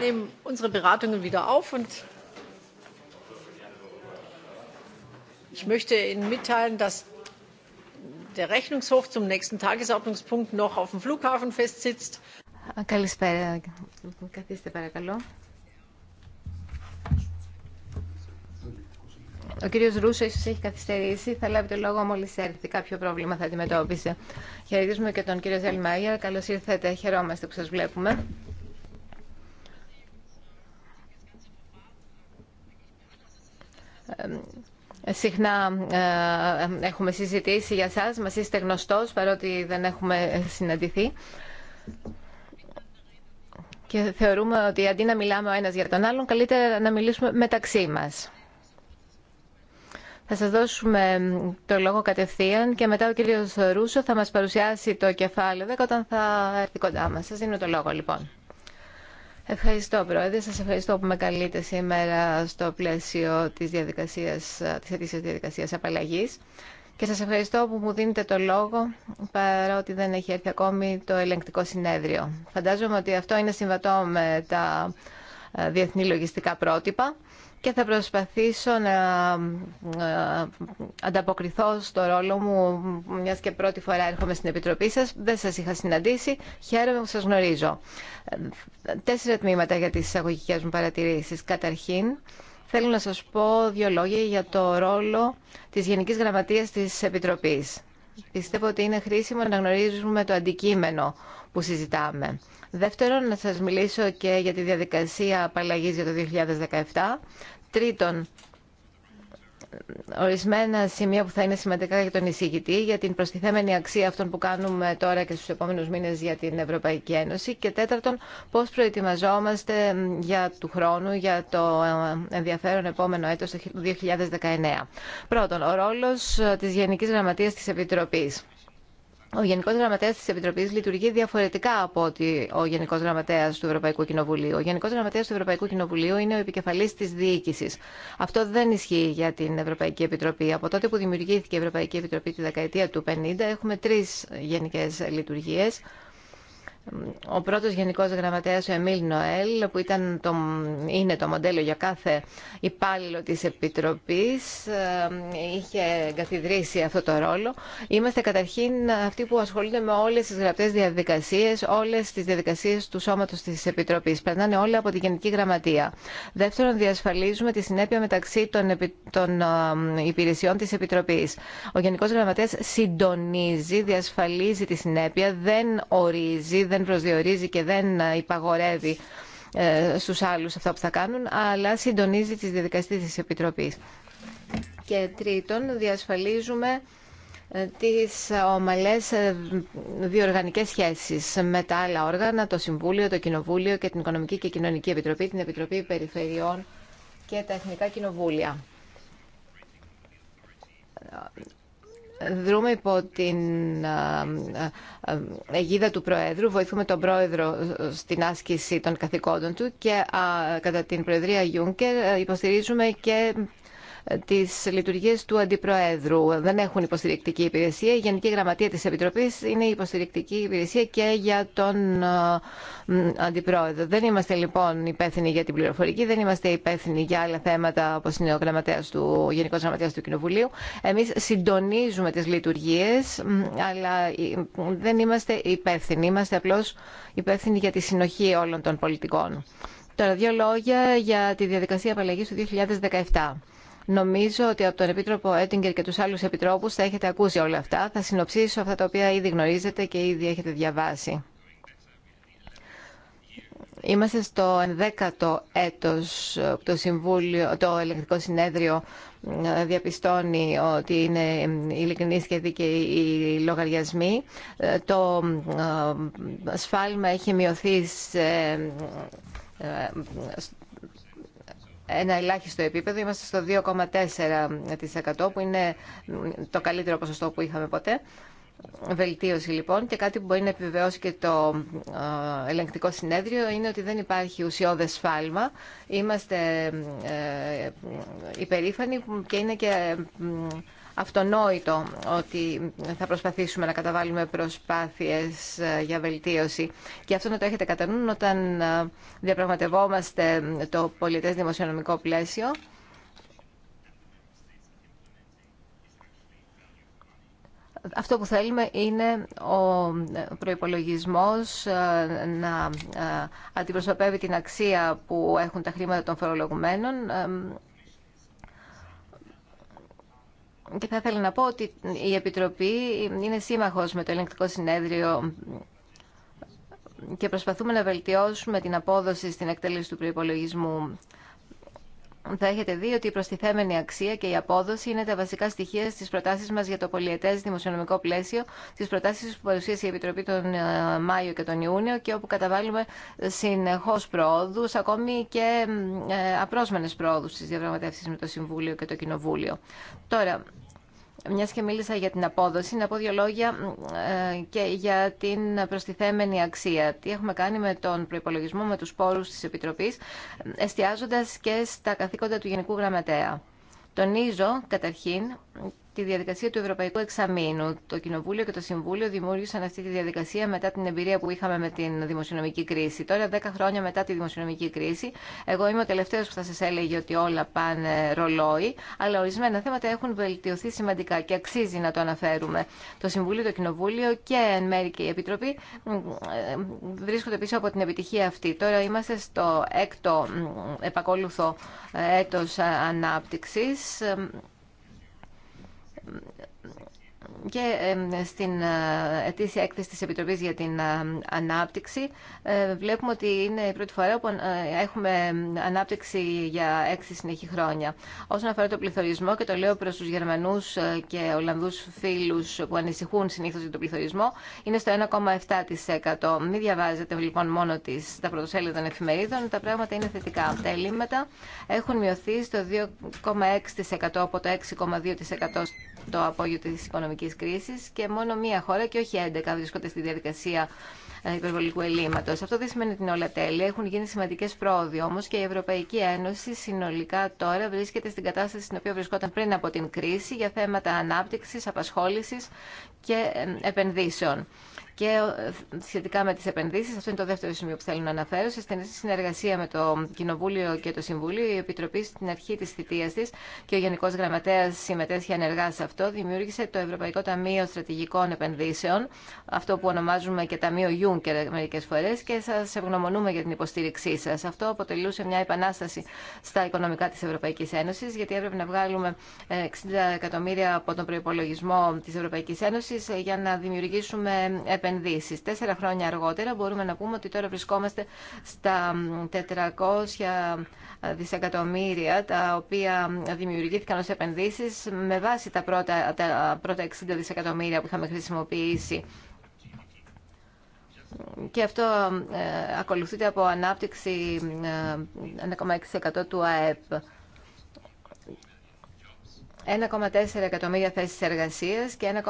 nehmen unsere Beratungen wieder auf und ich möchte Ihnen mitteilen, dass der Rechnungshof zum nächsten Tagesordnungspunkt noch auf dem Flughafen festsitzt. Καλησπέρα. παρακαλώ. Ο κύριο Ρούσο ίσω έχει καθυστερήσει. Θα λάβει το λόγο μόλι έρθει. Κάποιο πρόβλημα θα αντιμετώπισε. Χαιρετίζουμε και τον κύριο Ζελμάγερ. Καλώ ήρθατε. Χαιρόμαστε που σα βλέπουμε. συχνά ε, έχουμε συζητήσει για σας, μας είστε γνωστός παρότι δεν έχουμε συναντηθεί. Και θεωρούμε ότι αντί να μιλάμε ο ένας για τον άλλον, καλύτερα να μιλήσουμε μεταξύ μας. Θα σας δώσουμε το λόγο κατευθείαν και μετά ο κύριος Ρούσο θα μας παρουσιάσει το κεφάλαιο 10 όταν θα έρθει κοντά μας. Σας δίνω το λόγο λοιπόν. Ευχαριστώ, Πρόεδρε. Σας ευχαριστώ που με καλείτε σήμερα στο πλαίσιο της, διαδικασίας, της Απαλλαγή διαδικασίας απαλλαγής. Και σας ευχαριστώ που μου δίνετε το λόγο, παρότι δεν έχει έρθει ακόμη το ελεγκτικό συνέδριο. Φαντάζομαι ότι αυτό είναι συμβατό με τα ε, διεθνή λογιστικά πρότυπα και θα προσπαθήσω να ε, ανταποκριθώ στο ρόλο μου, μιας και πρώτη φορά έρχομαι στην Επιτροπή σας. Δεν σας είχα συναντήσει, χαίρομαι που σας γνωρίζω. Τέσσερα τμήματα για τις εισαγωγικέ μου παρατηρήσεις. Καταρχήν, θέλω να σας πω δύο λόγια για το ρόλο της Γενική Γραμματείας τη Επιτροπής. Πιστεύω ότι είναι χρήσιμο να γνωρίζουμε το αντικείμενο που συζητάμε. Δεύτερον, να σας μιλήσω και για τη διαδικασία απαλλαγής για το 2017. Τρίτον, ορισμένα σημεία που θα είναι σημαντικά για τον εισηγητή, για την προστιθέμενη αξία αυτών που κάνουμε τώρα και στους επόμενους μήνες για την Ευρωπαϊκή Ένωση και τέταρτον πώς προετοιμαζόμαστε για του χρόνου, για το ε, ενδιαφέρον επόμενο έτος το 2019. Πρώτον, ο ρόλος ε, της Γενικής Γραμματείας της Επιτροπής ο Γενικό Γραμματέα τη Επιτροπή λειτουργεί διαφορετικά από ότι ο Γενικό Γραμματέα του Ευρωπαϊκού Κοινοβουλίου. Ο Γενικό Γραμματέα του Ευρωπαϊκού Κοινοβουλίου είναι ο επικεφαλή τη διοίκηση. Αυτό δεν ισχύει για την Ευρωπαϊκή Επιτροπή. Από τότε που δημιουργήθηκε η Ευρωπαϊκή Επιτροπή τη δεκαετία του 50, έχουμε τρει γενικέ λειτουργίε ο πρώτος γενικός γραμματέας, ο Εμίλ Νοέλ, που ήταν το, είναι το μοντέλο για κάθε υπάλληλο της Επιτροπής, ε, είχε καθιδρύσει αυτό το ρόλο. Είμαστε καταρχήν αυτοί που ασχολούνται με όλες τις γραπτές διαδικασίες, όλες τις διαδικασίες του σώματος της Επιτροπής. Περνάνε όλα από τη Γενική Γραμματεία. Δεύτερον, διασφαλίζουμε τη συνέπεια μεταξύ των, των ε, υπηρεσιών της Επιτροπής. Ο Γενικός Γραμματέας συντονίζει, διασφαλίζει τη συνέπεια, δεν ορίζει, δεν προσδιορίζει και δεν υπαγορεύει ε, στους άλλους αυτά που θα κάνουν, αλλά συντονίζει τις διαδικασίες της Επιτροπής. Και τρίτον, διασφαλίζουμε ε, τις ομαλές ε, διοργανικές σχέσεις με τα άλλα όργανα, το Συμβούλιο, το Κοινοβούλιο και την Οικονομική και Κοινωνική Επιτροπή, την Επιτροπή Περιφερειών και τα Εθνικά Κοινοβούλια δρούμε υπό την αιγίδα του Προέδρου, βοηθούμε τον Πρόεδρο στην άσκηση των καθηκόντων του και κατά την Προεδρία Γιούγκερ υποστηρίζουμε και τι λειτουργίε του Αντιπροέδρου. Δεν έχουν υποστηρικτική υπηρεσία. Η Γενική Γραμματεία τη Επιτροπή είναι η υποστηρικτική υπηρεσία και για τον ε, Αντιπρόεδρο. Δεν είμαστε λοιπόν υπεύθυνοι για την πληροφορική, δεν είμαστε υπεύθυνοι για άλλα θέματα όπω είναι ο, Γενικό του, ο του Κοινοβουλίου. Εμεί συντονίζουμε τι λειτουργίε, αλλά ε, δεν είμαστε υπεύθυνοι. Είμαστε απλώ υπεύθυνοι για τη συνοχή όλων των πολιτικών. Τώρα δύο λόγια για τη διαδικασία απαλλαγή του 2017. Νομίζω ότι από τον Επίτροπο Έτιγκερ και τους άλλους επιτρόπους θα έχετε ακούσει όλα αυτά. Θα συνοψίσω αυτά τα οποία ήδη γνωρίζετε και ήδη έχετε διαβάσει. Είμαστε στο 11ο έτος που το, Συμβούλιο, το ηλεκτρικό Συνέδριο ε, διαπιστώνει ότι είναι ειλικρινή και οι λογαριασμοί. Ε, το ε, σφάλμα έχει μειωθεί σε ένα ελάχιστο επίπεδο. Είμαστε στο 2,4% που είναι το καλύτερο ποσοστό που είχαμε ποτέ. Βελτίωση λοιπόν και κάτι που μπορεί να επιβεβαιώσει και το ε, ελεγκτικό συνέδριο είναι ότι δεν υπάρχει ουσιώδες φάλμα. Είμαστε ε, ε, υπερήφανοι και είναι και αυτονόητο ότι θα προσπαθήσουμε να καταβάλουμε προσπάθειες ε, για βελτίωση. Και αυτό να το έχετε κατά νου όταν ε, διαπραγματευόμαστε το πολιτές δημοσιονομικό πλαίσιο. Αυτό που θέλουμε είναι ο ε, προϋπολογισμός να αντιπροσωπεύει την αξία που έχουν τα χρήματα των φορολογουμένων και θα ήθελα να πω ότι η Επιτροπή είναι σύμμαχος με το Ελεγκτικό Συνέδριο και προσπαθούμε να βελτιώσουμε την απόδοση στην εκτέλεση του προϋπολογισμού θα έχετε δει ότι η προστιθέμενη αξία και η απόδοση είναι τα βασικά στοιχεία στι προτάσει μα για το πολιετέ δημοσιονομικό πλαίσιο, τι προτάσει που παρουσίασε η Επιτροπή τον ε, Μάιο και τον Ιούνιο και όπου καταβάλουμε συνεχώ προόδου, ακόμη και ε, απρόσμενε προόδου στι διαπραγματεύσει με το Συμβούλιο και το Κοινοβούλιο. Τώρα, μια και μίλησα για την απόδοση, να πω δύο λόγια ε, και για την προστιθέμενη αξία. Τι έχουμε κάνει με τον προπολογισμό, με τους πόρου τη Επιτροπής, εστιάζοντας και στα καθήκοντα του Γενικού Γραμματέα. Τονίζω, καταρχήν, τη διαδικασία του Ευρωπαϊκού Εξαμήνου. Το Κοινοβούλιο και το Συμβούλιο δημιούργησαν αυτή τη διαδικασία μετά την εμπειρία που είχαμε με την δημοσιονομική κρίση. Τώρα, δέκα χρόνια μετά τη δημοσιονομική κρίση, εγώ είμαι ο τελευταίο που θα σα έλεγε ότι όλα πάνε ρολόι, αλλά ορισμένα θέματα έχουν βελτιωθεί σημαντικά και αξίζει να το αναφέρουμε. Το Συμβούλιο, το Κοινοβούλιο και εν μέρη και η Επιτροπή ε, βρίσκονται πίσω από την επιτυχία αυτή. Τώρα είμαστε στο έκτο επακόλουθο ε, έτος ε, ανάπτυξης και στην ε, ετήσια έκθεση της Επιτροπής για την ε, Ανάπτυξη ε, βλέπουμε ότι είναι η πρώτη φορά που έχουμε ανάπτυξη για έξι συνεχή χρόνια. Όσον αφορά το πληθωρισμό και το λέω προς τους Γερμανούς και Ολλανδούς φίλους που ανησυχούν συνήθως για τον πληθωρισμό είναι στο 1,7%. Μην διαβάζετε λοιπόν μόνο τις, τα πρωτοσέλιδα των εφημερίδων, τα πράγματα είναι θετικά. Τα ελλείμματα έχουν μειωθεί στο 2,6% από το 6,2% το απόγειο της οικονομικής κρίσης και μόνο μία χώρα και όχι 11 βρίσκονται στη διαδικασία ε, υπερβολικού ελλείμματο. Αυτό δεν σημαίνει την όλα τέλεια. Έχουν γίνει σημαντικέ πρόοδοι όμω και η Ευρωπαϊκή Ένωση συνολικά τώρα βρίσκεται στην κατάσταση στην οποία βρισκόταν πριν από την κρίση για θέματα ανάπτυξη, απασχόληση και ε, επενδύσεων. Και ε, σχετικά με τις επενδύσεις, αυτό είναι το δεύτερο σημείο που θέλω να αναφέρω, σε στενή συνεργασία με το Κοινοβούλιο και το Συμβούλιο, η Επιτροπή στην αρχή της θητείας της και ο Γενικός Γραμματέας συμμετέσχει ανεργά σε αυτό, δημιούργησε το Ευρωπαϊκό Ταμείο Στρατηγικών Επενδύσεων, αυτό που ονομάζουμε και Ταμείο Juncker μερικές φορές και σας ευγνωμονούμε για την υποστήριξή σας. Αυτό αποτελούσε μια επανάσταση στα οικονομικά της Ευρωπαϊκής Ένωσης, γιατί έπρεπε να βγάλουμε 60 ε, εκατομμύρια από τον προπολογισμό της Ευρωπαϊκής Ένωσης ε, για να δημιουργήσουμε επενδύσεις. Τέσσερα χρόνια αργότερα μπορούμε να πούμε ότι τώρα βρισκόμαστε στα 400 δισεκατομμύρια τα οποία δημιουργήθηκαν ως επενδύσεις με βάση τα πρώτα, τα πρώτα 60 δισεκατομμύρια που είχαμε χρησιμοποιήσει και αυτό ε, ακολουθείται από ανάπτυξη 1,6% ε, του ΑΕΠ. 1,4 εκατομμύρια θέσεις εργασίας και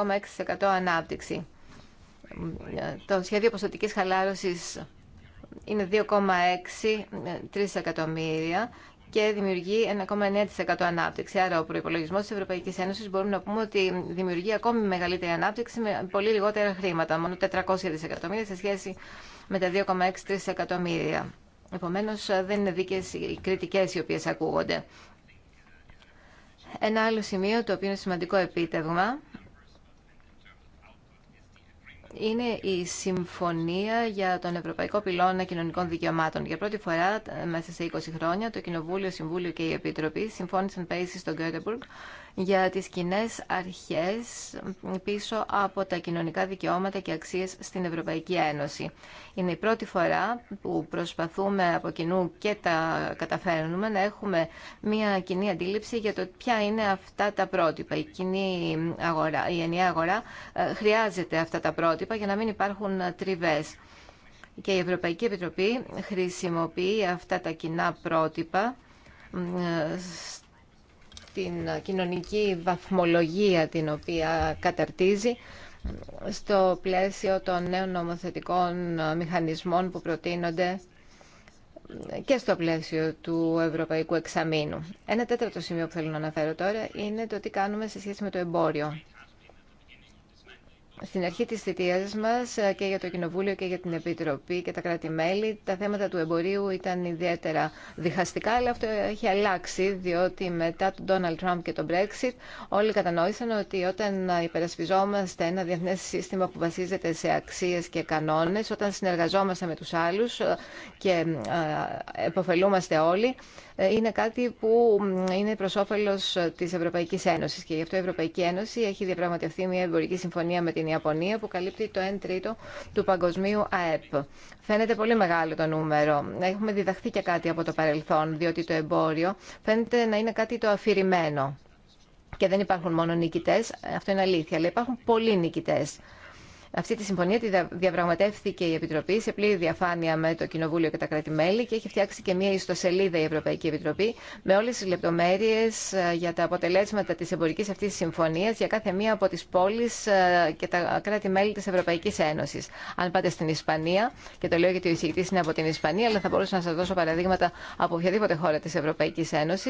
1,6% ανάπτυξη. Ε, το σχέδιο ποσοτικής χαλάρωσης 2,63 εκατομμύρια και δημιουργεί 1,9% ανάπτυξη. Άρα ο προπολογισμό τη Ευρωπαϊκή Ένωση μπορούμε να πούμε ότι δημιουργεί ακόμη μεγαλύτερη ανάπτυξη με πολύ λιγότερα χρήματα, μόνο 400 δισεκατομμύρια σε σχέση με τα 2,6 εκατομμύρια. Επομένω, δεν είναι δίκαιε οι κριτικέ οι οποίε ακούγονται. Ένα άλλο σημείο το οποίο είναι σημαντικό επίτευγμα είναι η Συμφωνία για τον Ευρωπαϊκό Πυλώνα Κοινωνικών Δικαιωμάτων. Για πρώτη φορά ε, μέσα σε 20 χρόνια το Κοινοβούλιο, Συμβούλιο και η Επιτροπή συμφώνησαν πέρυσι στο Γκέτεμπουργκ για τις κοινέ αρχές πίσω από τα κοινωνικά δικαιώματα και αξίες στην Ευρωπαϊκή Ένωση. Είναι η πρώτη φορά που προσπαθούμε από κοινού και τα καταφέρνουμε να έχουμε μια κοινή αντίληψη για το ποια είναι αυτά τα πρότυπα. Η κοινή αγορά, η ενιαία αγορά ε, χρειάζεται αυτά τα πρότυπα για να μην υπάρχουν τριβές. Και η Ευρωπαϊκή Επιτροπή χρησιμοποιεί αυτά τα κοινά πρότυπα ε, την κοινωνική βαθμολογία την οποία καταρτίζει στο πλαίσιο των νέων νομοθετικών μηχανισμών που προτείνονται και στο πλαίσιο του Ευρωπαϊκού Εξαμήνου. Ένα τέταρτο σημείο που θέλω να αναφέρω τώρα είναι το τι κάνουμε σε σχέση με το εμπόριο στην αρχή της θητείας μας ε, και για το Κοινοβούλιο και για την Επιτροπή και τα κράτη-μέλη τα θέματα του εμπορίου ήταν ιδιαίτερα διχαστικά αλλά αυτό έχει αλλάξει διότι μετά τον Donald Trump και τον Brexit όλοι κατανόησαν ότι όταν υπερασπιζόμαστε ένα διεθνές σύστημα που βασίζεται σε αξίες και κανόνες όταν συνεργαζόμαστε με τους άλλους ε, και ε, εποφελούμαστε όλοι ε, είναι κάτι που είναι προ όφελο ε, τη Ευρωπαϊκή Ένωση. Και γι' αυτό η Ευρωπαϊκή Ένωση έχει διαπραγματευτεί μια εμπορική συμφωνία με την Ιαπωνία που καλύπτει το 1 τρίτο του παγκοσμίου ΑΕΠ. Φαίνεται πολύ μεγάλο το νούμερο. Έχουμε διδαχθεί και κάτι από το παρελθόν, διότι το εμπόριο φαίνεται να είναι κάτι το αφηρημένο. Και δεν υπάρχουν μόνο νικητέ, αυτό είναι αλήθεια, αλλά υπάρχουν πολλοί νικητέ. Αυτή τη συμφωνία τη διαπραγματεύθηκε η Επιτροπή σε πλήρη διαφάνεια με το Κοινοβούλιο και τα κράτη-μέλη και έχει φτιάξει και μία ιστοσελίδα η Ευρωπαϊκή Επιτροπή με όλε τι λεπτομέρειε ε, για τα αποτελέσματα τη εμπορική αυτή τη συμφωνία για κάθε μία από τι πόλει ε, και τα κράτη-μέλη τη Ευρωπαϊκή Ένωση. Αν πάτε στην Ισπανία, και το λέω γιατί ο εισηγητή είναι από την Ισπανία, αλλά θα μπορούσα να σα δώσω παραδείγματα από οποιαδήποτε χώρα τη Ευρωπαϊκή Ένωση,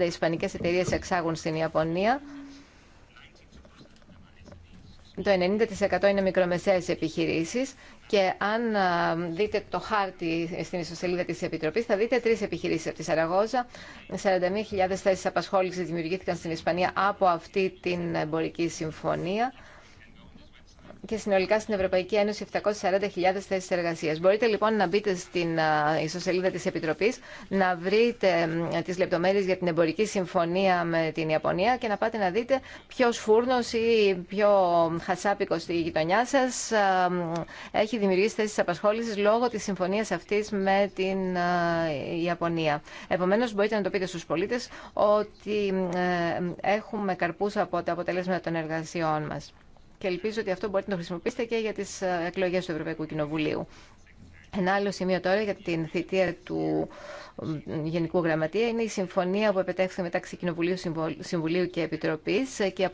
6.230 ισπανικέ εταιρείε εξάγουν στην Ιαπωνία το 90% είναι μικρομεσαίες επιχειρήσεις και αν δείτε το χάρτη στην ιστοσελίδα της Επιτροπής θα δείτε τρεις επιχειρήσεις από τη Σαραγώζα. 41.000 θέσεις απασχόλησης δημιουργήθηκαν στην Ισπανία από αυτή την εμπορική συμφωνία και συνολικά στην Ευρωπαϊκή Ένωση 740.000 θέσει εργασία. Μπορείτε λοιπόν να μπείτε στην ιστοσελίδα τη Επιτροπή, να βρείτε τι λεπτομέρειε για την εμπορική συμφωνία με την Ιαπωνία και να πάτε να δείτε ποιο φούρνο ή ποιο χασάπικο στη γειτονιά σα έχει δημιουργήσει θέσει απασχόληση λόγω τη συμφωνία αυτή με την Ιαπωνία. Επομένω, μπορείτε να το πείτε στου πολίτε ότι ε, έχουμε καρπού από τα αποτελέσματα των εργασιών μας και ελπίζω ότι αυτό μπορείτε να το χρησιμοποιήσετε και για τις ε, εκλογές του Ευρωπαϊκού Κοινοβουλίου. Ένα άλλο σημείο τώρα για την θητεία του Γενικού Γραμματεία είναι η συμφωνία που επετέχθηκε μεταξύ Κοινοβουλίου Συμβουλίου και Επιτροπής και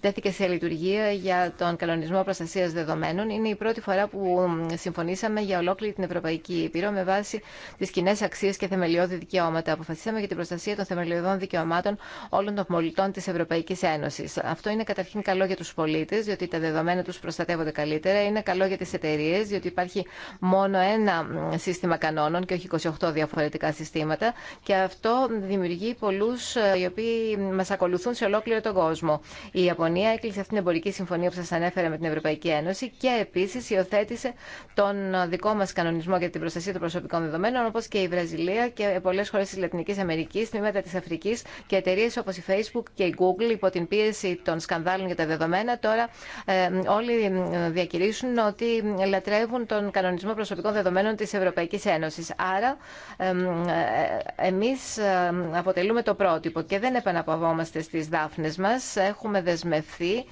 τέθηκε σε λειτουργία για τον κανονισμό Προστασία δεδομένων. Είναι η πρώτη φορά που συμφωνήσαμε για ολόκληρη την Ευρωπαϊκή Ήπειρο με βάση τις κοινέ αξίες και θεμελιώδη δικαιώματα. Αποφασίσαμε για την προστασία των θεμελιωδών δικαιωμάτων όλων των πολιτών της Ευρωπαϊκής Ένωσης. Αυτό είναι καταρχήν καλό για τους πολίτες, διότι τα δεδομένα τους προστατεύονται καλύτερα. Είναι καλό για τις εταιρείε, διότι υπάρχει μόνο ένα σύστημα κανόνων και όχι 28 διαφορετικά διαφορετικά συστήματα και αυτό δημιουργεί πολλού ε, οι οποίοι μα ακολουθούν σε ολόκληρο τον κόσμο. Η Ιαπωνία έκλεισε αυτή την εμπορική συμφωνία που σα ανέφερα με την Ευρωπαϊκή Ένωση και επίση υιοθέτησε τον δικό μα κανονισμό για την προστασία των προσωπικών δεδομένων όπω και η Βραζιλία και πολλέ χώρε τη Λατινική Αμερική, τμήματα τη Αφρική και εταιρείε όπω η Facebook και η Google υπό την πίεση των σκανδάλων για τα δεδομένα τώρα ε, όλοι ε, διακηρύσουν ότι λατρεύουν τον κανονισμό προσωπικών δεδομένων τη Ευρωπαϊκή Ένωση. Άρα ε, εμείς ε, αποτελούμε το πρότυπο και δεν επαναπαυόμαστε στις δάφνες μας. Έχουμε δεσμευθεί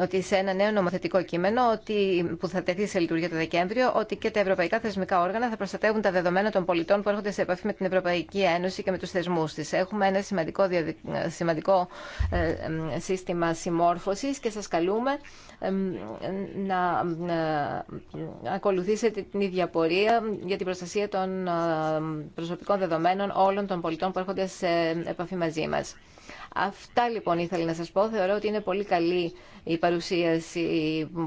ότι σε ένα νέο νομοθετικό κείμενο ότι, που θα τεθεί σε λειτουργία το Δεκέμβριο, ότι και τα ευρωπαϊκά θεσμικά όργανα θα προστατεύουν τα δεδομένα των πολιτών που έρχονται σε επαφή με την Ευρωπαϊκή Ένωση και με του θεσμού τη. Έχουμε ένα σημαντικό, σημαντικό ε, σύστημα συμμόρφωση και σα καλούμε να ακολουθήσετε την ίδια πορεία για την προστασία των ε, προσωπικών δεδομένων όλων των πολιτών που έρχονται σε επαφή μαζί μας. Αυτά λοιπόν ήθελα να σας πω. Θεωρώ ότι είναι πολύ καλή η παρουσίαση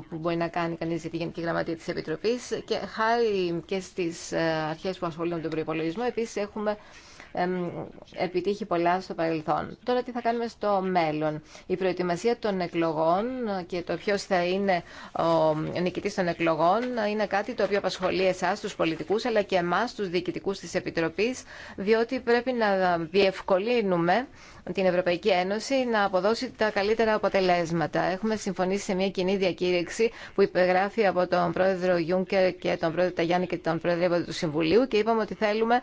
που μπορεί να κάνει κανείς για τη Γενική Γραμματεία της Επιτροπής και χάρη και στις ε, αρχές που ασχολούνται με τον προπολογισμό. Επίσης έχουμε επιτύχει πολλά στο παρελθόν. Τώρα τι θα κάνουμε στο μέλλον. Η προετοιμασία των εκλογών και το ποιο θα είναι ο νικητή των εκλογών είναι κάτι το οποίο απασχολεί εσά, του πολιτικού, αλλά και εμά, του διοικητικού τη Επιτροπή, διότι πρέπει να διευκολύνουμε την Ευρωπαϊκή Ένωση να αποδώσει τα καλύτερα αποτελέσματα. Έχουμε συμφωνήσει σε μια κοινή διακήρυξη που υπεγράφει από τον πρόεδρο Γιούνκερ και τον πρόεδρο Ταγιάννη και τον πρόεδρο του Συμβουλίου και είπαμε ότι θέλουμε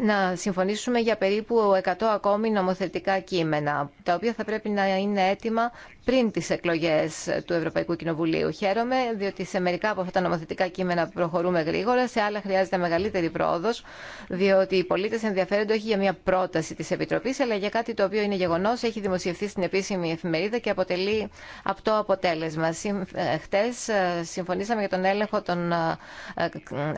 να συμφωνήσουμε για περίπου 100 ακόμη νομοθετικά κείμενα, τα οποία θα πρέπει να είναι έτοιμα πριν τις εκλογές του Ευρωπαϊκού Κοινοβουλίου. Χαίρομαι, διότι σε μερικά από αυτά τα νομοθετικά κείμενα προχωρούμε γρήγορα, σε άλλα χρειάζεται μεγαλύτερη πρόοδος, διότι οι πολίτες ενδιαφέρονται όχι για μια πρόταση της Επιτροπής, αλλά για κάτι το οποίο είναι γεγονός, έχει δημοσιευθεί στην επίσημη εφημερίδα και αποτελεί αυτό αποτέλεσμα. Ε, χτες ε, συμφωνήσαμε για τον έλεγχο των ε,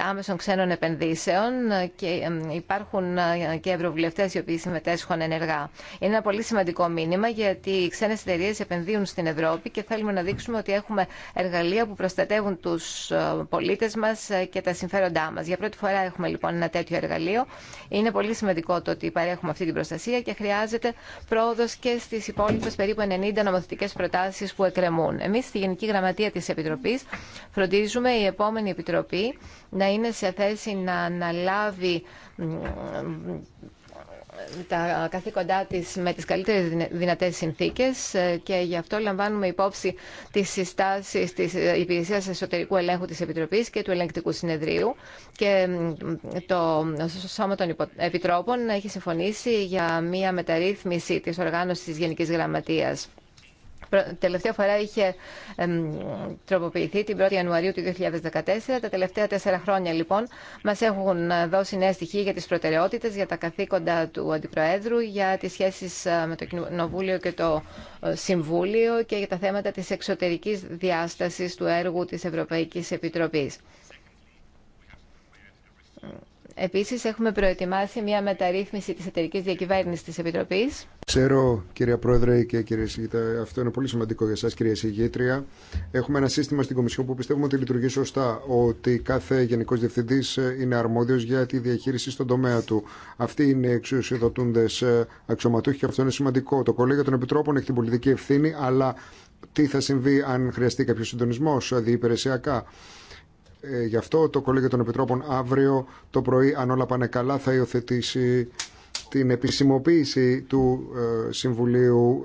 άμεσων ξένων επενδύσεων και υπάρχουν υπάρχουν ε, και ευρωβουλευτέ οι οποίοι συμμετέσχουν ενεργά. Είναι ένα πολύ σημαντικό μήνυμα γιατί οι ξένε εταιρείε επενδύουν στην Ευρώπη και θέλουμε να δείξουμε ότι έχουμε εργαλεία που προστατεύουν του ε, πολίτε μα ε, και τα συμφέροντά μα. Για πρώτη φορά έχουμε λοιπόν ένα τέτοιο εργαλείο. Είναι πολύ σημαντικό το ότι παρέχουμε αυτή την προστασία και χρειάζεται πρόοδο και στι υπόλοιπε περίπου 90 νομοθετικέ προτάσει που εκκρεμούν. Εμεί στη Γενική Γραμματεία τη Επιτροπή φροντίζουμε η επόμενη Επιτροπή να είναι σε θέση να αναλάβει τα καθήκοντά της με τις καλύτερες δυνατές συνθήκες ε, και γι' αυτό λαμβάνουμε υπόψη τις συστάσεις της ε, Υπηρεσίας Εσωτερικού Ελέγχου της Επιτροπής και του Ελεγκτικού Συνεδρίου και το Σώμα των Επιτρόπων έχει συμφωνήσει για μια μεταρρύθμιση της οργάνωσης της Γενικής Γραμματείας τελευταία φορά είχε τροποποιηθεί την 1η Ιανουαρίου του 2014. Τα τελευταία τέσσερα χρόνια λοιπόν μας έχουν δώσει νέα στοιχεία για τις προτεραιότητες, για τα καθήκοντα του Αντιπροέδρου, για τις σχέσεις ε, με το Κοινοβούλιο και το ε, Συμβούλιο και για τα θέματα της εξωτερικής διάστασης του έργου της Ευρωπαϊκής Επιτροπής Επίση, έχουμε προετοιμάσει μια μεταρρύθμιση τη εταιρική διακυβέρνηση τη Επιτροπή. Ξέρω, κυρία Πρόεδρε και κύριε Σιγητά, αυτό είναι πολύ σημαντικό για εσά, κύριε Συγήτρια. Έχουμε ένα σύστημα στην Κομισιόν που πιστεύουμε ότι λειτουργεί σωστά, ότι κάθε Γενικό Διευθύντη ε, είναι αρμόδιο για τη διαχείριση στον τομέα του. Αυτοί είναι εξουσιοδοτούντε ε, αξιωματούχοι και αυτό είναι σημαντικό. Το κολέγιο των Επιτρόπων έχει την πολιτική ευθύνη, αλλά τι θα συμβεί αν χρειαστεί κάποιο συντονισμό ε, διυπηρεσιακά. Ε, γι' αυτό το Κολέγιο των Επιτρόπων αύριο το πρωί, αν όλα πάνε καλά, θα υιοθετήσει την επισημοποίηση του ε, Συμβουλίου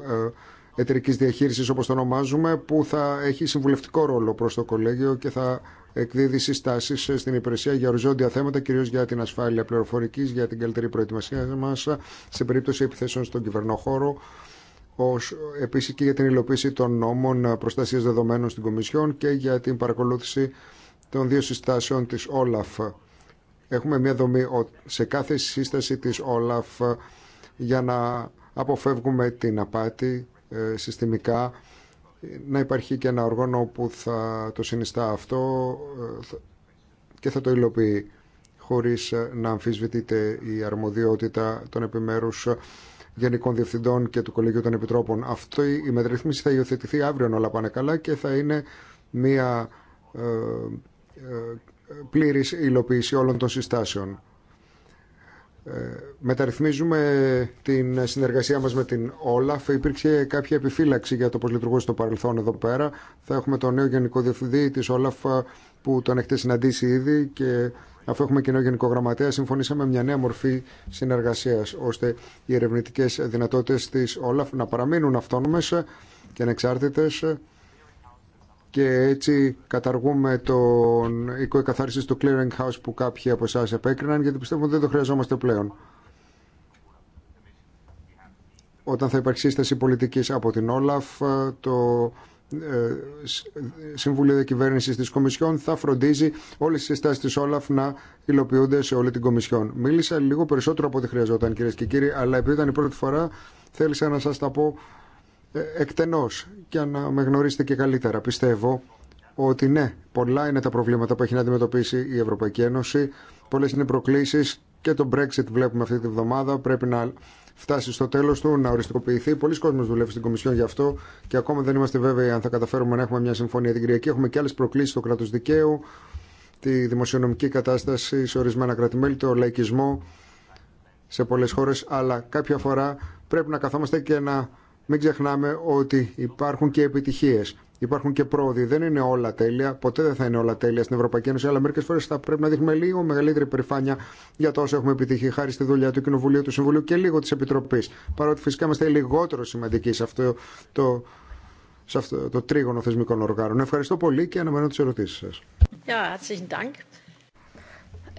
ε, Εταιρική Διαχείριση, όπω το ονομάζουμε, που θα έχει συμβουλευτικό ρόλο προ το Κολέγιο και θα εκδίδει συστάσει στην υπηρεσία για οριζόντια θέματα, κυρίω για την ασφάλεια πληροφορική, για την καλύτερη προετοιμασία μα σε περίπτωση επιθέσεων στον κυβερνοχώρο ως επίσης και για την υλοποίηση των νόμων προστασίας δεδομένων στην Κομισιόν και για την παρακολούθηση των δύο συστάσεων της Όλαφ. Έχουμε μια δομή σε κάθε σύσταση της Όλαφ για να αποφεύγουμε την απάτη ε, συστημικά να υπάρχει και ένα οργάνο που θα το συνιστά αυτό ε, και θα το υλοποιεί χωρίς ε, να αμφισβητείται η αρμοδιότητα των επιμέρους Γενικών Διευθυντών και του Κολεγίου των Επιτρόπων. Αυτή η μεταρρύθμιση θα υιοθετηθεί αύριο όλα πάνε καλά και θα είναι μια πλήρης υλοποίηση όλων των συστάσεων. Ε, μεταρρυθμίζουμε την συνεργασία μας με την Όλαφ. Υπήρξε κάποια επιφύλαξη για το πώς λειτουργούσε το παρελθόν εδώ πέρα. Θα έχουμε τον νέο Γενικό Διευθυντή της Όλαφ ε, που τον έχετε συναντήσει ήδη και αφού έχουμε και νέο Γενικό Γραμματέα συμφωνήσαμε μια νέα μορφή συνεργασίας ώστε οι ερευνητικές δυνατότητες της Όλαφ να παραμείνουν αυτόνομες και ανεξάρτητες και έτσι καταργούμε τον οικό εκαθάριση του clearing house που κάποιοι από εσά επέκριναν γιατί πιστεύω ότι δεν το χρειαζόμαστε πλέον. Όταν θα υπάρξει σύσταση πολιτική από την Όλαφ, το ε, Συμβούλιο Διακυβέρνηση τη Κομισιόν θα φροντίζει όλε τι συστάσει τη Όλαφ να υλοποιούνται σε όλη την Κομισιόν. Μίλησα λίγο περισσότερο από ό,τι χρειαζόταν, κυρίε και κύριοι, αλλά επειδή ήταν η πρώτη φορά, θέλησα να σα τα πω ε, εκτενώς και να με γνωρίσετε και καλύτερα. Πιστεύω ότι ναι, πολλά είναι τα προβλήματα που έχει να αντιμετωπίσει η Ευρωπαϊκή Ένωση, πολλές είναι προκλήσεις και το Brexit βλέπουμε αυτή τη βδομάδα, πρέπει να φτάσει στο τέλος του, να οριστικοποιηθεί. Πολλοί κόσμος δουλεύει στην Κομισιόν γι' αυτό και ακόμα δεν είμαστε βέβαιοι αν θα καταφέρουμε να έχουμε μια συμφωνία την Κυριακή. Έχουμε και άλλες προκλήσεις στο κράτος δικαίου, τη δημοσιονομική κατάσταση σε ορισμένα κρατημέλη, το λαϊκισμό σε πολλές χώρες, αλλά κάποια φορά πρέπει να καθόμαστε και να μην ξεχνάμε ότι υπάρχουν και επιτυχίε, Υπάρχουν και πρόοδοι. Δεν είναι όλα τέλεια. Ποτέ δεν θα είναι όλα τέλεια στην Ευρωπαϊκή Ένωση. Αλλά μερικέ φορέ θα πρέπει να δείχνουμε λίγο μεγαλύτερη περηφάνεια για το όσο έχουμε επιτύχει χάρη στη δουλειά του Κοινοβουλίου, του Συμβουλίου και λίγο τη Επιτροπή. Παρότι φυσικά είμαστε λιγότερο σημαντικοί σε αυτό το, σε αυτό το τρίγωνο θεσμικών οργάνων. Ευχαριστώ πολύ και αναμένω τι ερωτήσει σα.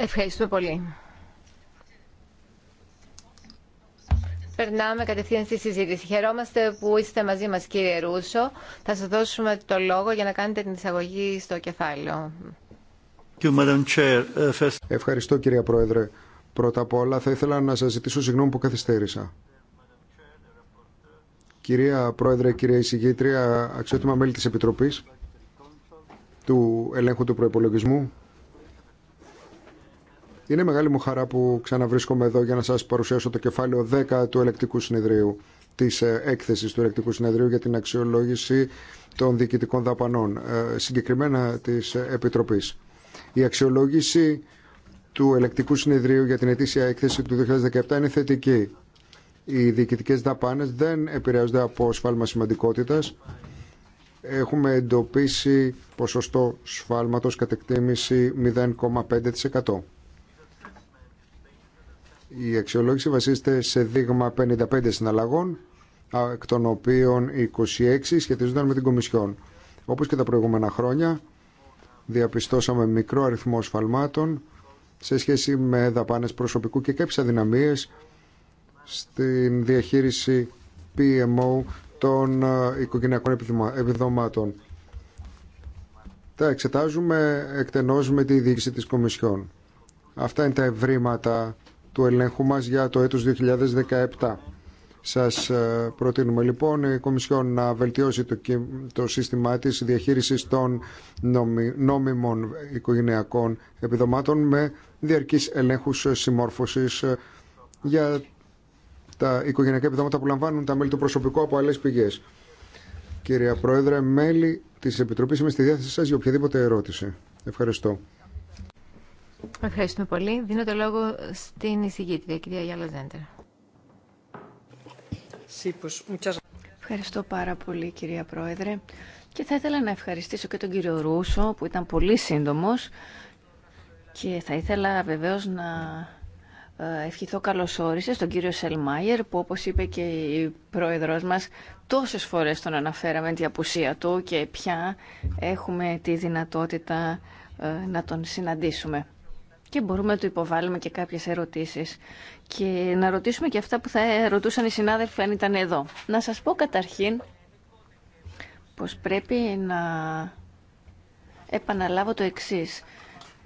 Ευχαριστούμε πολύ. Περνάμε κατευθείαν στη συζήτηση. Χαιρόμαστε που είστε μαζί μας κύριε Ρούσο. Θα σας δώσουμε το λόγο για να κάνετε την εισαγωγή στο κεφάλαιο. Ε, Ευχαριστώ κυρία Πρόεδρε. Πρώτα απ' όλα θα ήθελα να σας ζητήσω συγγνώμη που καθυστέρησα. Κυρία Πρόεδρε, κυρία Εισηγήτρια, αξιότιμα μέλη της Επιτροπής του Ελέγχου του Προϋπολογισμού, είναι μεγάλη μου χαρά που ξαναβρίσκομαι εδώ για να σας παρουσιάσω το κεφάλαιο 10 του ελεκτικού συνεδρίου της ε, έκθεσης του ελεκτικού συνεδρίου για την αξιολόγηση των διοικητικών δαπανών, ε, συγκεκριμένα της Επιτροπής. Η αξιολόγηση του ελεκτικού συνεδρίου για την ετήσια έκθεση του 2017 είναι θετική. Οι διοικητικές δαπάνες δεν επηρεάζονται από σφάλμα σημαντικότητας. Έχουμε εντοπίσει ποσοστό σφάλματος κατεκτήμηση 0,5%. Η αξιολόγηση βασίζεται σε δείγμα 55 συναλλαγών, εκ των οποίων 26 σχετίζονταν με την Κομισιόν. Όπως και τα προηγούμενα χρόνια, διαπιστώσαμε μικρό αριθμό σφαλμάτων σε σχέση με δαπάνες προσωπικού και κάποιες αδυναμίες στην διαχείριση PMO των οικογενειακών επιδομάτων. Τα εξετάζουμε εκτενώς με τη διοίκηση της Κομισιόν. Αυτά είναι τα ευρήματα του ελέγχου μας για το έτος 2017. Σας ε, προτείνουμε λοιπόν η Κομισιόν να βελτιώσει το, το σύστημά της διαχείρισης των νόμιμων οικογενειακών επιδομάτων με διαρκής ελέγχους ε, συμμόρφωσης ε, για τα οικογενειακά επιδόματα που λαμβάνουν τα μέλη του προσωπικού από άλλες πηγές. Κυρία Πρόεδρε, μέλη της Επιτροπής, είμαι στη διάθεσή σας για οποιαδήποτε ερώτηση. Ευχαριστώ. Ευχαριστούμε πολύ. Δίνω το λόγο στην εισηγήτρια, κυρία Γιάλα Ζέντερ. Ευχαριστώ πάρα πολύ, κυρία Πρόεδρε. Και θα ήθελα να ευχαριστήσω και τον κύριο Ρούσο, που ήταν πολύ σύντομος. Και θα ήθελα βεβαίως να ε, ευχηθώ καλώς όρισε στον κύριο Σελμάιερ που όπως είπε και η πρόεδρος μας τόσες φορές τον αναφέραμε την απουσία του και πια έχουμε τη δυνατότητα ε, να τον συναντήσουμε και μπορούμε να του υποβάλουμε και κάποιες ερωτήσεις και να ρωτήσουμε και αυτά που θα ρωτούσαν οι συνάδελφοι αν ήταν εδώ. Να σας πω καταρχήν πως πρέπει να επαναλάβω το εξής.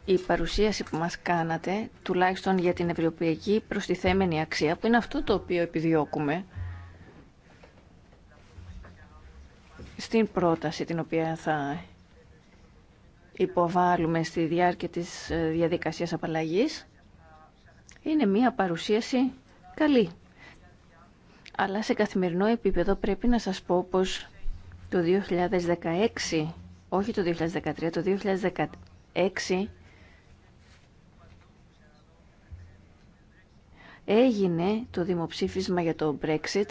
Η παρουσίαση που μας κάνατε, τουλάχιστον για την ευρωπαϊκή προστιθέμενη αξία, που είναι αυτό το οποίο επιδιώκουμε, στην πρόταση την οποία θα υποβάλλουμε στη διάρκεια της ε, διαδικασίας απαλλαγής είναι μία παρουσίαση καλή. Αλλά σε καθημερινό επίπεδο πρέπει να σας πω πως το 2016, όχι το 2013, το 2016 έγινε το δημοψήφισμα για το Brexit,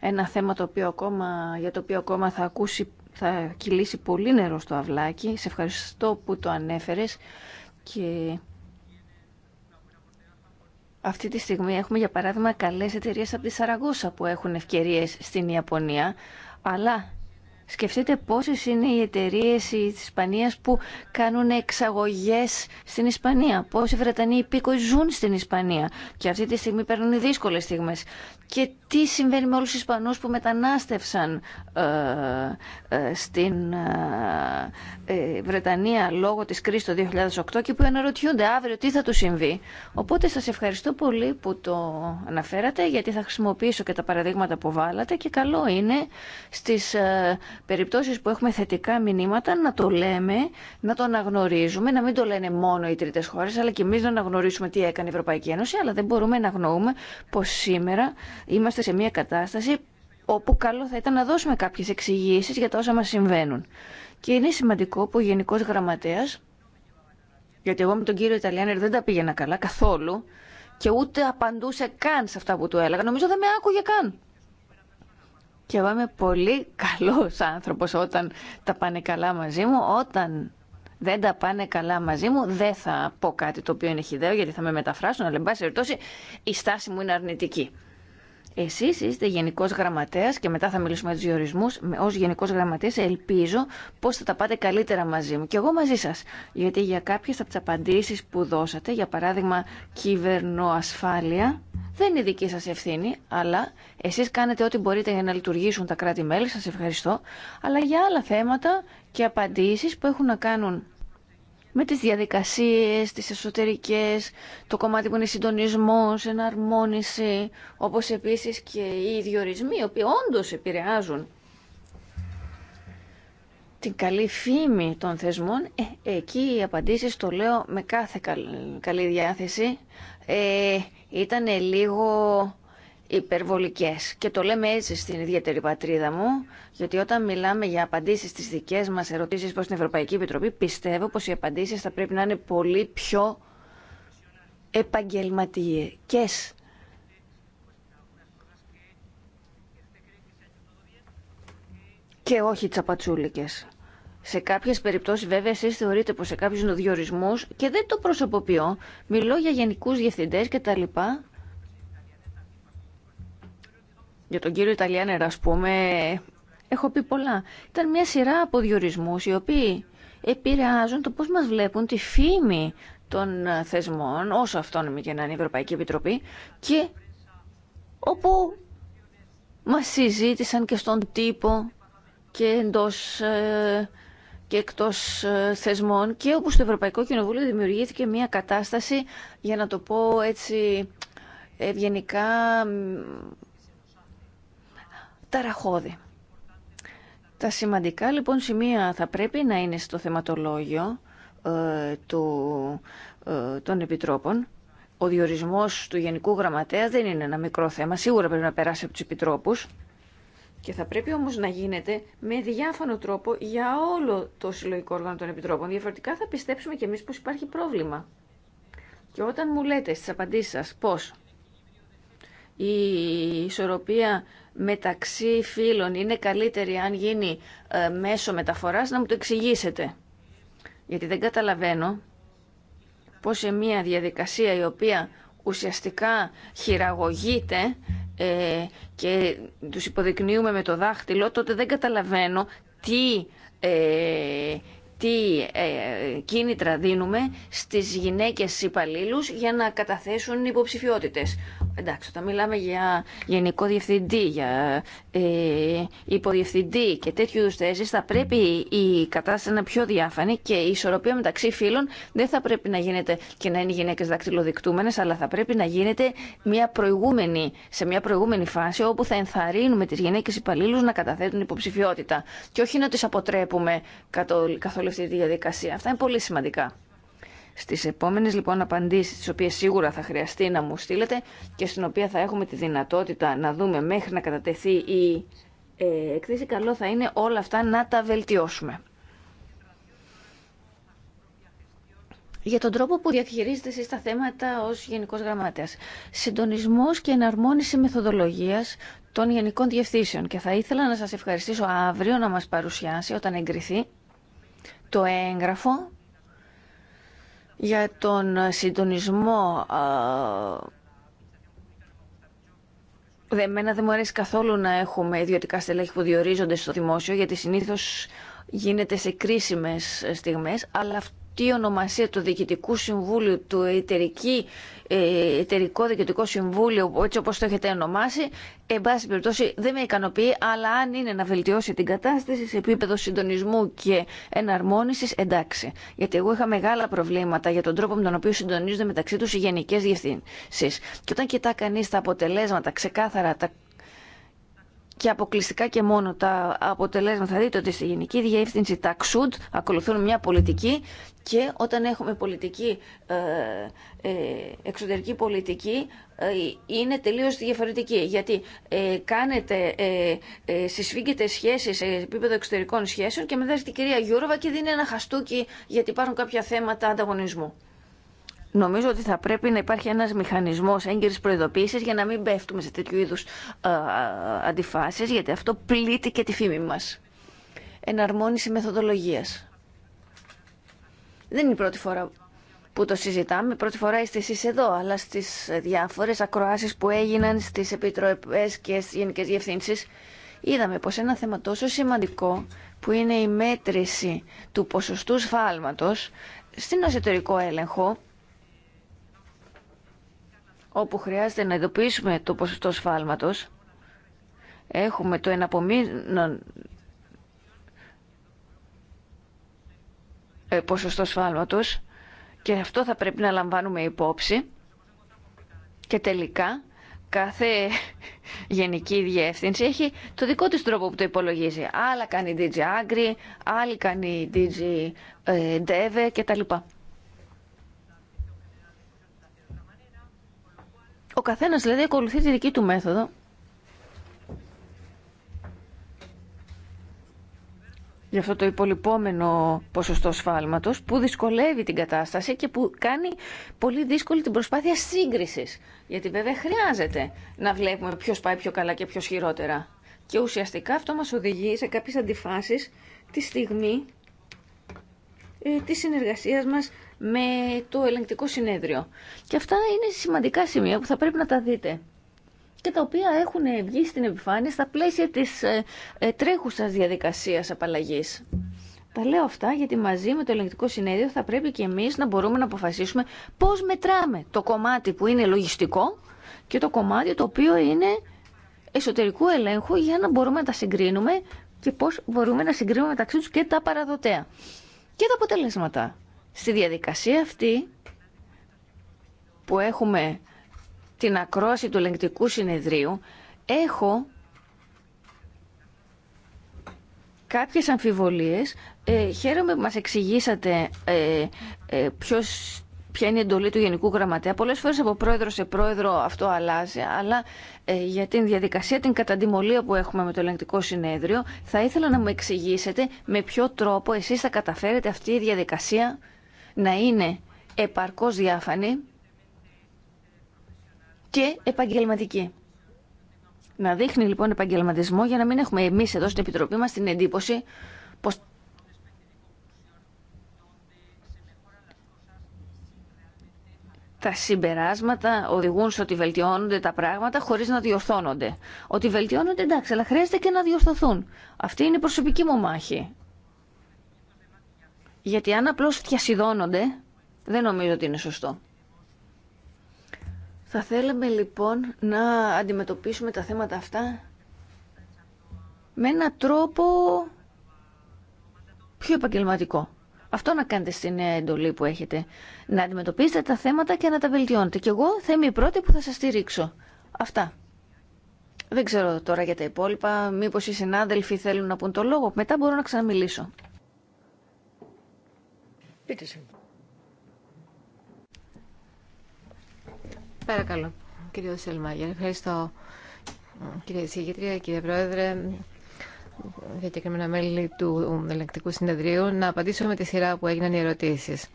ένα θέμα το οποίο ακόμα, για το οποίο ακόμα θα ακούσει θα κυλήσει πολύ νερό στο αυλάκι. Σε ευχαριστώ που το ανέφερες και αυτή τη στιγμή έχουμε για παράδειγμα καλές εταιρείες από τη Σαραγώσα που έχουν ευκαιρίες στην Ιαπωνία αλλά Σκεφτείτε πόσε είναι οι εταιρείε τη Ισπανία που κάνουν εξαγωγέ στην Ισπανία. Πόσοι Βρετανοί υπήκοοι ζουν στην Ισπανία. Και αυτή τη στιγμή παίρνουν δύσκολε στιγμέ. Και τι συμβαίνει με όλου του Ισπανού που μετανάστευσαν ε, ε, στην ε, Βρετανία λόγω τη κρίση το 2008 και που αναρωτιούνται αύριο τι θα του συμβεί. Οπότε σα ευχαριστώ πολύ που το αναφέρατε γιατί θα χρησιμοποιήσω και τα παραδείγματα που βάλατε και καλό είναι στις περιπτώσεις που έχουμε θετικά μηνύματα να το λέμε, να το αναγνωρίζουμε, να μην το λένε μόνο οι τρίτες χώρες, αλλά και εμείς να αναγνωρίσουμε τι έκανε η Ευρωπαϊκή Ένωση, αλλά δεν μπορούμε να γνωρούμε πως σήμερα είμαστε σε μια κατάσταση όπου καλό θα ήταν να δώσουμε κάποιες εξηγήσει για τα όσα μας συμβαίνουν. Και είναι σημαντικό που ο Γενικό Γραμματέα, γιατί εγώ με τον κύριο Ιταλιάνερ δεν τα πήγαινα καλά καθόλου, και ούτε απαντούσε καν σε αυτά που του έλεγα. Νομίζω δεν με άκουγε καν και εγώ είμαι πολύ καλός άνθρωπος όταν τα πάνε καλά μαζί μου. Όταν δεν τα πάνε καλά μαζί μου, δεν θα πω κάτι το οποίο είναι χιδαίο γιατί θα με μεταφράσουν, αλλά εν πάση περιπτώσει η στάση μου είναι αρνητική. Εσείς είστε γενικός γραμματέας και μετά θα μιλήσουμε για τους διορισμούς. Ως γενικός γραμματέας ελπίζω πώς θα τα πάτε καλύτερα μαζί μου και εγώ μαζί σας. Γιατί για κάποιες από τις απαντήσεις που δώσατε, για παράδειγμα κυβερνοασφάλεια, δεν είναι δική σα ευθύνη, αλλά εσείς κάνετε ό,τι μπορείτε για να λειτουργήσουν τα κράτη-μέλη, σας ευχαριστώ, αλλά για άλλα θέματα και απαντήσεις που έχουν να κάνουν με τις διαδικασίες, τις εσωτερικές, το κομμάτι που είναι συντονισμός, εναρμόνιση, όπως επίσης και οι διορισμοί, οι οποίοι όντως επηρεάζουν την καλή φήμη των θεσμών, ε, εκεί οι απαντήσεις το λέω με κάθε καλή διάθεση, ε, ήταν λίγο υπερβολικές. Και το λέμε έτσι στην ιδιαίτερη πατρίδα μου, γιατί όταν μιλάμε για απαντήσεις στις δικές μας ερωτήσεις προς την Ευρωπαϊκή Επιτροπή, πιστεύω πως οι απαντήσεις θα πρέπει να είναι πολύ πιο επαγγελματικές. Και όχι τσαπατσούλικες. Σε κάποιες περιπτώσεις βέβαια εσεί θεωρείτε πως σε κάποιους διορισμού και δεν το προσωποποιώ. Μιλώ για γενικούς διευθυντέ και Για τον κύριο Ιταλιάνερα α πούμε έχω πει πολλά. Ήταν μια σειρά από διορισμού, οι οποίοι επηρεάζουν το πώς μας βλέπουν τη φήμη των ε, θεσμών, όσο μη και να είναι η Ευρωπαϊκή Επιτροπή, και όπου μας συζήτησαν και στον τύπο και εντός ε, και εκτό ε, θεσμών και όπου στο Ευρωπαϊκό Κοινοβούλιο δημιουργήθηκε μια κατάσταση, για να το πω έτσι ευγενικά, ταραχώδη. Τα σημαντικά λοιπόν σημεία θα πρέπει να είναι στο θεματολόγιο ε, του, ε, των επιτρόπων. Ο διορισμός του Γενικού Γραμματέα δεν είναι ένα μικρό θέμα. Σίγουρα πρέπει να περάσει από τους επιτρόπους. Και θα πρέπει όμως να γίνεται με διάφανο τρόπο για όλο το συλλογικό όργανο των επιτρόπων. Διαφορετικά θα πιστέψουμε κι εμείς πως υπάρχει πρόβλημα. Και όταν μου λέτε στις απαντήσεις σας πως η ισορροπία μεταξύ φύλων είναι καλύτερη αν γίνει ε, μέσω μεταφοράς, να μου το εξηγήσετε. Γιατί δεν καταλαβαίνω πως σε μια διαδικασία η οποία ουσιαστικά χειραγωγείται ε, και τους υποδεικνύουμε με το δάχτυλο, τότε δεν καταλαβαίνω τι ε, τι ε, κίνητρα δίνουμε στις γυναίκες υπαλλήλους για να καταθέσουν υποψηφιότητες. Εντάξει, όταν μιλάμε για γενικό διευθυντή, για ε, υποδιευθυντή και τέτοιου είδους θέσει, θα πρέπει η κατάσταση να είναι πιο διάφανη και η ισορροπία μεταξύ φύλων δεν θα πρέπει να γίνεται και να είναι γυναίκες δακτυλοδεικτούμενες, αλλά θα πρέπει να γίνεται μια προηγούμενη, σε μια προηγούμενη φάση όπου θα ενθαρρύνουμε τις γυναίκες υπαλλήλου να καταθέτουν υποψηφιότητα και όχι να τις αποτρέπουμε καθόλου αυτή τη διαδικασία. Αυτά είναι πολύ σημαντικά. Στι επόμενε λοιπόν απαντήσει, τι οποίε σίγουρα θα χρειαστεί να μου στείλετε και στην οποία θα έχουμε τη δυνατότητα να δούμε μέχρι να κατατεθεί η ε, εκθέση, καλό θα είναι όλα αυτά να τα βελτιώσουμε. για τον τρόπο που διαχειρίζετε εσεί τα θέματα ω γενικό Γραμματέας. Συντονισμός και εναρμόνιση μεθοδολογία των Γενικών Διευθύνσεων. Και θα ήθελα να σα ευχαριστήσω αύριο να μα παρουσιάσει όταν εγκριθεί το έγγραφο για τον συντονισμό Εμένα δεν μου αρέσει καθόλου να έχουμε ιδιωτικά στελέχη που διορίζονται στο δημόσιο, γιατί συνήθως γίνεται σε κρίσιμες στιγμές, αλλά αυτό η ονομασία του Διοικητικού Συμβούλου, του εταιρική, ε, Εταιρικό Διοικητικό Συμβούλιο, έτσι όπως το έχετε ονομάσει, εν πάση περιπτώσει δεν με ικανοποιεί, αλλά αν είναι να βελτιώσει την κατάσταση σε επίπεδο συντονισμού και εναρμόνισης, εντάξει. Γιατί εγώ είχα μεγάλα προβλήματα για τον τρόπο με τον οποίο συντονίζονται μεταξύ τους οι γενικές διευθύνσεις. Και όταν κοιτά κανείς τα αποτελέσματα, ξεκάθαρα τα και αποκλειστικά και μόνο τα αποτελέσματα. Θα δείτε ότι στη Γενική Διεύθυνση ταξούντ ακολουθούν μια πολιτική και όταν έχουμε πολιτική, ε, ε, εξωτερική πολιτική ε, είναι τελείως διαφορετική. Γιατί κάνετε, συσφίγγετε σχέσεις σε επίπεδο εξωτερικών σχέσεων και μετά έρχεται η κυρία Γιούροβα και δίνει ένα χαστούκι γιατί υπάρχουν κάποια θέματα ανταγωνισμού. Νομίζω ότι θα πρέπει να υπάρχει ένας μηχανισμός έγκυρης προειδοποίησης για να μην πέφτουμε σε τέτοιου είδους αντιφάσεις, γιατί αυτό πλήττει και τη φήμη μας. Εναρμόνιση μεθοδολογίας. Δεν είναι η πρώτη φορά που το συζητάμε. Πρώτη φορά είστε εσείς εδώ, αλλά στι διάφορε ακροασει που έγιναν στι επιτροπέ και στι γενικέ διευθύνσει. είδαμε πω ένα θέμα τόσο σημαντικό που είναι η μέτρηση του ποσοστού σφάλματο στην εσωτερικό έλεγχο όπου χρειάζεται να ειδοποιήσουμε το ποσοστό σφάλματος. Έχουμε το εναπομείνον ε, ποσοστό σφάλματος και αυτό θα πρέπει να λαμβάνουμε υπόψη και τελικά κάθε γενική διεύθυνση έχει το δικό της τρόπο που το υπολογίζει. Άλλα κάνει DG Agri, άλλοι κάνει DG ε, Deve κτλ. Ο καθένας δηλαδή ακολουθεί τη δική του μέθοδο. για αυτό το υπολοιπόμενο ποσοστό σφάλματος που δυσκολεύει την κατάσταση και που κάνει πολύ δύσκολη την προσπάθεια σύγκρισης. Γιατί βέβαια χρειάζεται να βλέπουμε ποιος πάει πιο καλά και ποιος χειρότερα. Και ουσιαστικά αυτό μας οδηγεί σε κάποιες αντιφάσεις τη στιγμή ε, της συνεργασίας μας με το ελεγκτικό συνέδριο. Και αυτά είναι σημαντικά σημεία που θα πρέπει να τα δείτε και τα οποία έχουν βγει στην επιφάνεια στα πλαίσια της ε, ε, τρέχουσας διαδικασίας απαλλαγής. Τα λέω αυτά γιατί μαζί με το ελεγκτικό συνέδριο θα πρέπει και εμείς να μπορούμε να αποφασίσουμε πώς μετράμε το κομμάτι που είναι λογιστικό και το κομμάτι το οποίο είναι εσωτερικού ελέγχου για να μπορούμε να τα συγκρίνουμε και πώς μπορούμε να συγκρίνουμε μεταξύ τους και τα παραδοτέα και τα αποτελέσματα. Στη διαδικασία αυτή που έχουμε την ακρόαση του ελεγκτικού συνεδρίου, έχω κάποιες αμφιβολίες. Ε, χαίρομαι που μας εξηγήσατε ε, ε ποιος, ποια είναι η εντολή του Γενικού Γραμματέα. Πολλές φορές από πρόεδρο σε πρόεδρο αυτό αλλάζει, αλλά ε, για την διαδικασία, την καταντιμολία που έχουμε με το ελεγκτικό συνέδριο, θα ήθελα να μου εξηγήσετε με ποιο τρόπο εσείς θα καταφέρετε αυτή η διαδικασία να είναι επαρκώς διάφανη και επαγγελματική. Να δείχνει λοιπόν επαγγελματισμό για να μην έχουμε εμείς εδώ στην Επιτροπή μας την εντύπωση πως τα συμπεράσματα οδηγούν σε ότι βελτιώνονται τα πράγματα χωρίς να διορθώνονται. Ότι βελτιώνονται εντάξει, αλλά χρειάζεται και να διορθωθούν. Αυτή είναι η προσωπική μου μάχη. Γιατί αν απλώς φτιασιδώνονται, δεν νομίζω ότι είναι σωστό. Θα θέλαμε λοιπόν να αντιμετωπίσουμε τα θέματα αυτά με έναν τρόπο πιο επαγγελματικό. Αυτό να κάνετε στη νέα εντολή που έχετε. Να αντιμετωπίσετε τα θέματα και να τα βελτιώνετε. Και εγώ θα είμαι η πρώτη που θα σας στηρίξω. Αυτά. Δεν ξέρω τώρα για τα υπόλοιπα. Μήπως οι συνάδελφοι θέλουν να πούν το λόγο. Μετά μπορώ να ξαναμιλήσω. Πείτε Παρακαλώ, κύριε Σελμάγερ. Ευχαριστώ, κύριε Συγητρία, κύριε Πρόεδρε, διακεκριμένα μέλη του Ελεκτικού Συνεδρίου. Να απαντήσω με τη σειρά που έγιναν οι ερωτήσεις.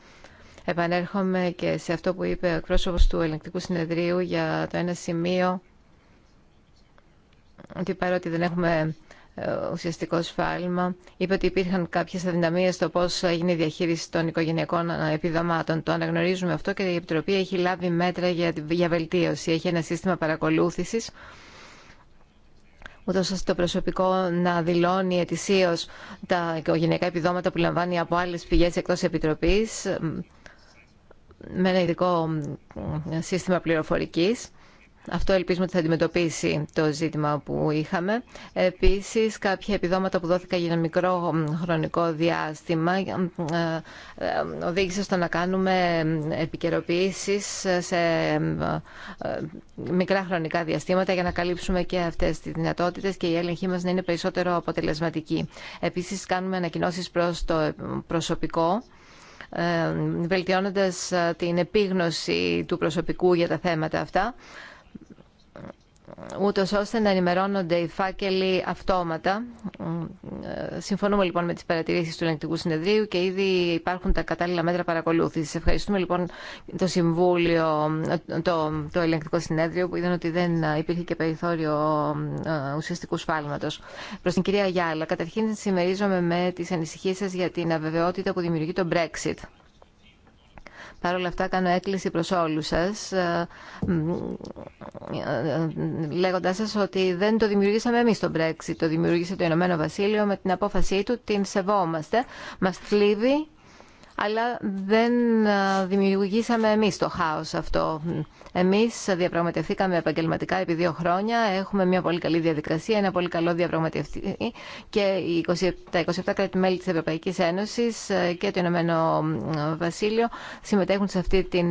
Επανέρχομαι και σε αυτό που είπε ο εκπρόσωπο του Ελεκτικού Συνεδρίου για το ένα σημείο ότι παρότι δεν έχουμε ε, ουσιαστικό σφάλμα. Είπε ότι υπήρχαν κάποιες αδυναμίε στο πώς έγινε η διαχείριση των οικογενειακών επιδομάτων. Το αναγνωρίζουμε αυτό και η Επιτροπή έχει λάβει μέτρα για βελτίωση. Έχει ένα σύστημα παρακολούθησης ούτω ώστε το προσωπικό να δηλώνει ετησίω τα οικογενειακά επιδόματα που λαμβάνει από άλλε πηγέ εκτό Επιτροπή με ένα ειδικό σύστημα πληροφορικής αυτό ελπίζουμε ότι θα αντιμετωπίσει το ζήτημα που είχαμε. Επίσης, κάποια επιδόματα που δόθηκαν για ένα μικρό χρονικό διάστημα ε, ε, οδήγησε στο να κάνουμε επικαιροποιήσει σε ε, μικρά χρονικά διαστήματα για να καλύψουμε και αυτές τις δυνατότητες και η έλεγχή μα να είναι περισσότερο αποτελεσματική. Επίσης, κάνουμε ανακοινώσει προ το προσωπικό βελτιώνοντας την επίγνωση του προσωπικού για τα θέματα αυτά ούτως ώστε να ενημερώνονται οι φάκελοι αυτόματα. Συμφωνούμε λοιπόν με τις παρατηρήσεις του Ελεγκτικού Συνεδρίου και ήδη υπάρχουν τα κατάλληλα μέτρα παρακολούθησης. Ευχαριστούμε λοιπόν το Συμβούλιο, το, το Ελεγκτικό Συνέδριο που είδαν ότι δεν υπήρχε και περιθώριο ε, ουσιαστικού σφάλματος. Προς την κυρία Γιάλα, καταρχήν συμμερίζομαι με τις ανησυχίες σας για την αβεβαιότητα που δημιουργεί το Brexit. Παρ' όλα αυτά κάνω έκκληση προς όλους σας, ε, ε, λέγοντάς σας ότι δεν το δημιουργήσαμε εμείς το Brexit, το δημιουργήσε το Ηνωμένο Βασίλειο με την απόφασή του, την σεβόμαστε. Μας θλίβει αλλά δεν ε, δημιουργήσαμε εμείς το χάος αυτό. Εμείς διαπραγματευθήκαμε επαγγελματικά επί δύο χρόνια, έχουμε μια πολύ καλή διαδικασία, ένα πολύ καλό διαπραγματευτή και τα 27 κράτη-μέλη της Ευρωπαϊκής Ένωσης ε, και το Ηνωμένο ε, Βασίλειο συμμετέχουν σε αυτή τη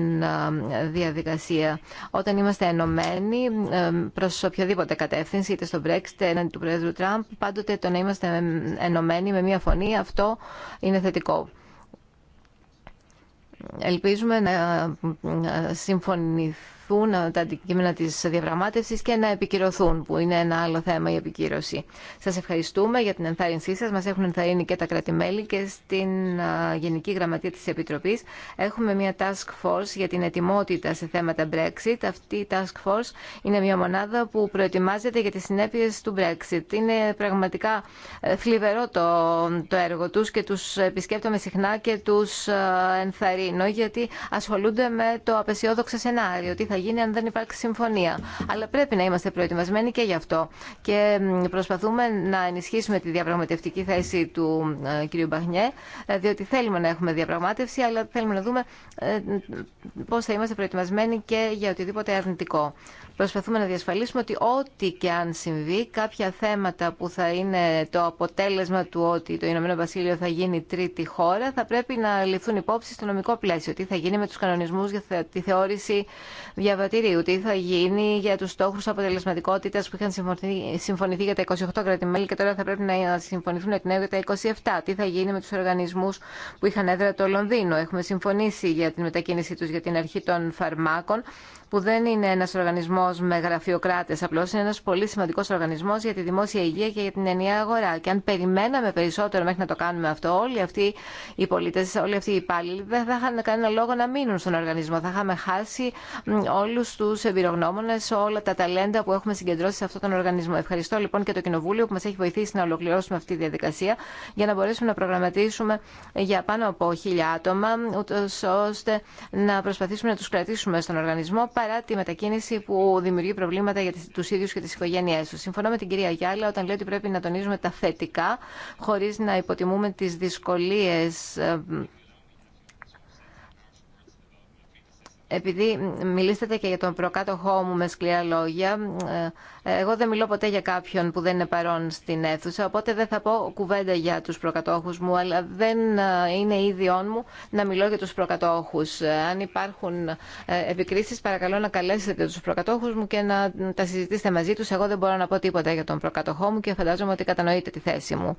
διαδικασία. Όταν είμαστε ενωμένοι προς οποιαδήποτε κατεύθυνση, είτε στο Brexit, έναντι του Πρόεδρου Τραμπ, πάντοτε το να είμαστε ενωμένοι με μια φωνή, αυτό είναι θετικό. Ελπίζουμε να συμφωνηθεί συζητηθούν ε, τα αντικείμενα τη διαπραγματεύση και να επικυρωθούν, που είναι ένα άλλο θέμα η επικύρωση. Σα ευχαριστούμε για την ενθάρρυνσή σα μα έχουν ενθαρρύνει και τα κρατημέλη και στην ε, Γενική Γραμματεία τη Επιτροπή. Έχουμε μια task force για την ετοιμότητα σε θέματα Brexit. Αυτή η task force είναι μια μονάδα που προετοιμάζεται για τι συνέπειε του Brexit. Είναι πραγματικά ε, θλιβερό το, το έργο του και του επισκέπτομαι συχνά και του ενθαρρύνω γιατί ασχολούνται με το απεσιόδοξο σενάριο. Τι θα γίνει αν δεν υπάρξει συμφωνία. Αλλά πρέπει να είμαστε προετοιμασμένοι και γι' αυτό. Και προσπαθούμε να ενισχύσουμε τη διαπραγματευτική θέση του ε, κ. Μπαχνιέ, ε, διότι θέλουμε να έχουμε διαπραγμάτευση, αλλά θέλουμε να δούμε ε, πώ θα είμαστε προετοιμασμένοι και για οτιδήποτε αρνητικό. Προσπαθούμε να διασφαλίσουμε ότι ό,τι και αν συμβεί, κάποια θέματα που θα είναι το αποτέλεσμα του ότι το Ηνωμένο Βασίλειο θα γίνει τρίτη χώρα, θα πρέπει να ληφθούν υπόψη στο νομικό πλαίσιο. Τι θα γίνει με του κανονισμού για τη θεώρηση διαβατηρίου, τι θα γίνει για του στόχου αποτελεσματικότητα που είχαν συμφωνηθεί για τα 28 κράτη-μέλη και τώρα θα πρέπει να συμφωνηθούν εκ νέου για τα 27. Τι θα γίνει με τους οργανισμούς που είχαν έδρα το Λονδίνο. Έχουμε συμφωνήσει για την μετακίνησή του για την αρχή των φαρμάκων που δεν είναι ένας οργανισμός με γραφειοκράτες απλώς, είναι ένας πολύ σημαντικός οργανισμός για τη δημόσια υγεία και για την ενιαία αγορά. Και αν περιμέναμε περισσότερο μέχρι να το κάνουμε αυτό, όλοι αυτοί οι πολίτες, όλοι αυτοί οι υπάλληλοι δεν θα είχαν κανένα λόγο να μείνουν στον οργανισμό. Θα είχαμε χάσει όλους τους εμπειρογνώμονες, όλα τα ταλέντα που έχουμε συγκεντρώσει σε αυτόν τον οργανισμό. Ευχαριστώ λοιπόν και το Κοινοβούλιο που μας έχει βοηθήσει να ολοκληρώσουμε αυτή τη διαδικασία για να μπορέσουμε να προγραμματίσουμε για πάνω από χίλια άτομα, ώστε να προσπαθήσουμε να τους κρατήσουμε στον οργανισμό παρά τη μετακίνηση που δημιουργεί προβλήματα για τους ίδιους και τι οικογένειε. τους. Συμφωνώ με την κυρία Γιάλα όταν λέει ότι πρέπει να τονίζουμε τα θετικά χωρί να υποτιμούμε τις δυσκολίες επειδή μιλήσατε και για τον προκάτοχό μου με σκληρά λόγια, ε, εγώ δεν μιλώ ποτέ για κάποιον που δεν είναι παρόν στην αίθουσα, οπότε δεν θα πω κουβέντα για τους προκατόχους μου, αλλά δεν ε, είναι ίδιόν μου να μιλώ για τους προκατόχους. Ε, αν υπάρχουν επικρίσεις, παρακαλώ να καλέσετε τους προκατόχους μου και να τα συζητήσετε μαζί τους. Εγώ δεν μπορώ να πω τίποτα για τον προκατοχό μου και φαντάζομαι ότι κατανοείτε τη θέση μου.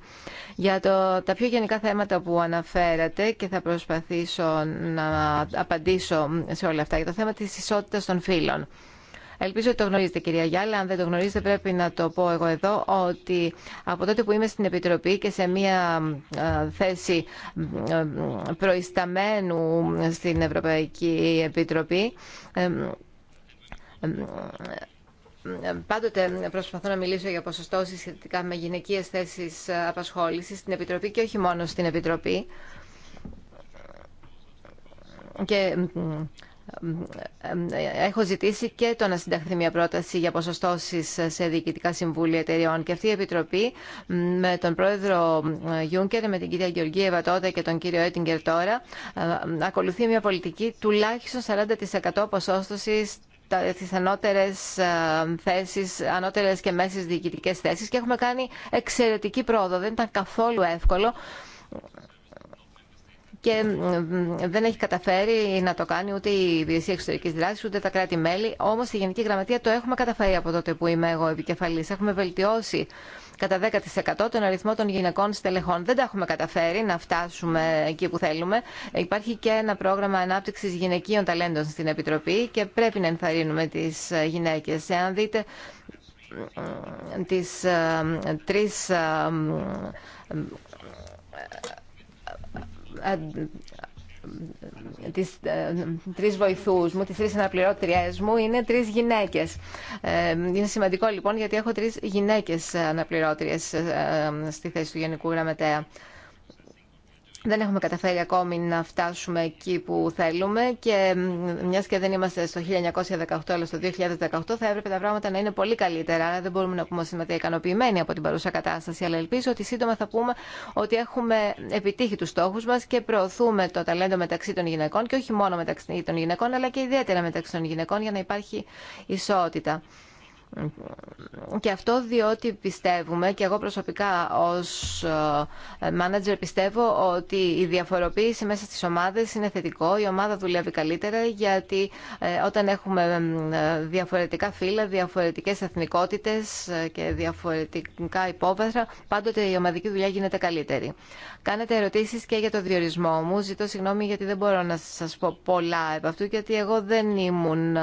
Για το, τα πιο γενικά θέματα που αναφέρατε και θα προσπαθήσω να απαντήσω σε όλα αυτά, για το θέμα της ισότητας των φύλων. Ελπίζω ότι το γνωρίζετε, κυρία Γιάλα. Αν δεν το γνωρίζετε, πρέπει να το πω εγώ εδώ ότι από τότε που είμαι στην Επιτροπή και σε μία ε, θέση ε, προϊσταμένου στην Ευρωπαϊκή Επιτροπή, ε, Πάντοτε προσπαθώ να μιλήσω για ποσοστώσεις σχετικά με γυναικείες θέσεις απασχόλησης στην Επιτροπή και όχι μόνο στην Επιτροπή. Και έχω ζητήσει και το να συνταχθεί μια πρόταση για ποσοστώσει σε διοικητικά συμβούλια εταιριών. Και αυτή η Επιτροπή με τον πρόεδρο Γιούνκερ, με την κυρία Γεωργίευα τότε και τον κύριο Έτιγκερ τώρα, ακολουθεί μια πολιτική τουλάχιστον 40% ποσόστοση τις ανώτερε ε, θέσει, ανώτερες και μέσες διοικητικές θέσει και έχουμε κάνει εξαιρετική πρόοδο. Δεν ήταν καθόλου εύκολο και δεν έχει καταφέρει να το κάνει ούτε η Υπηρεσία Εξωτερική Δράση ούτε τα κράτη-μέλη. Όμω στη Γενική Γραμματεία το έχουμε καταφέρει από τότε που είμαι εγώ επικεφαλή. Έχουμε βελτιώσει κατά 10% τον αριθμό των γυναικών στελεχών. Δεν τα έχουμε καταφέρει να φτάσουμε εκεί που θέλουμε. Υπάρχει και ένα πρόγραμμα ανάπτυξη γυναικείων ταλέντων στην Επιτροπή και πρέπει να ενθαρρύνουμε τι γυναίκε. Εάν δείτε τις ε, τρεις ε, ε, τις ε, τρεις βοηθούς μου, τις τρεις αναπληρώτριές μου είναι τρεις γυναίκες. Ε, είναι σημαντικό λοιπόν γιατί έχω τρεις γυναίκες αναπληρώτριες στη θέση του Γενικού Γραμματέα δεν έχουμε καταφέρει ακόμη να φτάσουμε εκεί που θέλουμε και μια και δεν είμαστε στο 1918 αλλά στο 2018 θα έπρεπε τα πράγματα να είναι πολύ καλύτερα. δεν μπορούμε να πούμε σήμερα ικανοποιημένοι από την παρούσα κατάσταση. Αλλά ελπίζω ότι σύντομα θα πούμε ότι έχουμε επιτύχει του στόχου μα και προωθούμε το ταλέντο μεταξύ των γυναικών και όχι μόνο μεταξύ των γυναικών αλλά και ιδιαίτερα μεταξύ των γυναικών για να υπάρχει ισότητα. Και αυτό διότι πιστεύουμε και εγώ προσωπικά ως μάνατζερ πιστεύω ότι η διαφοροποίηση μέσα στις ομάδες είναι θετικό. Η ομάδα δουλεύει καλύτερα γιατί ε, όταν έχουμε ε, διαφορετικά φύλλα, διαφορετικές εθνικότητες ε, και διαφορετικά υπόβαθρα, πάντοτε η ομαδική δουλειά γίνεται καλύτερη. Κάνετε ερωτήσεις και για το διορισμό μου. Ζητώ συγγνώμη γιατί δεν μπορώ να σας πω πολλά από αυτού γιατί εγώ δεν ήμουν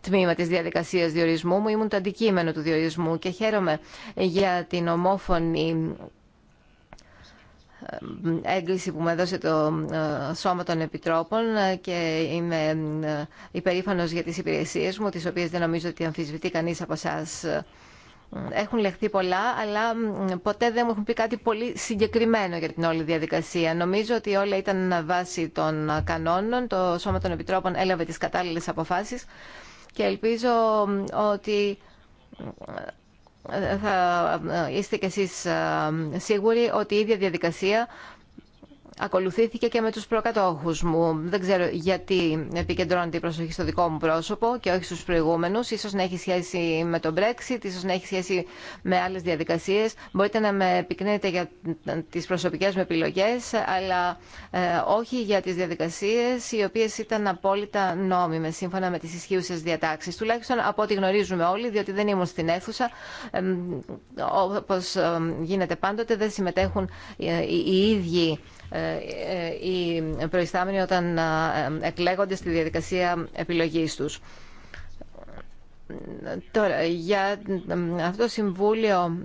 τμήμα της διαδικασίας διορισμού μου, ήμουν το αντικείμενο αντικείμενο του διορισμού και χαίρομαι για την ομόφωνη ε, έγκριση που με έδωσε το ε, Σώμα των Επιτρόπων και είμαι ε, υπερήφανος για τις υπηρεσίες μου, τις οποίες δεν νομίζω ότι αμφισβητεί κανείς από εσά. Έχουν λεχθεί πολλά, αλλά ποτέ δεν μου έχουν πει κάτι πολύ συγκεκριμένο για την όλη διαδικασία. Νομίζω ότι όλα ήταν βάση των κανόνων. Το Σώμα των Επιτρόπων έλαβε τις κατάλληλες αποφάσεις και ελπίζω ότι θα είστε κι εσείς ε, σίγουροι ότι η ίδια διαδικασία ακολουθήθηκε και με τους προκατόχους μου. Δεν ξέρω γιατί επικεντρώνεται η προσοχή στο δικό μου πρόσωπο και όχι στους προηγούμενους. Ίσως να έχει σχέση με το Brexit, ίσως να έχει σχέση με άλλες διαδικασίες. Μπορείτε να με επικρίνετε για τις προσωπικές μου επιλογές, αλλά ε, όχι για τις διαδικασίες οι οποίες ήταν απόλυτα νόμιμες, σύμφωνα με τις ισχύουσες διατάξεις. Τουλάχιστον από ό,τι γνωρίζουμε όλοι, διότι δεν ήμουν στην αίθουσα. Όπως ε, γίνεται πάντοτε, δεν συμμετέχουν ε, οι ίδιοι ε, ε, οι προϊστάμενοι όταν ε, εκλέγονται στη διαδικασία επιλογής τους. Τώρα, για αυτό το Συμβούλιο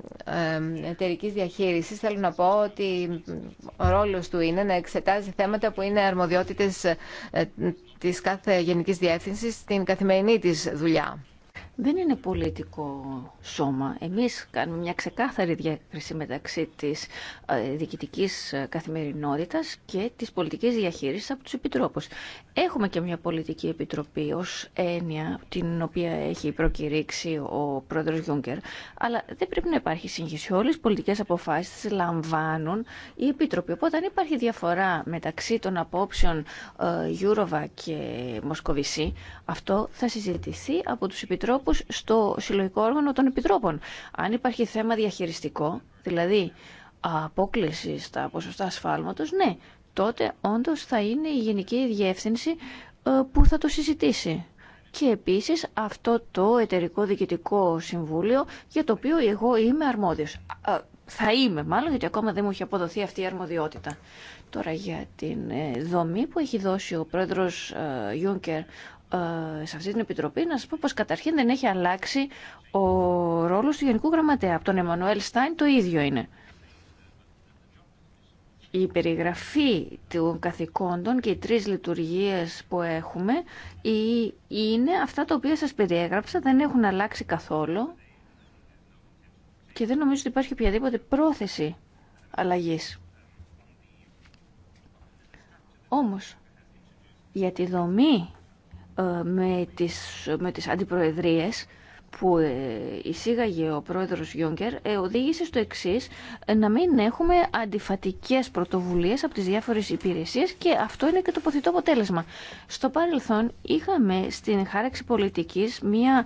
εταιρική Διαχείρισης θέλω να πω ότι ο ρόλος του είναι να εξετάζει θέματα που είναι αρμοδιότητες της κάθε Γενικής Διεύθυνσης στην καθημερινή της δουλειά δεν είναι πολιτικό σώμα. Εμείς κάνουμε μια ξεκάθαρη διάκριση μεταξύ της ε, διοικητικής ε, καθημερινότητας και της πολιτικής διαχείρισης από τους επιτρόπους. Έχουμε και μια πολιτική επιτροπή ως έννοια την οποία έχει προκηρύξει ο πρόεδρος Γιούγκερ, αλλά δεν πρέπει να υπάρχει σύγχυση. Όλες οι πολιτικές αποφάσεις λαμβάνουν οι επιτροποί. Οπότε αν υπάρχει διαφορά μεταξύ των απόψεων ε, Γιούροβα και Μοσκοβισή, αυτό θα συζητηθεί από τους επιτρόπους ανθρώπους στο συλλογικό όργανο των επιτρόπων. Αν υπάρχει θέμα διαχειριστικό, δηλαδή απόκληση στα ποσοστά ασφάλματος, ναι, τότε όντως θα είναι η Γενική Διεύθυνση ε, που θα το συζητήσει. Και επίσης αυτό το Εταιρικό Διοικητικό Συμβούλιο για το οποίο εγώ είμαι αρμόδιος. Θα είμαι μάλλον, γιατί ακόμα δεν μου έχει αποδοθεί αυτή η αρμοδιότητα. Τώρα για την ε, δομή που έχει δώσει ο πρόεδρος Γιούνκερ ε, σε αυτή την επιτροπή να σας πω πως καταρχήν δεν έχει αλλάξει ο ρόλος του Γενικού Γραμματέα. Από τον Εμμανουέλ Στάιν το ίδιο είναι. Η περιγραφή των καθηκόντων και οι τρεις λειτουργίες που έχουμε είναι αυτά τα οποία σας περιέγραψα, δεν έχουν αλλάξει καθόλου και δεν νομίζω ότι υπάρχει οποιαδήποτε πρόθεση αλλαγής. Όμως, για τη δομή ε, με τις, με τις αντιπροεδρίες που ε, εισήγαγε ο πρόεδρος Γιούγκερ ε, οδήγησε στο εξή να μην έχουμε αντιφατικές πρωτοβουλίες από τις διάφορες υπηρεσίες και αυτό είναι και το ποθητό αποτέλεσμα. Στο παρελθόν είχαμε στην χάραξη πολιτικής μια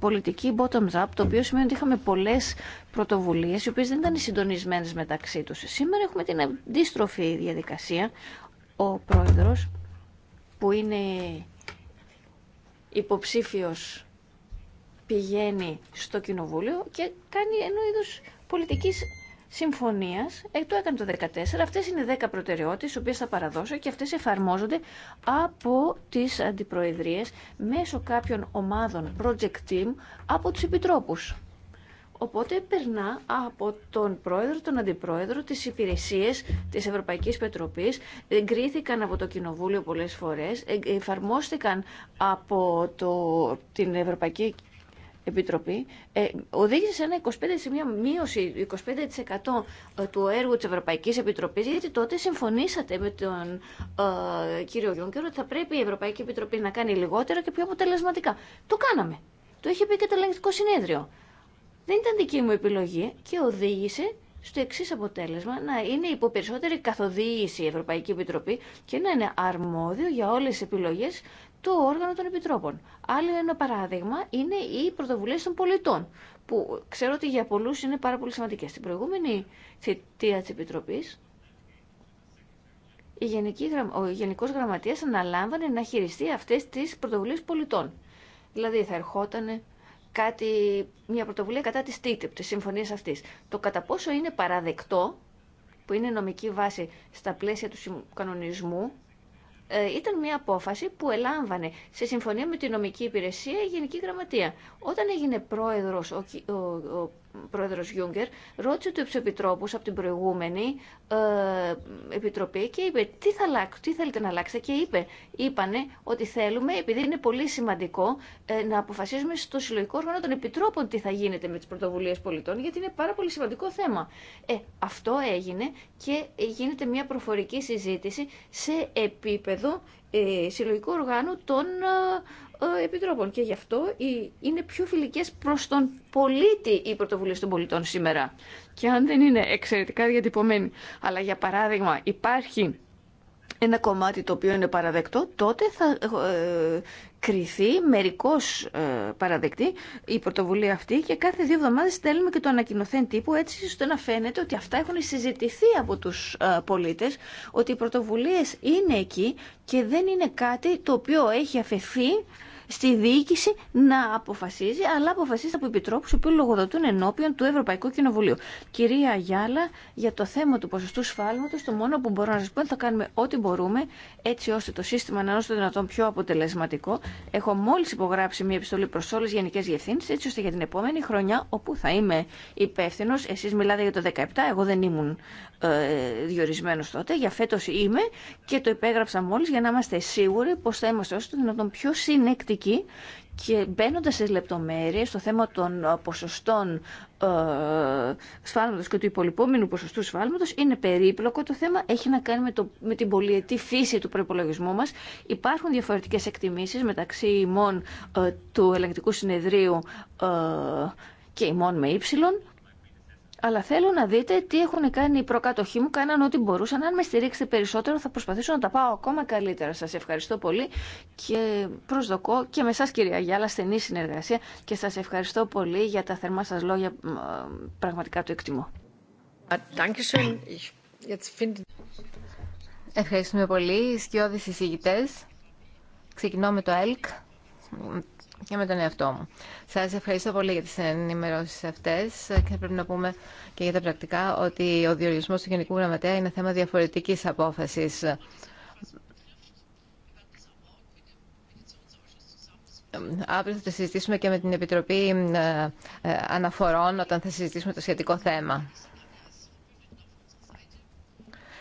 πολιτική bottom-up το οποίο σημαίνει ότι είχαμε πολλές πρωτοβουλίες οι οποίες δεν ήταν συντονισμένες μεταξύ τους. Σήμερα έχουμε την αντίστροφη διαδικασία. Ο πρόεδρος που είναι υποψήφιος πηγαίνει στο κοινοβούλιο και κάνει ενό είδου πολιτικής συμφωνίας. Ε, το έκανε το 2014. Αυτές είναι 10 προτεραιότητες, τι οποίε θα παραδώσω και αυτές εφαρμόζονται από τις αντιπροεδρίες μέσω κάποιων ομάδων project team από του επιτρόπου. Οπότε περνά από τον πρόεδρο, τον αντιπρόεδρο, τι υπηρεσίε τη Ευρωπαϊκή Πετροπή. εγκρίθηκαν από το Κοινοβούλιο πολλές φορές, ε, εφαρμόστηκαν από το, την Ευρωπαϊκή Επιτροπή ε, οδήγησε σε, ένα 25, μια μείωση 25% ε, του έργου της Ευρωπαϊκής Επιτροπής γιατί τότε συμφωνήσατε με τον κύριο Γιούνκερ ότι θα πρέπει η Ευρωπαϊκή Επιτροπή να κάνει λιγότερο και πιο αποτελεσματικά. Το κάναμε. Το είχε πει και το ελεγκτικό συνέδριο δεν ήταν δική μου επιλογή και οδήγησε στο εξή αποτέλεσμα να είναι υπό περισσότερη καθοδήγηση η Ευρωπαϊκή Επιτροπή και να είναι αρμόδιο για όλες τι επιλογές του όργανο των επιτρόπων. Άλλο ένα παράδειγμα είναι οι πρωτοβουλίε των πολιτών, που ξέρω ότι για πολλού είναι πάρα πολύ σημαντικέ. Στην προηγούμενη θητεία τη Επιτροπή. ο Γενικό Γραμματείας αναλάμβανε να χειριστεί αυτέ τι πρωτοβουλίε πολιτών. Δηλαδή θα ερχόταν κάτι, μια πρωτοβουλία κατά της TTIP, της συμφωνίας αυτής. Το κατά πόσο είναι παραδεκτό, που είναι νομική βάση στα πλαίσια του κανονισμού, ε, ήταν μια απόφαση που ελάμβανε σε συμφωνία με τη νομική υπηρεσία η Γενική Γραμματεία. Όταν έγινε πρόεδρος ο, πρόεδρος Γιούγκερ ρώτησε του επιτρόπου από την προηγούμενη ε, επιτροπή και είπε τι, θα αλλάξει, τι θέλετε να αλλάξετε και είπε, είπανε ότι θέλουμε επειδή είναι πολύ σημαντικό ε, να αποφασίζουμε στο συλλογικό όργανο των επιτρόπων τι θα γίνεται με τις πρωτοβουλίες πολιτών γιατί είναι πάρα πολύ σημαντικό θέμα. Ε, αυτό έγινε και γίνεται μια προφορική συζήτηση σε επίπεδο ε, συλλογικό οργάνου των ε, ε, επιτρόπων. Και γι' αυτό είναι πιο φιλικές προς τον πολίτη οι πρωτοβουλίες των πολιτών σήμερα. Και αν δεν είναι εξαιρετικά διατυπωμένοι αλλά για παράδειγμα υπάρχει ένα κομμάτι το οποίο είναι παραδεκτό, τότε θα Κρυθεί, μερικώς ε, παραδεκτή η πρωτοβουλία αυτή και κάθε δύο εβδομάδες στέλνουμε και το ανακοινωθέν τύπου έτσι ώστε να φαίνεται ότι αυτά έχουν συζητηθεί από τους ε, πολίτες ότι οι πρωτοβουλίες είναι εκεί και δεν είναι κάτι το οποίο έχει αφαιθεί στη διοίκηση να αποφασίζει, αλλά αποφασίζει από επιτρόπου οι οποίοι λογοδοτούν ενώπιον του Ευρωπαϊκού Κοινοβουλίου. Κυρία Γιάλα, για το θέμα του ποσοστού σφάλματο, το μόνο που μπορώ να σα πω είναι θα κάνουμε ό,τι μπορούμε έτσι ώστε το σύστημα να είναι το δυνατόν πιο αποτελεσματικό. Έχω μόλι υπογράψει μια επιστολή προ όλε τι γενικέ διευθύνσει, έτσι ώστε για την επόμενη χρονιά, όπου θα είμαι υπεύθυνο, εσεί μιλάτε για το 17, εγώ δεν ήμουν ε, διορισμένος τότε, για φέτος είμαι και το υπέγραψα μόλις για να είμαστε σίγουροι πως θα είμαστε όσο το δυνατόν πιο συνεκτικοί και μπαίνοντα στι λεπτομέρειε στο θέμα των ε, ποσοστών ε, σφάλματο και του υπολοιπόμενου ποσοστού σφάλματο, είναι περίπλοκο το θέμα. Έχει να κάνει με, την πολυετή φύση του προπολογισμού μα. Υπάρχουν διαφορετικέ εκτιμήσει μεταξύ ημών ε, του ελεγκτικού συνεδρίου και ημών με ύψιλον αλλά θέλω να δείτε τι έχουν κάνει οι προκατοχοί μου. Κάναν ό,τι μπορούσαν. Αν με στηρίξετε περισσότερο, θα προσπαθήσω να τα πάω ακόμα καλύτερα. Σα ευχαριστώ πολύ και προσδοκώ και με εσά, κυρία Γιάλα, στενή συνεργασία και σα ευχαριστώ πολύ για τα θερμά σα λόγια. Πραγματικά το εκτιμώ. Ευχαριστούμε πολύ. Σκιώδη συζητητέ. Ξεκινώ με το ΕΛΚ και με τον εαυτό μου. Σας ευχαριστώ πολύ για τι ενημερώσει αυτέ και πρέπει να πούμε και για τα πρακτικά ότι ο διορισμός του Γενικού Γραμματέα είναι θέμα διαφορετικής απόφασης. Αύριο θα το συζητήσουμε και με την Επιτροπή ε, Αναφορών όταν θα συζητήσουμε το σχετικό θέμα.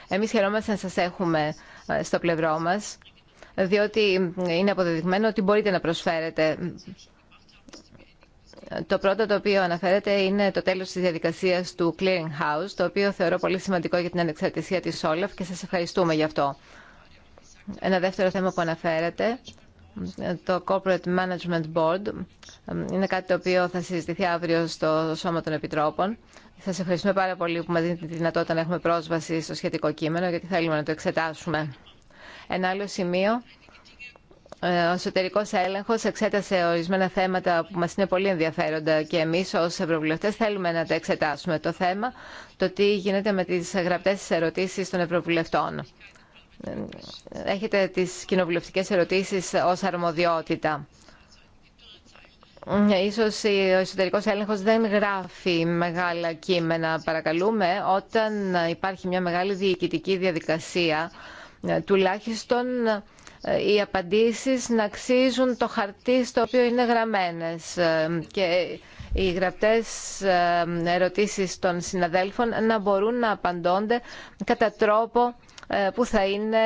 Εμείς χαιρόμαστε να σας έχουμε ε, στο πλευρό μας διότι είναι αποδεδειγμένο ότι μπορείτε να προσφέρετε. Το πρώτο το οποίο αναφέρεται είναι το τέλος της διαδικασίας του Clearing House, το οποίο θεωρώ πολύ σημαντικό για την ανεξαρτησία της Όλαφ και σας ευχαριστούμε γι' αυτό. Ένα δεύτερο θέμα που αναφέρεται, το Corporate Management Board, είναι κάτι το οποίο θα συζητηθεί αύριο στο Σώμα των Επιτρόπων. Σας ευχαριστούμε πάρα πολύ που μας δίνετε τη δυνατότητα να έχουμε πρόσβαση στο σχετικό κείμενο, γιατί θέλουμε να το εξετάσουμε. Ένα άλλο σημείο ε, ο εσωτερικό έλεγχο εξέτασε ορισμένα θέματα που μα είναι πολύ ενδιαφέροντα και εμεί ω Ευρωβουλευτέ θέλουμε να τα εξετάσουμε. Το θέμα, το τι γίνεται με τι γραπτέ ερωτήσει των Ευρωβουλευτών. Έχετε τι κοινοβουλευτικέ ερωτήσει ω αρμοδιότητα. Ε, ίσως ο εσωτερικός έλεγχος δεν γράφει μεγάλα κείμενα, παρακαλούμε, όταν υπάρχει μια μεγάλη διοικητική διαδικασία ε, τουλάχιστον ε, οι απαντήσεις να αξίζουν το χαρτί στο οποίο είναι γραμμένες ε, και οι γραπτές ερωτήσεις των συναδέλφων να μπορούν να απαντώνται κατά τρόπο που θα είναι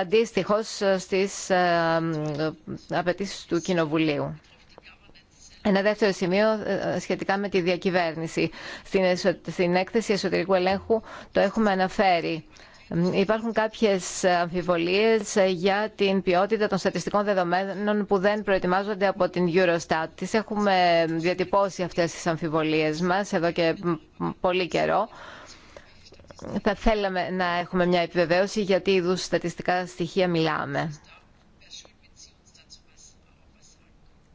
αντίστοιχος στις απαιτήσεις του Κοινοβουλίου. Ένα δεύτερο σημείο σχετικά με τη διακυβέρνηση. Στην έκθεση εσωτερικού ελέγχου το έχουμε αναφέρει. Υπάρχουν κάποιες αμφιβολίες για την ποιότητα των στατιστικών δεδομένων που δεν προετοιμάζονται από την Eurostat. Τις έχουμε διατυπώσει αυτές τις αμφιβολίες μας εδώ και πολύ καιρό. Θα θέλαμε να έχουμε μια επιβεβαίωση για τι στατιστικά στοιχεία μιλάμε.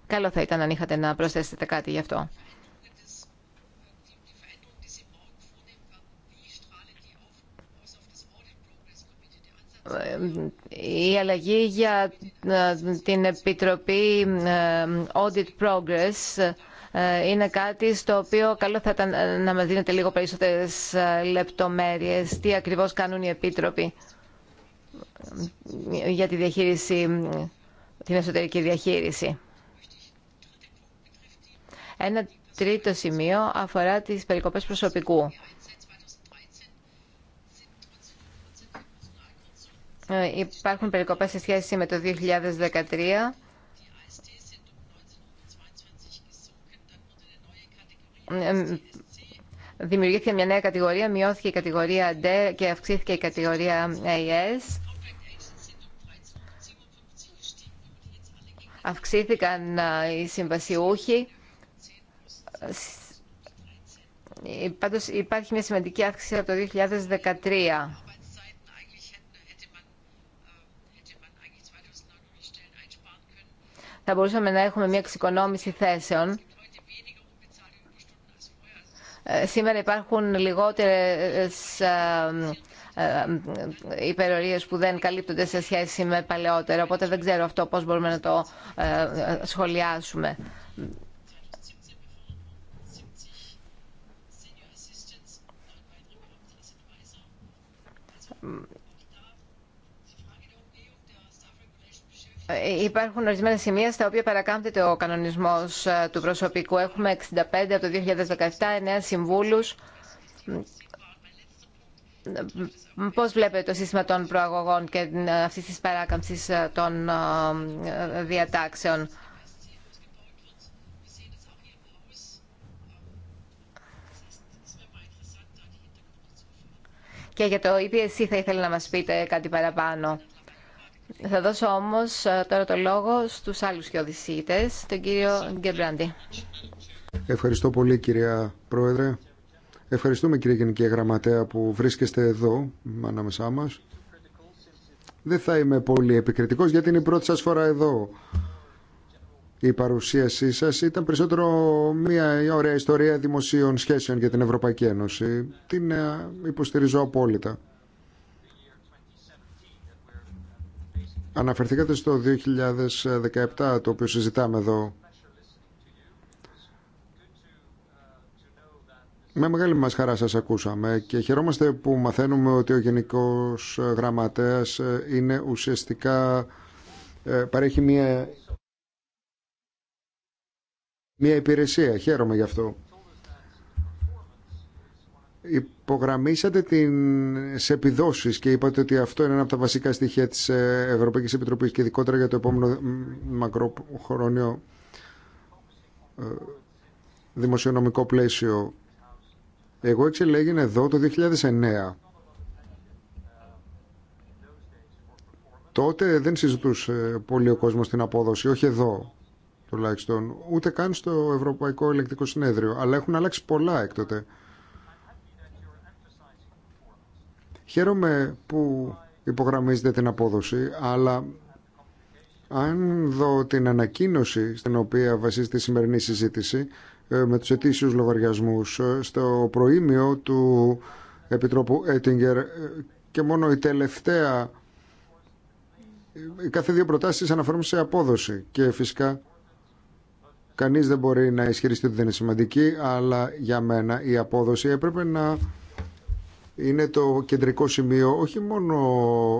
Καλό θα ήταν αν είχατε να προσθέσετε κάτι γι' αυτό. η αλλαγή για ε, την Επιτροπή ε, Audit Progress ε, είναι κάτι στο οποίο καλό θα ήταν να μας δίνετε λίγο περισσότερες λεπτομέρειες τι ακριβώς κάνουν οι επίτροποι για τη διαχείριση, την εσωτερική διαχείριση. Ένα τρίτο σημείο αφορά τις περικοπές προσωπικού. Ε, υπάρχουν περικοπές σε σχέση με το 2013. Ε, δημιουργήθηκε μια νέα κατηγορία, μειώθηκε η κατηγορία D και αυξήθηκε η κατηγορία AS. Αυξήθηκαν ε, οι συμβασιούχοι. Πάντως υπάρχει μια σημαντική αύξηση από το 2013. θα μπορούσαμε να έχουμε μια εξοικονόμηση θέσεων. Ε, σήμερα υπάρχουν λιγότερες ε, ε, υπερορίες που δεν καλύπτονται σε σχέση με παλαιότερα, οπότε δεν ξέρω αυτό πώς μπορούμε να το σχολιάσουμε. Ε, υπάρχουν ορισμένα σημεία στα οποία παρακάμπτεται ο κανονισμός ε, του προσωπικού. Έχουμε 65 από το 2017, 9 συμβούλου. Πώς βλέπετε το σύστημα των προαγωγών και ε, αυτή της παράκαμψης των διατάξεων. Και για το EPSC θα ήθελα να μας πείτε κάτι παραπάνω. Θα δώσω όμως ε, τώρα το λόγο στους άλλους και τον κύριο Γκεμπράντη. Ευχαριστώ πολύ κυρία Πρόεδρε. Ευχαριστούμε κύριε Γενική Γραμματέα που βρίσκεστε εδώ ανάμεσά μας. Δεν θα είμαι πολύ επικριτικός γιατί είναι η πρώτη σας φορά εδώ. Η παρουσίασή σας ήταν περισσότερο μια ωραία ιστορία δημοσίων σχέσεων για την Ευρωπαϊκή Ένωση. Την ε, υποστηριζώ απόλυτα. Αναφερθήκατε στο 2017, το οποίο συζητάμε εδώ. Με μεγάλη μας χαρά σας ακούσαμε και χαιρόμαστε που μαθαίνουμε ότι ο Γενικός Γραμματέας ε, είναι ουσιαστικά ε, παρέχει μια, μια υπηρεσία. Χαίρομαι γι' αυτό υπογραμμίσατε σε επιδόσεις και είπατε ότι αυτό είναι ένα από τα βασικά στοιχεία της ε, Ευρωπαϊκής Επιτροπής και ειδικότερα για το επόμενο μακροχρόνιο ε, δημοσιονομικό πλαίσιο. Εγώ λέγει εδώ το 2009. Τότε δεν συζητούσε πολύ ο κόσμος την απόδοση, όχι εδώ τουλάχιστον, ούτε καν στο Ευρωπαϊκό Ελεκτικό Συνέδριο, αλλά έχουν αλλάξει πολλά έκτοτε. Χαίρομαι που υπογραμμίζετε την απόδοση, αλλά αν δω την ανακοίνωση στην οποία βασίζεται η σημερινή συζήτηση ε, με τους ετήσιους λογαριασμούς ε, στο προήμιο του Επιτρόπου Έτιγκερ ε, και μόνο η τελευταία οι κάθε δύο προτάσεις αναφέρουν σε απόδοση και φυσικά κανείς δεν μπορεί να ισχυριστεί ότι δεν είναι σημαντική αλλά για μένα η απόδοση έπρεπε να είναι το κεντρικό σημείο όχι μόνο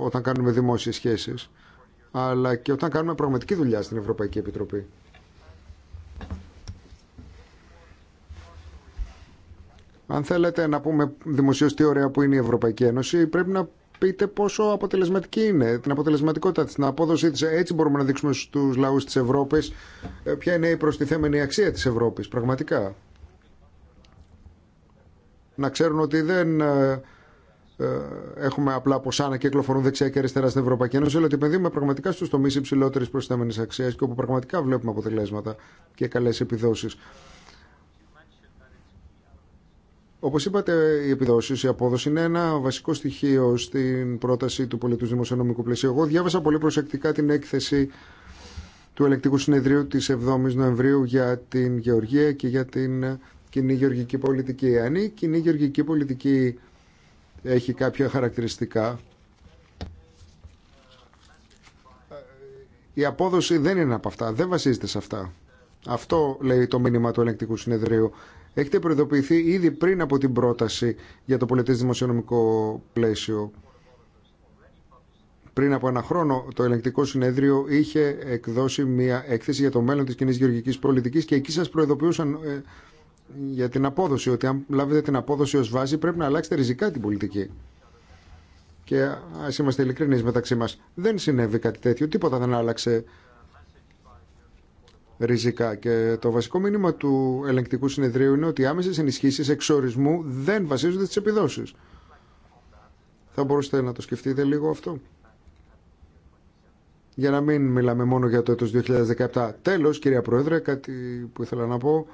όταν κάνουμε δημόσιες σχέσεις αλλά και όταν κάνουμε πραγματική δουλειά στην Ευρωπαϊκή Επιτροπή. Αν θέλετε να πούμε δημοσίως τι ωραία που είναι η Ευρωπαϊκή Ένωση πρέπει να πείτε πόσο αποτελεσματική είναι, την αποτελεσματικότητα της, την απόδοσή της. Έτσι μπορούμε να δείξουμε στους λαούς της Ευρώπης ε, ποια είναι η προστιθέμενη αξία της Ευρώπης πραγματικά να ξέρουν ότι δεν ε, ε, έχουμε απλά ποσά να κυκλοφορούν δεξιά και αριστερά στην Ευρωπαϊκή Ένωση, αλλά ότι επενδύουμε πραγματικά στου τομεί υψηλότερη προστιθέμενη αξία και όπου πραγματικά βλέπουμε αποτελέσματα και καλέ επιδόσει. Όπω είπατε, οι επιδόσει, η απόδοση είναι ένα βασικό στοιχείο στην πρόταση του πολιτού δημοσιονομικού πλαισίου. Εγώ διάβασα πολύ προσεκτικά την έκθεση του Ελεκτικού Συνεδρίου τη 7η Νοεμβρίου για την Γεωργία και για την κοινή γεωργική πολιτική. Αν η κοινή γεωργική πολιτική έχει κάποια χαρακτηριστικά, ε, η απόδοση δεν είναι από αυτά, δεν βασίζεται σε αυτά. Αυτό λέει το μήνυμα του Ελεκτικού συνεδρίου. Έχετε προειδοποιηθεί ήδη πριν από την πρόταση για το πολιτικό δημοσιονομικό πλαίσιο. Πριν από ένα χρόνο το ελεγκτικό συνέδριο είχε εκδώσει μια έκθεση για το μέλλον της κοινή γεωργικής πολιτικής και εκεί σας προειδοποιούσαν ε, για την απόδοση, ότι αν λάβετε την απόδοση ως βάση πρέπει να αλλάξετε ριζικά την πολιτική. Και α είμαστε ειλικρινεί μεταξύ μας, δεν συνέβη κάτι τέτοιο, τίποτα δεν άλλαξε ριζικά. Και το βασικό μήνυμα του ελεγκτικού συνεδρίου είναι ότι οι άμεσες ενισχύσεις εξορισμού δεν βασίζονται στις επιδόσεις. Θα μπορούσατε να το σκεφτείτε λίγο αυτό. Για να μην μιλάμε μόνο για το έτος 2017. Τέλος, κυρία Πρόεδρε, κάτι που ήθελα να πω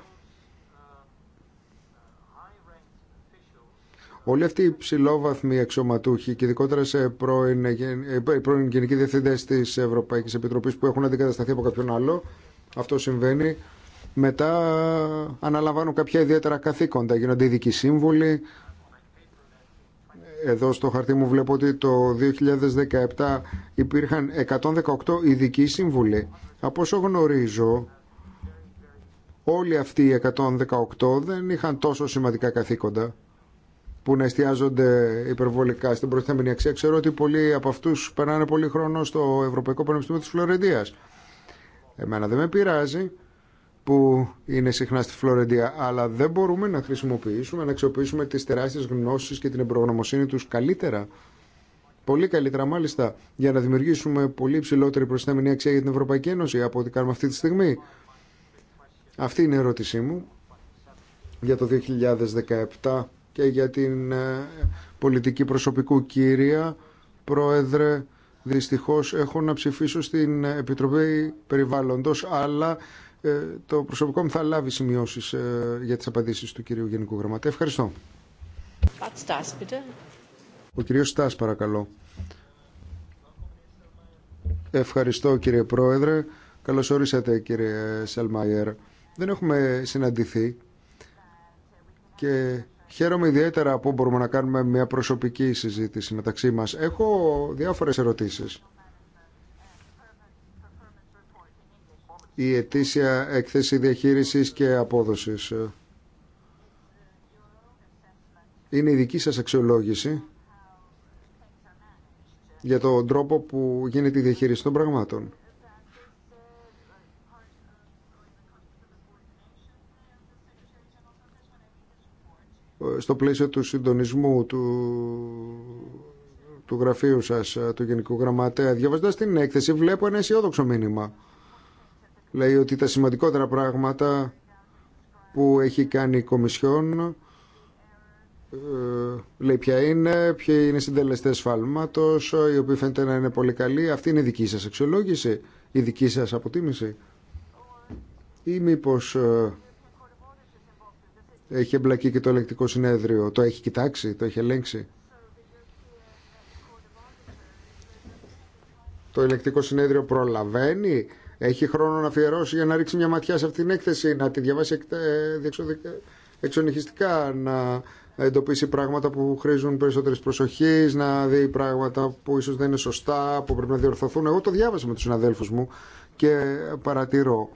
Όλοι αυτοί οι ψηλόβαθμοι αξιωματούχοι και ειδικότερα σε πρώην, ε, πρώην γενικοί διευθυντέ τη Ευρωπαϊκή Επιτροπή που έχουν αντικατασταθεί από κάποιον άλλο, αυτό συμβαίνει. Μετά αναλαμβάνουν κάποια ιδιαίτερα καθήκοντα, γίνονται ειδικοί σύμβουλοι. Εδώ στο χαρτί μου βλέπω ότι το 2017 υπήρχαν 118 ειδικοί σύμβουλοι. Από όσο γνωρίζω, όλοι αυτοί οι 118 δεν είχαν τόσο σημαντικά καθήκοντα που να εστιάζονται υπερβολικά στην προστιθέμενη αξία. Ξέρω ότι πολλοί από αυτού περνάνε πολύ χρόνο στο Ευρωπαϊκό Πανεπιστήμιο τη Φλωρεντία. Εμένα δεν με πειράζει που είναι συχνά στη Φλωρεντία, αλλά δεν μπορούμε να χρησιμοποιήσουμε, να αξιοποιήσουμε τι τεράστιε γνώσει και την εμπρογνωμοσύνη του καλύτερα. Πολύ καλύτερα, μάλιστα, για να δημιουργήσουμε πολύ υψηλότερη προσθέμενη αξία για την Ευρωπαϊκή Ένωση από ό,τι κάνουμε αυτή τη στιγμή. Αυτή είναι η ερώτησή μου για το 2017 και για την ε, πολιτική προσωπικού κύρια. Πρόεδρε, δυστυχώς έχω να ψηφίσω στην Επιτροπή Περιβάλλοντος, αλλά ε, το προσωπικό μου θα λάβει σημειώσεις ε, για τις απαντήσεις του κυρίου Γενικού Γραμματέα. Ευχαριστώ. Ο κύριος Στάς, παρακαλώ. Ευχαριστώ κύριε Πρόεδρε. Καλώς ορίσατε κύριε Σελμάιερ. Δεν έχουμε συναντηθεί και Χαίρομαι ιδιαίτερα που μπορούμε να κάνουμε μια προσωπική συζήτηση μεταξύ μας. Έχω διάφορες ερωτήσεις. Η ετήσια έκθεση διαχείρισης και απόδοσης. Είναι η δική σας αξιολόγηση για τον τρόπο που γίνεται η διαχείριση των πραγμάτων. στο πλαίσιο του συντονισμού του, του γραφείου σας, ε, του Γενικού Γραμματέα. Διαβάζοντας την έκθεση βλέπω ένα αισιόδοξο μήνυμα. Λέει ότι τα σημαντικότερα πράγματα που έχει κάνει η Κομισιόν ε, λέει ποια είναι, ποιοι είναι οι συντελεστέ σφάλματος, ε, οι οποίοι φαίνεται να είναι πολύ καλοί. Αυτή είναι η δική σας αξιολόγηση, η δική σας αποτίμηση, ή έχει εμπλακεί και το ελεκτικό συνέδριο. Το έχει κοιτάξει, το έχει ελέγξει. Το ελεκτικό συνέδριο προλαβαίνει. Έχει χρόνο να αφιερώσει για να ρίξει μια ματιά σε αυτή την έκθεση, να τη διαβάσει ε, εξονυχιστικά, να εντοπίσει πράγματα που χρήζουν περισσότερη προσοχή, να δει πράγματα που ίσω δεν είναι σωστά, που πρέπει να διορθωθούν. Εγώ το διάβασα με του συναδέλφου μου και παρατηρώ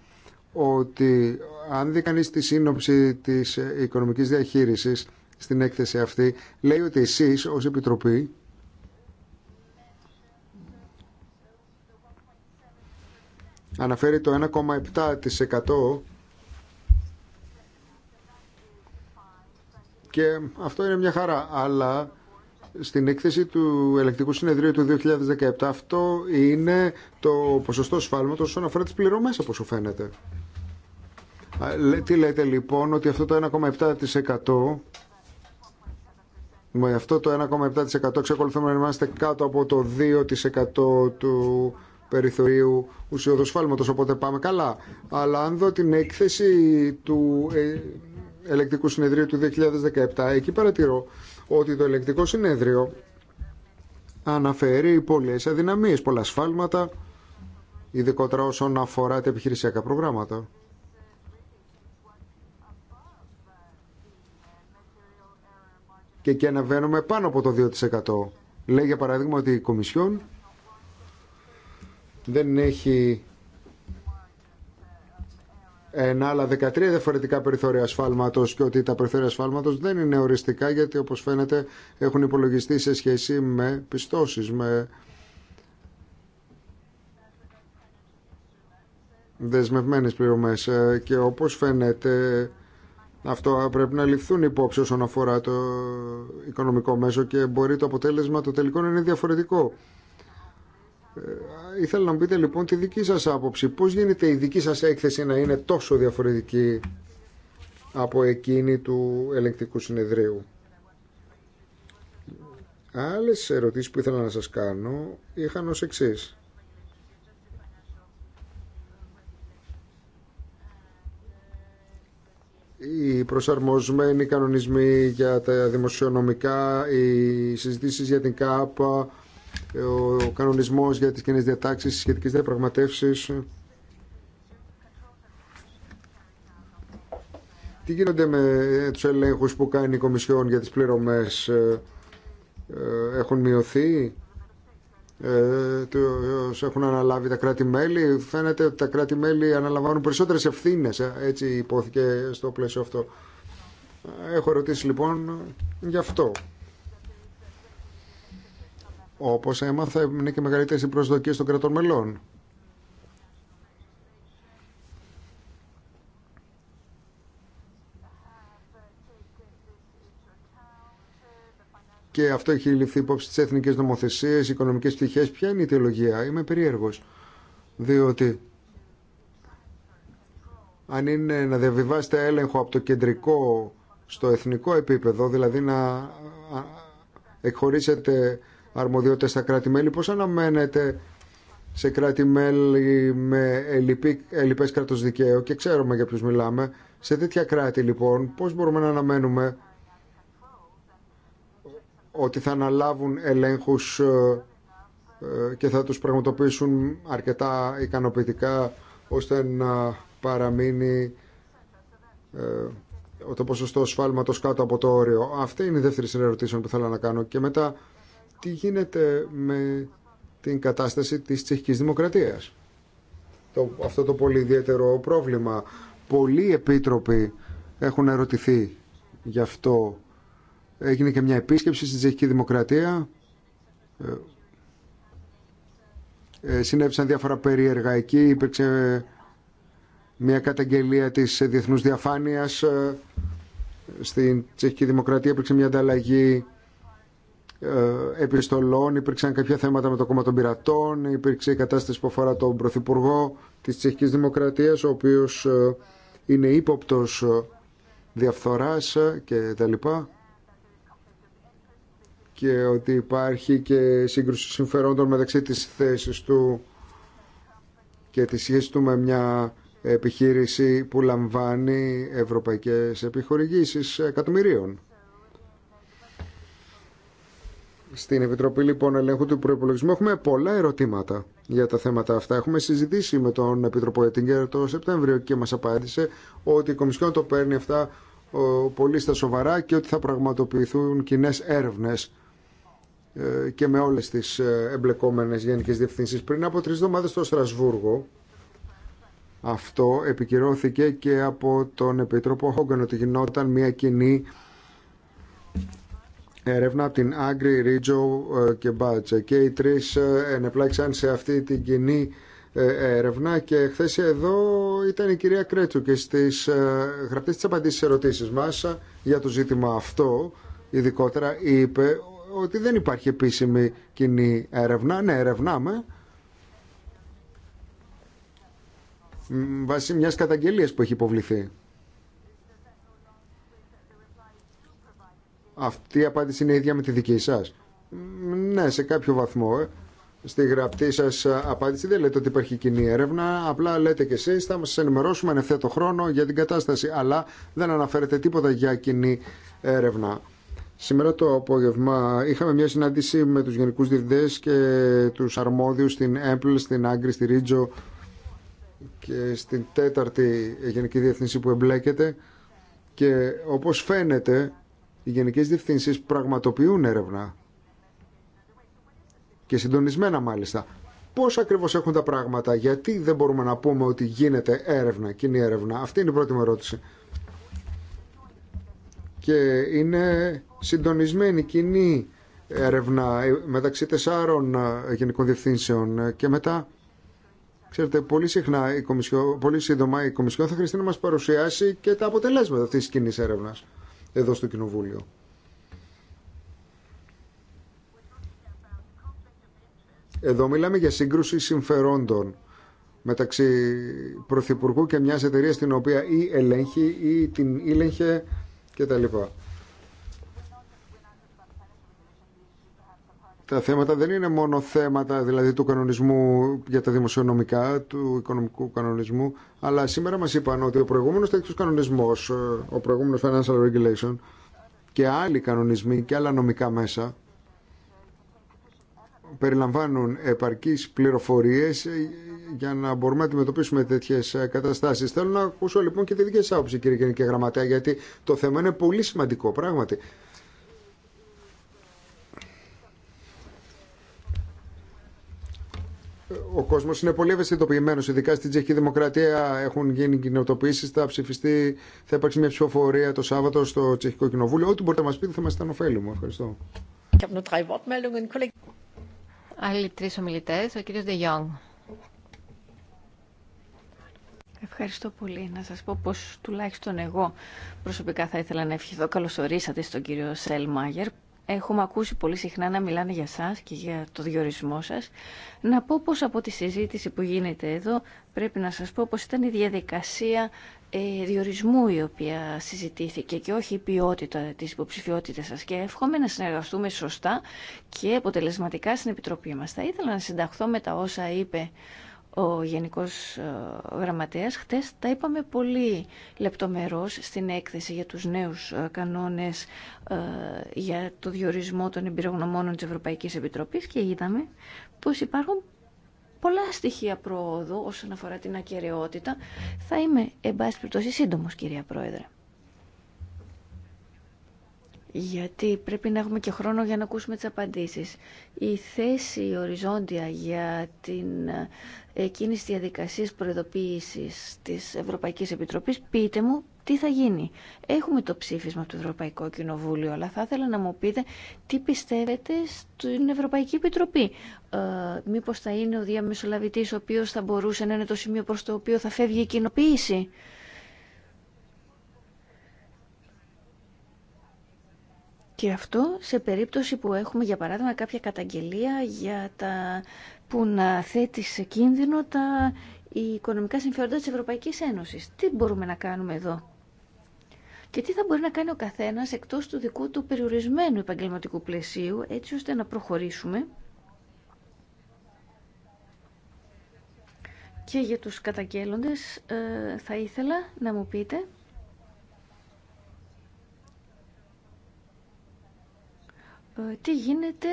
ότι αν δει τη σύνοψη της οικονομικής διαχείρισης στην έκθεση αυτή, λέει ότι εσείς ως Επιτροπή αναφέρει το 1,7% και αυτό είναι μια χαρά, αλλά στην έκθεση του Ελεκτικού Συνεδρίου του 2017 αυτό είναι το ποσοστό σφάλματος όσον αφορά τις πληρωμές από όσο φαίνεται. Τι λέτε λοιπόν ότι αυτό το 1,7% με αυτό το 1,7% εξακολουθούμε να είμαστε κάτω από το 2% του περιθωρίου ουσιοδός σφάλματος οπότε πάμε καλά. Αλλά αν δω την έκθεση του ε, ελεκτικού συνεδρίου του 2017, εκεί παρατηρώ ότι το ελεκτικό συνέδριο αναφέρει πολλές αδυναμίες, πολλά σφάλματα, ειδικότερα όσον αφορά τα επιχειρησιακά προγράμματα. Και εκεί αναβαίνουμε πάνω από το 2%. Λέει για παράδειγμα ότι η Κομισιόν δεν έχει ένα άλλα 13 διαφορετικά περιθώρια ασφάλματο και ότι τα περιθώρια ασφάλματο δεν είναι οριστικά γιατί όπως φαίνεται έχουν υπολογιστεί σε σχέση με πιστώσει. με δεσμευμένες πληρωμέ. Ε, και όπως φαίνεται αυτό πρέπει να ληφθούν υπόψη όσον αφορά το οικονομικό μέσο και μπορεί το αποτέλεσμα το τελικό να είναι διαφορετικό ε, ήθελα να μου πείτε λοιπόν τη δική σας άποψη. Πώς γίνεται η δική σας έκθεση να είναι τόσο διαφορετική από εκείνη του ελεγκτικού συνεδρίου. Άλλες ερωτήσεις που ήθελα να σας κάνω είχαν ως εξής. οι προσαρμοσμένοι κανονισμοί για τα δημοσιονομικά, οι συζητήσεις για την ΚΑΠΑ, ο κανονισμός για τις κοινέ διατάξεις, σχετικές διαπραγματεύσεις. Τι γίνονται με τους ελέγχους που κάνει η Κομισιόν για τις πληρωμές, ε, ε, έχουν μειωθεί, ε, τους έχουν αναλάβει τα κράτη-μέλη. Φαίνεται ότι τα κράτη-μέλη αναλαμβάνουν περισσότερες ευθύνες, έτσι υπόθηκε στο πλαίσιο αυτό. Έχω ερωτήσει λοιπόν γι' αυτό. Όπως έμαθα, είναι και μεγαλύτερε οι προσδοκίε των κρατών μελών. Και αυτό έχει ληφθεί υπόψη στις εθνικές νομοθεσίες, οικονομικές πτυχές. Ποια είναι η ιδεολογία. είμαι περίεργο. Διότι αν είναι να διαβιβάσετε έλεγχο από το κεντρικό στο εθνικό επίπεδο, δηλαδή να εκχωρήσετε αρμοδιότητες στα κράτη-μέλη. Πώς αναμένεται σε κράτη-μέλη με ελλειπές κράτος δικαίου και ξέρουμε για ποιους μιλάμε. Σε τέτοια κράτη λοιπόν πώς μπορούμε να αναμένουμε ότι θα αναλάβουν ελέγχους ε, ε, και θα τους πραγματοποιήσουν αρκετά ικανοποιητικά ώστε να παραμείνει ε, το ποσοστό σφάλματος κάτω από το όριο. Αυτή είναι η δεύτερη συνερωτήση που θέλω να κάνω. Και μετά τι γίνεται με την κατάσταση της τσεχικής δημοκρατίας. Το, αυτό το πολύ ιδιαίτερο πρόβλημα. Πολλοί επίτροποι έχουν ερωτηθεί γι' αυτό. Έγινε και μια επίσκεψη στη τσεχική δημοκρατία. Ε, ε, συνέβησαν διάφορα περίεργα εκεί. Υπήρξε μια καταγγελία της διεθνούς διαφάνειας ε, στην τσεχική δημοκρατία. Υπήρξε μια ανταλλαγή ε, επιστολών, υπήρξαν κάποια θέματα με το κόμμα των πειρατών, υπήρξε η κατάσταση που αφορά τον Πρωθυπουργό της Τσεχικής Δημοκρατίας, ο οποίος ε, είναι ύποπτος ε, διαφθοράς και τα λοιπά και ότι υπάρχει και σύγκρουση συμφερόντων μεταξύ της θέσης του και τη σχέση του με μια επιχείρηση που λαμβάνει ευρωπαϊκές επιχορηγήσεις εκατομμυρίων. Στην Επιτροπή λοιπόν Ελέγχου του Προπολογισμού έχουμε πολλά ερωτήματα για τα θέματα αυτά. Έχουμε συζητήσει με τον Επιτροπό Ετίνγκερ το Σεπτέμβριο και μα απάντησε ότι η Κομισιόν το παίρνει αυτά πολύ στα σοβαρά και ότι θα πραγματοποιηθούν κοινέ έρευνε ε, και με όλες τις ε, εμπλεκόμενες γενικές διευθύνσεις. Πριν από τρεις εβδομάδες στο Στρασβούργο, αυτό επικυρώθηκε και από τον Επίτροπο Χόγκαν ότι γινόταν μια κοινή έρευνα από την Άγκρη, Ρίτζο ε, και Μπάτσε. Και οι τρει ε, ενεπλάξαν σε αυτή την κοινή ε, έρευνα και χθε εδώ ήταν η κυρία Κρέτσου και στι γραπτέ τη απαντήσεις ερωτήσεις μα για το ζήτημα αυτό ειδικότερα είπε ότι δεν υπάρχει επίσημη κοινή έρευνα. Ναι, ερευνάμε. Βάσει μιας καταγγελίας που έχει υποβληθεί. Αυτή η απάντηση είναι ίδια με τη δική σας. Ναι, σε κάποιο βαθμό. Ε. Στη γραπτή σας απάντηση δεν λέτε ότι υπάρχει κοινή έρευνα, απλά λέτε και εσεί, θα μας ενημερώσουμε εν ευθέτω χρόνο για την κατάσταση, αλλά δεν αναφέρετε τίποτα για κοινή έρευνα. Σήμερα το απόγευμα είχαμε μια συνάντηση με τους γενικούς Διευθυντέ και του αρμόδιου στην Apple, στην Άγκρη, στη Ρίτζο και στην τέταρτη γενική διευθυνσή που εμπλέκεται και όπως φαίνεται οι γενικές διευθύνσεις πραγματοποιούν έρευνα και συντονισμένα μάλιστα. Πώς ακριβώς έχουν τα πράγματα, γιατί δεν μπορούμε να πούμε ότι γίνεται έρευνα, κοινή έρευνα. Αυτή είναι η πρώτη μου ερώτηση. Και είναι συντονισμένη κοινή έρευνα μεταξύ τεσσάρων ε, γενικών διευθύνσεων και μετά Ξέρετε, πολύ συχνά, η Κομισιό, πολύ σύντομα η Κομισιόν θα χρειαστεί να μας παρουσιάσει και τα αποτελέσματα αυτής της κοινή έρευνας εδώ στο Κοινοβούλιο. Εδώ μιλάμε για σύγκρουση συμφερόντων μεταξύ Πρωθυπουργού και μιας εταιρείας την οποία ή ελέγχει ή την ήλεγχε κτλ. τα θέματα δεν είναι μόνο θέματα δηλαδή του κανονισμού για τα δημοσιονομικά, του οικονομικού κανονισμού, αλλά σήμερα μας είπαν ότι ο προηγούμενος τέτοιος κανονισμός, ε, ο προηγούμενος financial regulation και άλλοι κανονισμοί και άλλα νομικά μέσα περιλαμβάνουν επαρκείς πληροφορίες ε, για να μπορούμε να αντιμετωπίσουμε τέτοιες ε, καταστάσεις. Θέλω να ακούσω λοιπόν και τη δική σας άποψη κύριε Γενική Γραμματέα γιατί το θέμα είναι πολύ σημαντικό πράγματι. ο κόσμος είναι πολύ ευαισθητοποιημένος, ειδικά στην Τσεχική Δημοκρατία έχουν γίνει κοινοτοποίησεις, θα ψηφιστεί, θα υπάρξει μια ψηφοφορία το Σάββατο στο Τσεχικό Κοινοβούλιο. Ό,τι μπορείτε να μας πείτε θα μας ήταν ωφέλιμο. Ευχαριστώ. Άλλοι τρει ομιλητέ, ο κύριος De Ευχαριστώ πολύ. Να σας πω πως τουλάχιστον εγώ προσωπικά θα ήθελα να ευχηθώ. Καλώς ορίσατε στον κύριο Σελμάγερ έχουμε ακούσει πολύ συχνά να μιλάνε για σας και για το διορισμό σας. Να πω πως από τη συζήτηση που γίνεται εδώ πρέπει να σας πω πως ήταν η διαδικασία ε, διορισμού η οποία συζητήθηκε και όχι η ποιότητα της υποψηφιότητας σας και εύχομαι να συνεργαστούμε σωστά και αποτελεσματικά στην Επιτροπή μας. Θα ήθελα να συνταχθώ με τα όσα είπε ο Γενικός ε, Γραμματέας. Χτες τα είπαμε πολύ λεπτομερώς στην έκθεση για τους νέους ε, κανόνες ε, για το διορισμό των εμπειρογνωμόνων της Ευρωπαϊκής Επιτροπής και είδαμε πως υπάρχουν πολλά στοιχεία προόδου όσον αφορά την ακαιρεότητα. Θα είμαι, εν ή σύντομος, κυρία Πρόεδρε γιατί πρέπει να έχουμε και χρόνο για να ακούσουμε τις απαντήσεις. Η θέση οριζόντια για την εκείνη τη διαδικασία προειδοποίησης της Ευρωπαϊκής Επιτροπής, πείτε μου τι θα γίνει. Έχουμε το ψήφισμα από το Ευρωπαϊκό Κοινοβούλιο, αλλά θα ήθελα να μου πείτε τι πιστεύετε στην Ευρωπαϊκή Επιτροπή. Ε, μήπως θα είναι ο διαμεσολαβητής ο οποίος θα μπορούσε να είναι το σημείο προς το οποίο θα φεύγει η κοινοποίηση. Και αυτό σε περίπτωση που έχουμε, για παράδειγμα, κάποια καταγγελία για τα που να θέτει σε κίνδυνο τα οικονομικά συμφέροντα της Ευρωπαϊκής Ένωσης. Τι μπορούμε να κάνουμε εδώ. Και τι θα μπορεί να κάνει ο καθένας εκτός του δικού του περιορισμένου επαγγελματικού πλαισίου, έτσι ώστε να προχωρήσουμε Και για τους καταγγέλλοντες ε, θα ήθελα να μου πείτε Ε, τι γίνεται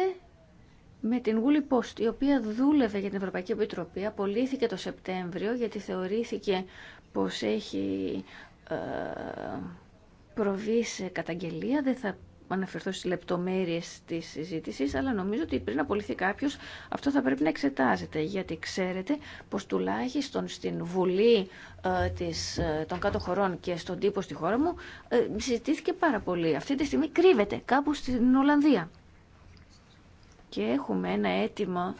με την Woolly Post, η οποία δούλευε για την Ευρωπαϊκή Επιτροπή, απολύθηκε το Σεπτέμβριο γιατί θεωρήθηκε πως έχει ε, προβεί σε καταγγελία, δεν θα αναφερθώ στις λεπτομέρειες της συζήτηση, αλλά νομίζω ότι πριν απολυθεί κάποιο αυτό θα πρέπει να εξετάζεται, γιατί ξέρετε πω τουλάχιστον στην Βουλή ε, της, ε, των κάτω χωρών και στον τύπο στη χώρα μου ε, συζητήθηκε πάρα πολύ. Αυτή τη στιγμή κρύβεται κάπου στην Ολλανδία. Και έχουμε ένα αίτημα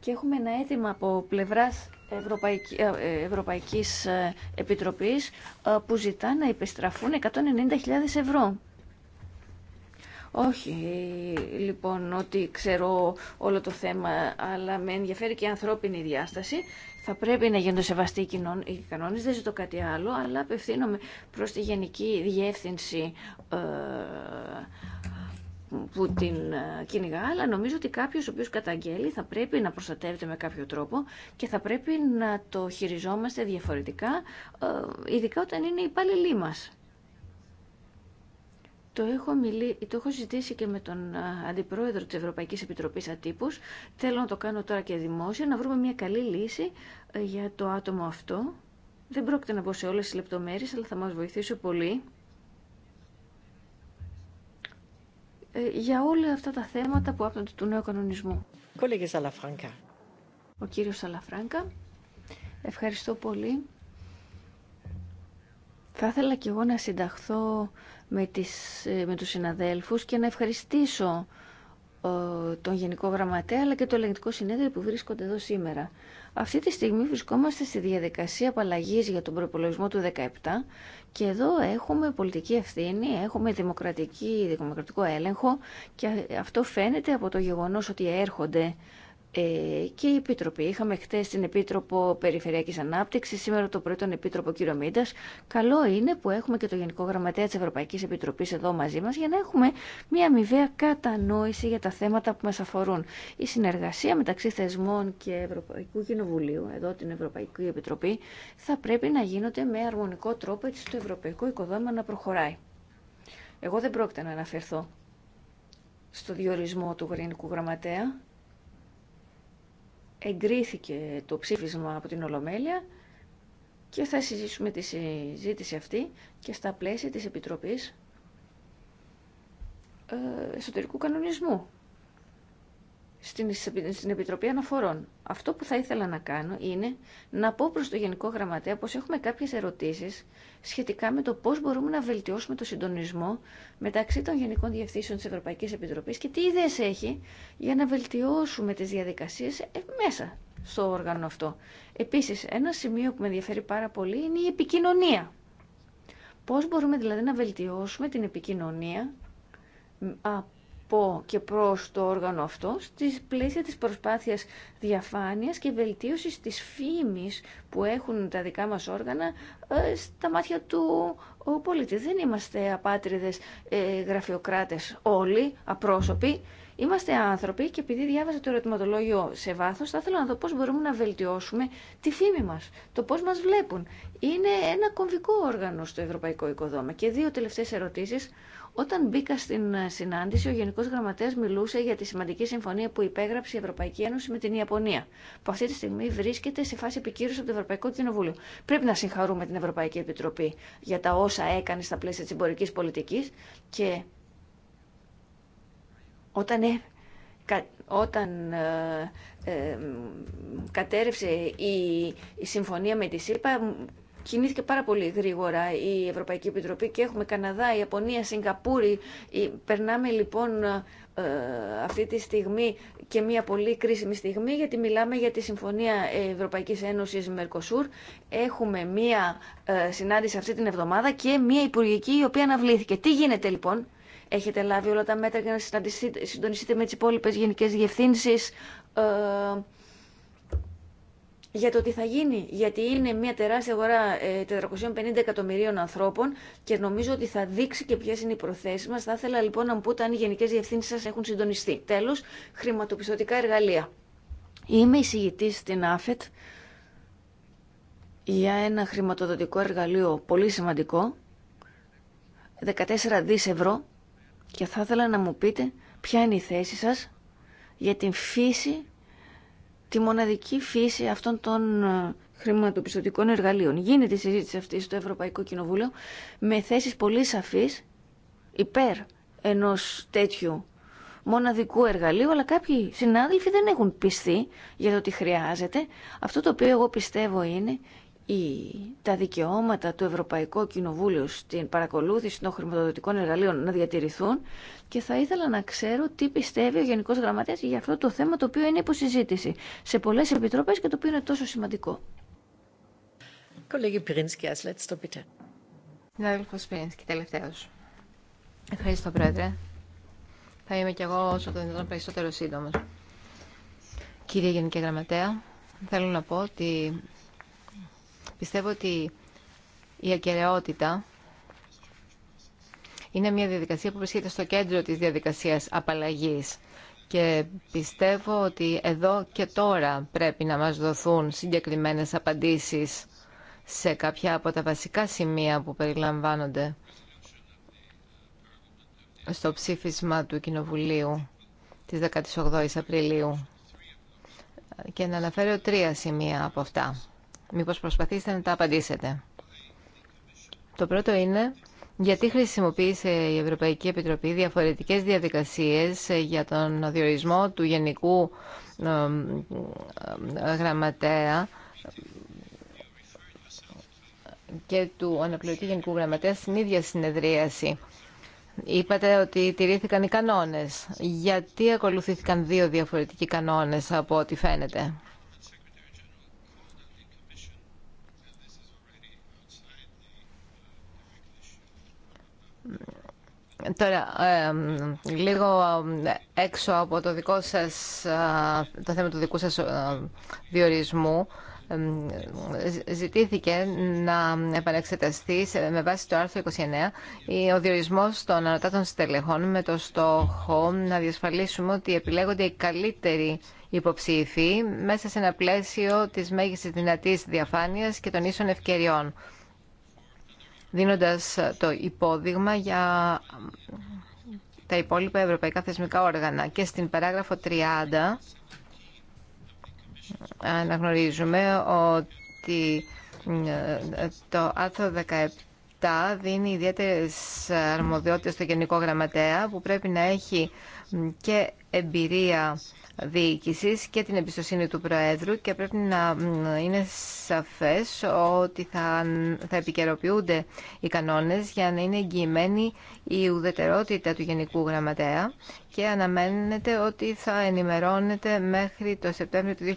και έχουμε ένα αίτημα από πλευράς Ευρωπαϊκή, ε, ε, Ευρωπαϊκής ε, Επιτροπής που ζητά να επιστραφούν 190.000 ευρώ. Όχι, λοιπόν, ότι ξέρω όλο το θέμα, αλλά με ενδιαφέρει και η ανθρώπινη διάσταση. Θα πρέπει να γίνονται σεβαστοί οι κανόνες, δεν ζητώ κάτι άλλο, αλλά απευθύνομαι προς τη Γενική Διεύθυνση ε, που την ε, κυνηγά, αλλά νομίζω ότι κάποιος ο οποίος καταγγέλει θα πρέπει να προστατεύεται με κάποιο τρόπο και θα πρέπει να το χειριζόμαστε διαφορετικά, ε, ειδικά όταν είναι υπάλληλοι μας. Το έχω, μιλή, το έχω συζητήσει και με τον ε, Αντιπρόεδρο της Ευρωπαϊκής Επιτροπής Ατύπους. Θέλω να το κάνω τώρα και δημόσια, να βρούμε μια καλή λύση για το άτομο αυτό. Δεν πρόκειται να μπω σε όλες τις λεπτομέρειες, αλλά θα μας βοηθήσει πολύ Ε, για όλα αυτά τα θέματα που άπτονται του νέου κανονισμού. Ο κύριος Σαλαφράγκα. Ευχαριστώ πολύ. Θα ήθελα και εγώ να συνταχθώ με, τις, ε, με τους συναδέλφους και να ευχαριστήσω ε, τον Γενικό Γραμματέα αλλά και το Ελεγκτικό Συνέδριο που βρίσκονται εδώ σήμερα. Αυτή τη στιγμή βρισκόμαστε στη διαδικασία απαλλαγή για τον προπολογισμό του 2017 και εδώ έχουμε πολιτική ευθύνη, έχουμε δημοκρατική, δημοκρατικό έλεγχο και αυτό φαίνεται από το γεγονός ότι έρχονται ε, και η Επιτροπή. Είχαμε χθε την Επίτροπο Περιφερειακής ανάπτυξη, σήμερα το πρωί τον Επίτροπο κύριο Μίντα. Καλό είναι που έχουμε και το Γενικό Γραμματέα τη Ευρωπαϊκή Επιτροπής εδώ μαζί μα για να έχουμε μια αμοιβαία κατανόηση για τα θέματα που μα αφορούν. Η συνεργασία μεταξύ θεσμών και Ευρωπαϊκού Κοινοβουλίου, εδώ την Ευρωπαϊκή Επιτροπή, θα πρέπει να γίνονται με αρμονικό τρόπο έτσι το ευρωπαϊκό οικοδόμημα να προχωράει. Εγώ δεν πρόκειται να αναφερθώ στο διορισμό του Γραμματέα εγκρίθηκε το ψήφισμα από την Ολομέλεια και θα συζητήσουμε τη συζήτηση αυτή και στα πλαίσια της Επιτροπής ε, Εσωτερικού Κανονισμού στην Επιτροπή Αναφορών. Αυτό που θα ήθελα να κάνω είναι να πω προς το Γενικό Γραμματέα πως έχουμε κάποιες ερωτήσεις σχετικά με το πώς μπορούμε να βελτιώσουμε το συντονισμό μεταξύ των Γενικών Διευθύνσεων της Ευρωπαϊκής Επιτροπής και τι ιδέες έχει για να βελτιώσουμε τις διαδικασίες ε, μέσα στο όργανο αυτό. Επίσης, ένα σημείο που με ενδιαφέρει πάρα πολύ είναι η επικοινωνία. Πώς μπορούμε δηλαδή να βελτιώσουμε την επικοινωνία και προς το όργανο αυτό στη πλαίσια της προσπάθειας διαφάνειας και βελτίωσης της φήμης που έχουν τα δικά μας όργανα ε, στα μάτια του πολίτη. Δεν είμαστε απάτριδες ε, γραφειοκράτες όλοι, απρόσωποι. Είμαστε άνθρωποι και επειδή διάβαζα το ερωτηματολόγιο σε βάθο, θα ήθελα να δω πώ μπορούμε να βελτιώσουμε τη φήμη μα, το πώ μα βλέπουν. Είναι ένα κομβικό όργανο στο ευρωπαϊκό οικοδόμα. Και δύο τελευταίε ερωτήσει όταν μπήκα στην ε, συνάντηση, ο Γενικό Γραμματέα μιλούσε για τη σημαντική συμφωνία που υπέγραψε η Ευρωπαϊκή Ένωση με την Ιαπωνία, που αυτή τη στιγμή βρίσκεται σε φάση επικύρωση από το Ευρωπαϊκό Κοινοβούλιο. Πρέπει να συγχαρούμε την Ευρωπαϊκή Επιτροπή για τα όσα έκανε στα πλαίσια τη εμπορική πολιτική και όταν, ε, όταν ε, κατέρευσε η, η συμφωνία με τη ΣΥΠΑ, κινήθηκε πάρα πολύ γρήγορα η Ευρωπαϊκή Επιτροπή και έχουμε Καναδά, Ιαπωνία, Σιγκαπούρη. Περνάμε λοιπόν ε, αυτή τη στιγμή και μια πολύ κρίσιμη στιγμή γιατί μιλάμε για τη Συμφωνία Ευρωπαϊκής Ένωσης Μερκοσούρ. Έχουμε μια ε, συνάντηση αυτή την εβδομάδα και μια υπουργική η οποία αναβλήθηκε. Τι γίνεται λοιπόν. Έχετε λάβει όλα τα μέτρα για να συντονιστείτε με τις υπόλοιπες γενικές διευθύνσεις. Ε, για το τι θα γίνει. Γιατί είναι μια τεράστια αγορά 450 ε, εκατομμυρίων ανθρώπων και νομίζω ότι θα δείξει και ποιε είναι οι προθέσει μα. Θα ήθελα λοιπόν να μου πούτε αν οι γενικέ διευθύνσει σα έχουν συντονιστεί. Τέλο, χρηματοπιστωτικά εργαλεία. Είμαι εισηγητή στην ΑΦΕΤ για ένα χρηματοδοτικό εργαλείο πολύ σημαντικό, 14 δις ευρώ και θα ήθελα να μου πείτε ποια είναι η θέση σας για την φύση τη μοναδική φύση αυτών των ε, χρηματοπιστωτικών εργαλείων. Γίνεται η συζήτηση αυτή στο Ευρωπαϊκό Κοινοβούλιο με θέσεις πολύ σαφείς υπέρ ενός τέτοιου μοναδικού εργαλείου, αλλά κάποιοι συνάδελφοι δεν έχουν πιστεί για το ότι χρειάζεται. Αυτό το οποίο εγώ πιστεύω είναι τα δικαιώματα του Ευρωπαϊκού Κοινοβούλου στην παρακολούθηση των χρηματοδοτικών εργαλείων να διατηρηθούν και θα ήθελα να ξέρω τι πιστεύει ο Γενικός Γραμματέας για αυτό το θέμα το οποίο είναι υποσυζήτηση σε πολλές επιτροπές και το οποίο είναι τόσο σημαντικό. Πυρίνσκι, τελευταίος. Ευχαριστώ, Πρόεδρε. Θα είμαι κι εγώ όσο το δυνατόν περισσότερο σύντομος. Κύριε Γενική Γραμματέα, θέλω να πω ότι Πιστεύω ότι η ακαιρεότητα είναι μια διαδικασία που βρίσκεται στο κέντρο της διαδικασίας απαλλαγής και πιστεύω ότι εδώ και τώρα πρέπει να μας δοθούν συγκεκριμένες απαντήσεις σε κάποια από τα βασικά σημεία που περιλαμβάνονται στο ψήφισμα του Κοινοβουλίου της 18 Απριλίου και να αναφέρω τρία σημεία από αυτά. Μήπως προσπαθήσετε να τα απαντήσετε. Το πρώτο είναι γιατί χρησιμοποίησε η Ευρωπαϊκή Επιτροπή διαφορετικές διαδικασίες ε, για τον διορισμό του Γενικού ε, ε, Γραμματέα και του Αναπληρωτή Γενικού Γραμματέα στην ίδια συνεδρίαση. Είπατε ότι τηρήθηκαν οι κανόνες. Γιατί ακολουθήθηκαν δύο διαφορετικοί κανόνες από ό,τι φαίνεται. Τώρα, λίγο έξω από το, δικό σας, το θέμα του δικού σας διορισμού, ζητήθηκε να επανεξεταστεί με βάση το άρθρο 29 ο διορισμός των ανατάτων στελεχών με το στόχο να διασφαλίσουμε ότι επιλέγονται οι καλύτεροι υποψήφοι μέσα σε ένα πλαίσιο της μέγιστης δυνατής διαφάνειας και των ίσων ευκαιριών δίνοντας το υπόδειγμα για τα υπόλοιπα ευρωπαϊκά θεσμικά όργανα. Και στην παράγραφο 30 αναγνωρίζουμε ότι ε, το άρθρο 17 δίνει ιδιαίτερες αρμοδιότητες στο Γενικό Γραμματέα που πρέπει να έχει και εμπειρία διοίκησης και την εμπιστοσύνη του Προέδρου και πρέπει να είναι σαφές ότι θα, θα επικαιροποιούνται οι κανόνες για να είναι εγγυημένη η ουδετερότητα του Γενικού Γραμματέα και αναμένεται ότι θα ενημερώνεται μέχρι το Σεπτέμβριο του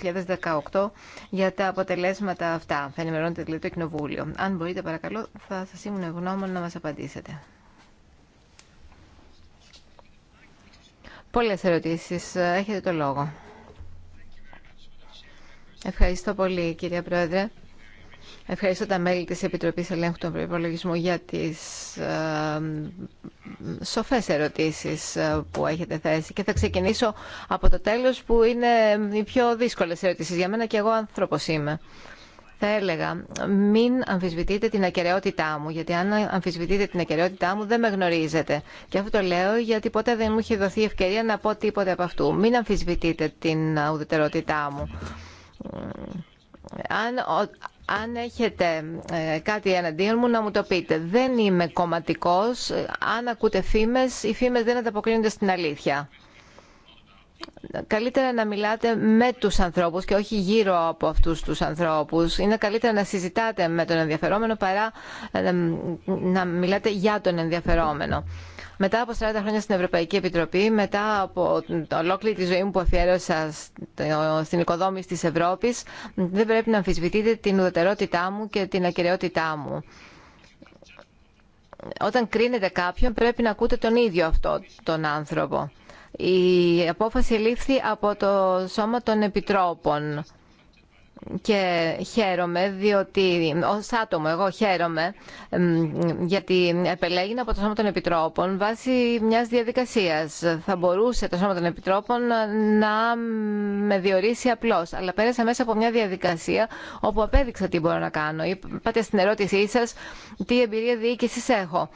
2018 για τα αποτελέσματα αυτά. Θα ενημερώνεται δηλαδή το Κοινοβούλιο. Αν μπορείτε παρακαλώ θα σας ήμουν ευγνώμων να μας απαντήσετε. Πολλές ερωτήσεις. Έχετε το λόγο. Ευχαριστώ πολύ, κυρία Πρόεδρε. Ευχαριστώ τα μέλη της Επιτροπής Ελέγχου των Προϋπολογισμών για τις ε, σοφές ερωτήσεις ε, που έχετε θέσει και θα ξεκινήσω από το τέλος που είναι οι πιο δύσκολες ερωτήσεις για μένα και εγώ άνθρωπος είμαι θα έλεγα μην αμφισβητείτε την ακεραιότητά μου, γιατί αν αμφισβητείτε την ακεραιότητά μου δεν με γνωρίζετε. Και αυτό το λέω γιατί ποτέ δεν μου είχε δοθεί ευκαιρία να πω τίποτε από αυτού. Μην αμφισβητείτε την ουδετερότητά μου. Αν, αν έχετε ε, κάτι εναντίον μου να μου το πείτε. Δεν είμαι κομματικός. Αν ακούτε φήμες, οι φήμες δεν ανταποκρίνονται στην αλήθεια καλύτερα να μιλάτε με τους ανθρώπους και όχι γύρω από αυτούς τους ανθρώπους. Είναι καλύτερα να συζητάτε με τον ενδιαφερόμενο παρά ε, να μιλάτε για τον ενδιαφερόμενο. Μετά από 40 χρόνια στην Ευρωπαϊκή Επιτροπή, μετά από ολόκληρη τη ζωή μου που αφιέρωσα στην οικοδόμηση της Ευρώπης, δεν πρέπει να αμφισβητείτε την ουδετερότητά μου και την ακαιρεότητά μου όταν κρίνετε κάποιον πρέπει να ακούτε τον ίδιο αυτό τον άνθρωπο. Η απόφαση λήφθη από το Σώμα των Επιτρόπων και χαίρομαι διότι ως άτομο εγώ χαίρομαι γιατί επελέγει από το Σώμα των Επιτρόπων βάσει μιας διαδικασίας. Θα μπορούσε το Σώμα των Επιτρόπων να με διορίσει απλώς, αλλά πέρασα μέσα από μια διαδικασία όπου απέδειξα τι μπορώ να κάνω. Πάτε στην ερώτησή σας τι εμπειρία διοίκηση έχω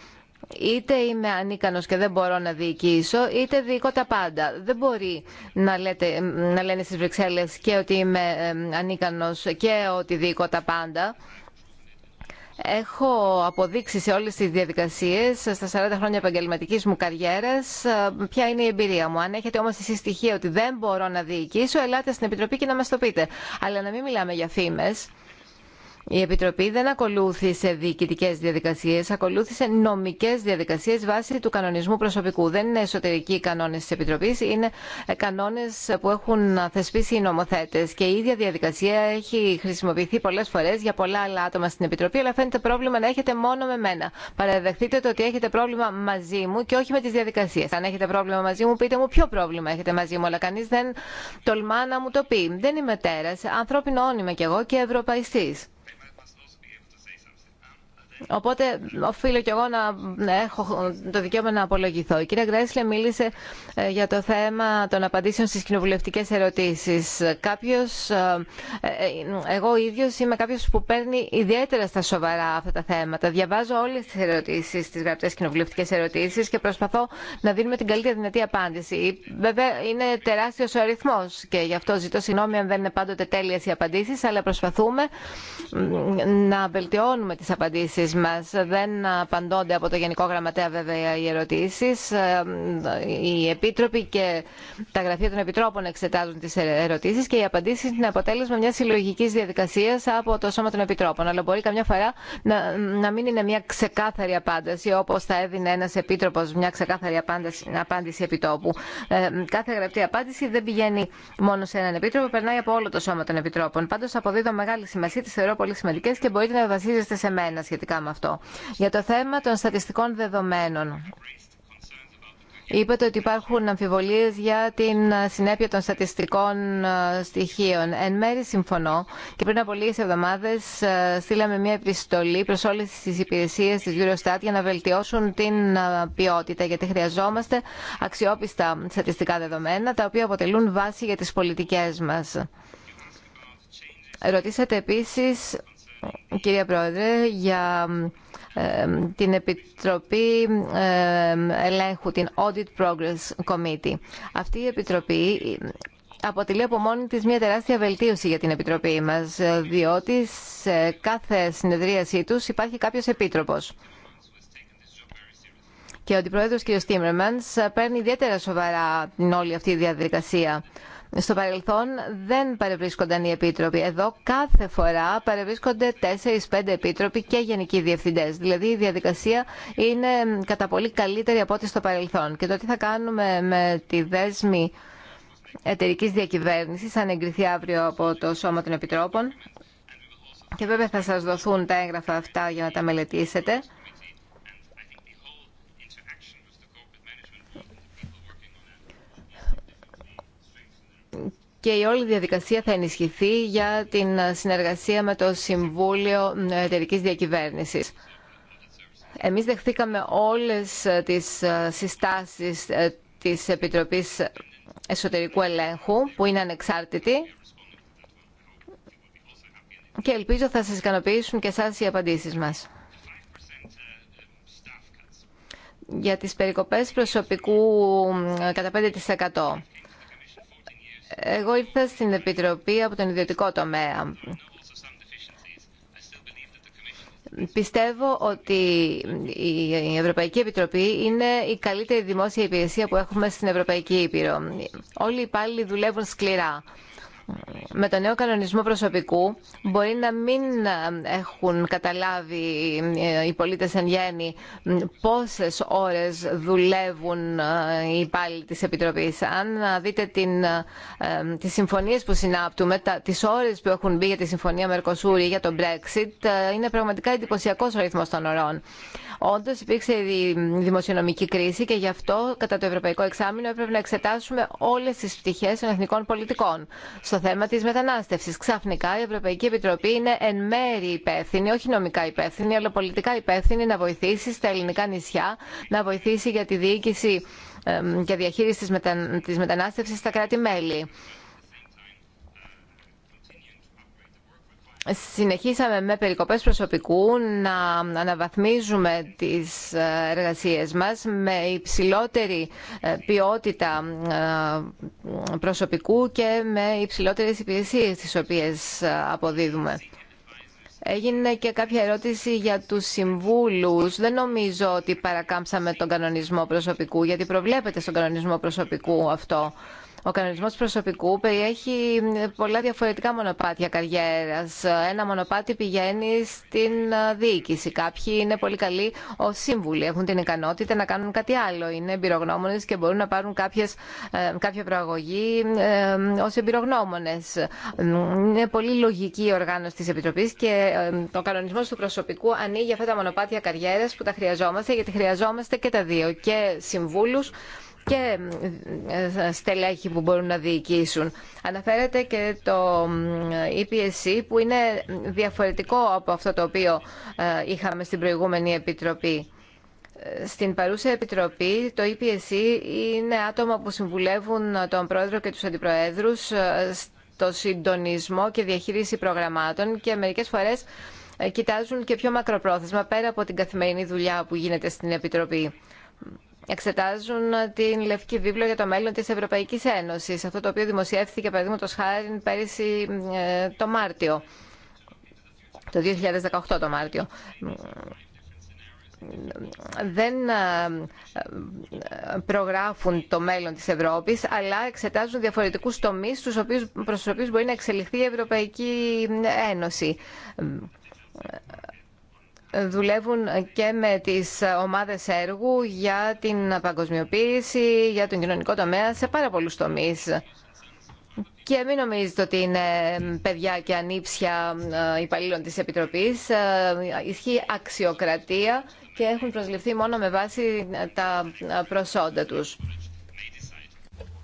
είτε είμαι ανίκανος και δεν μπορώ να διοικήσω, είτε διοικώ τα πάντα. Δεν μπορεί να, λέτε, να λένε στις Βρυξέλλες και ότι είμαι ανίκανος και ότι διοικώ τα πάντα. Έχω αποδείξει σε όλες τις διαδικασίες, στα 40 χρόνια επαγγελματικής μου καριέρας, ε, ποια είναι η εμπειρία μου. Αν έχετε όμως τη στοιχεία ότι δεν μπορώ να διοικήσω, ελάτε στην Επιτροπή και να μας το πείτε. Αλλά να μην μιλάμε για φήμες. Η Επιτροπή δεν ακολούθησε διοικητικέ διαδικασίε, ακολούθησε νομικέ διαδικασίε βάσει του κανονισμού προσωπικού. Δεν είναι εσωτερικοί οι κανόνε τη Επιτροπή, είναι κανόνε που έχουν θεσπίσει οι νομοθέτε. Και η ίδια διαδικασία έχει χρησιμοποιηθεί πολλέ φορέ για πολλά άλλα άτομα στην Επιτροπή, αλλά φαίνεται πρόβλημα να έχετε μόνο με μένα. Παραδεχτείτε το ότι έχετε πρόβλημα μαζί μου και όχι με τι διαδικασίε. Αν έχετε πρόβλημα μαζί μου, πείτε μου ποιο πρόβλημα έχετε μαζί μου, αλλά κανεί δεν τολμά να μου το πει. Δεν είμαι τέρα, ανθρώπινο όνειμα κι εγώ και ευρωπαϊστή. Οπότε οφείλω κι εγώ να ναι, έχω το δικαίωμα να απολογηθώ. Η κυρία Γκρέσλε μίλησε ε, για το θέμα των απαντήσεων στις κοινοβουλευτικέ ερωτήσεις. Κάποιος, ε, ε, εγώ ίδιος είμαι κάποιος που παίρνει ιδιαίτερα στα σοβαρά αυτά τα θέματα. Διαβάζω όλες τις ερωτήσεις, τις γραπτές κοινοβουλευτικέ ερωτήσεις και προσπαθώ να δίνουμε την καλύτερη δυνατή απάντηση. Βέβαια είναι τεράστιο ο αριθμός και γι' αυτό ζητώ συγγνώμη αν δεν είναι πάντοτε τέλειες οι απαντήσει, αλλά προσπαθούμε να βελτιώνουμε τις απαντήσεις μας. Δεν απαντώνται από το Γενικό Γραμματέα βέβαια οι ερωτήσεις. Οι Επίτροποι και τα Γραφεία των Επιτρόπων εξετάζουν τις ερωτήσεις και οι απαντήσεις είναι αποτέλεσμα μιας συλλογικής διαδικασίας από το Σώμα των Επιτρόπων. Αλλά μπορεί καμιά φορά να, να μην είναι μια ξεκάθαρη απάντηση όπως θα έδινε ένας Επίτροπος μια ξεκάθαρη απάντηση, απάντηση επιτόπου. Ε, κάθε γραπτή απάντηση δεν πηγαίνει μόνο σε έναν Επίτροπο, περνάει από όλο το Σώμα των Επιτρόπων. Πάντως αποδίδω μεγάλη σημασία, τις θεωρώ πολύ σημαντικές και μπορείτε να βασίζεστε σε μένα σχετικά αυτό. Για το θέμα των στατιστικών δεδομένων. Είπατε ότι υπάρχουν αμφιβολίες για την συνέπεια των στατιστικών ε, στοιχείων. Εν μέρη συμφωνώ και πριν από λίγες εβδομάδες ε, στείλαμε μια επιστολή προς όλες τις υπηρεσίες της Eurostat για να βελτιώσουν την ε, ποιότητα γιατί χρειαζόμαστε αξιόπιστα στατιστικά δεδομένα τα οποία αποτελούν βάση για τις πολιτικές μας. Ρωτήσατε επίσης κυρία Πρόεδρε, για ε, την Επιτροπή ε, Ελέγχου, την Audit Progress Committee. Αυτή η Επιτροπή ε, αποτελεί από μόνη της μια τεράστια βελτίωση για την Επιτροπή μας, διότι σε κάθε συνεδρίασή τους υπάρχει κάποιος επίτροπος. Και ο Αντιπρόεδρος κ. Τίμερμαντς παίρνει ιδιαίτερα σοβαρά την όλη αυτή η διαδικασία. Στο παρελθόν δεν παρευρίσκονταν οι επίτροποι. Εδώ κάθε φορά παρευρίσκονται 4-5 επίτροποι και γενικοί διευθυντέ. Δηλαδή η διαδικασία είναι κατά πολύ καλύτερη από ό,τι στο παρελθόν. Και το τι θα κάνουμε με τη δέσμη εταιρική διακυβέρνηση, αν εγκριθεί αύριο από το Σώμα των Επιτρόπων. Και βέβαια θα σας δοθούν τα έγγραφα αυτά για να τα μελετήσετε. και η όλη διαδικασία θα ενισχυθεί για την συνεργασία με το Συμβούλιο Εταιρικής Διακυβέρνησης. Εμείς δεχθήκαμε όλες τις συστάσεις ε, της Επιτροπής Εσωτερικού Ελέγχου, που είναι ανεξάρτητη, και ελπίζω θα σας ικανοποιήσουν και εσάς οι απαντήσεις μας. Για τις περικοπές προσωπικού ε, κατά 5%. Εγώ ήρθα στην Επιτροπή από τον ιδιωτικό τομέα. Πιστεύω ότι η Ευρωπαϊκή Επιτροπή είναι η καλύτερη δημόσια υπηρεσία που έχουμε στην Ευρωπαϊκή Ήπειρο. Όλοι οι υπάλληλοι δουλεύουν σκληρά με τον νέο κανονισμό προσωπικού μπορεί να μην έχουν καταλάβει ε, οι πολίτες εν γέννη πόσες ώρες δουλεύουν ε, οι υπάλληλοι της Επιτροπής. Αν δείτε την, ε, τις συμφωνίες που συνάπτουμε, τα, τις ώρες που έχουν μπει για τη Συμφωνία Μερκοσούρη για τον Brexit, είναι πραγματικά εντυπωσιακό ο ρυθμός των ωρών. Όντω υπήρξε η δημοσιονομική κρίση και γι' αυτό κατά το Ευρωπαϊκό Εξάμεινο έπρεπε να εξετάσουμε όλε τι πτυχέ των εθνικών πολιτικών. Το θέμα της μετανάστευσης. Ξαφνικά η Ευρωπαϊκή Επιτροπή είναι εν μέρη υπεύθυνη, όχι νομικά υπεύθυνη, αλλά πολιτικά υπεύθυνη να βοηθήσει στα ελληνικά νησιά, να βοηθήσει για τη διοίκηση και διαχείριση της μετανάστευσης στα κράτη-μέλη. συνεχίσαμε με περικοπές προσωπικού να αναβαθμίζουμε τις εργασίες μας με υψηλότερη ε, ποιότητα ε, προσωπικού και με υψηλότερες υπηρεσίες τις οποίες ε, αποδίδουμε. Έγινε και κάποια ερώτηση για τους συμβούλους. Δεν νομίζω ότι παρακάμψαμε τον κανονισμό προσωπικού, γιατί προβλέπεται στον κανονισμό προσωπικού αυτό. Ο κανονισμό προσωπικού περιέχει πολλά διαφορετικά μονοπάτια καριέρα. Ένα μονοπάτι πηγαίνει στην ε, διοίκηση. Κάποιοι είναι πολύ καλοί ω σύμβουλοι, έχουν την ικανότητα να κάνουν κάτι άλλο. Είναι εμπειρογνώμονε και μπορούν να πάρουν κάποιες, ε, κάποια προαγωγή ε, ω εμπειρογνώμονε. Είναι πολύ λογική η οργάνωση τη Επιτροπή και ο κανονισμό του προσωπικού ανοίγει αυτά τα μονοπάτια καριέρα που τα χρειαζόμαστε γιατί χρειαζόμαστε και τα δύο και συμβούλου και ε, ε, στελέχη που μπορούν να διοικήσουν. Αναφέρεται και το EPSC που είναι διαφορετικό από αυτό το οποίο ε, είχαμε στην προηγούμενη Επιτροπή. Στην παρούσα Επιτροπή, το EPSC είναι άτομα που συμβουλεύουν τον Πρόεδρο και τους Αντιπροέδρους στο συντονισμό και διαχείριση προγραμμάτων και μερικές φορές κοιτάζουν και πιο μακροπρόθεσμα πέρα από την καθημερινή δουλειά που γίνεται στην Επιτροπή εξετάζουν την Λευκή Βίβλο για το μέλλον της Ευρωπαϊκής Ένωσης, αυτό το οποίο δημοσιεύθηκε παραδείγματος χάρη πέρυσι ε, το Μάρτιο, το 2018 το Μάρτιο δεν ε, ε, προγράφουν το μέλλον της Ευρώπης, αλλά εξετάζουν διαφορετικούς τομείς στους οποίους, προς μπορεί να εξελιχθεί η Ευρωπαϊκή Ένωση δουλεύουν και με τις ομάδες έργου για την παγκοσμιοποίηση, για τον κοινωνικό τομέα, σε πάρα πολλούς τομείς. Και μην νομίζετε ότι είναι παιδιά και ανήψια ε, υπαλλήλων της Επιτροπής. Ε, ισχύει αξιοκρατία και έχουν προσληφθεί μόνο με βάση τα προσόντα τους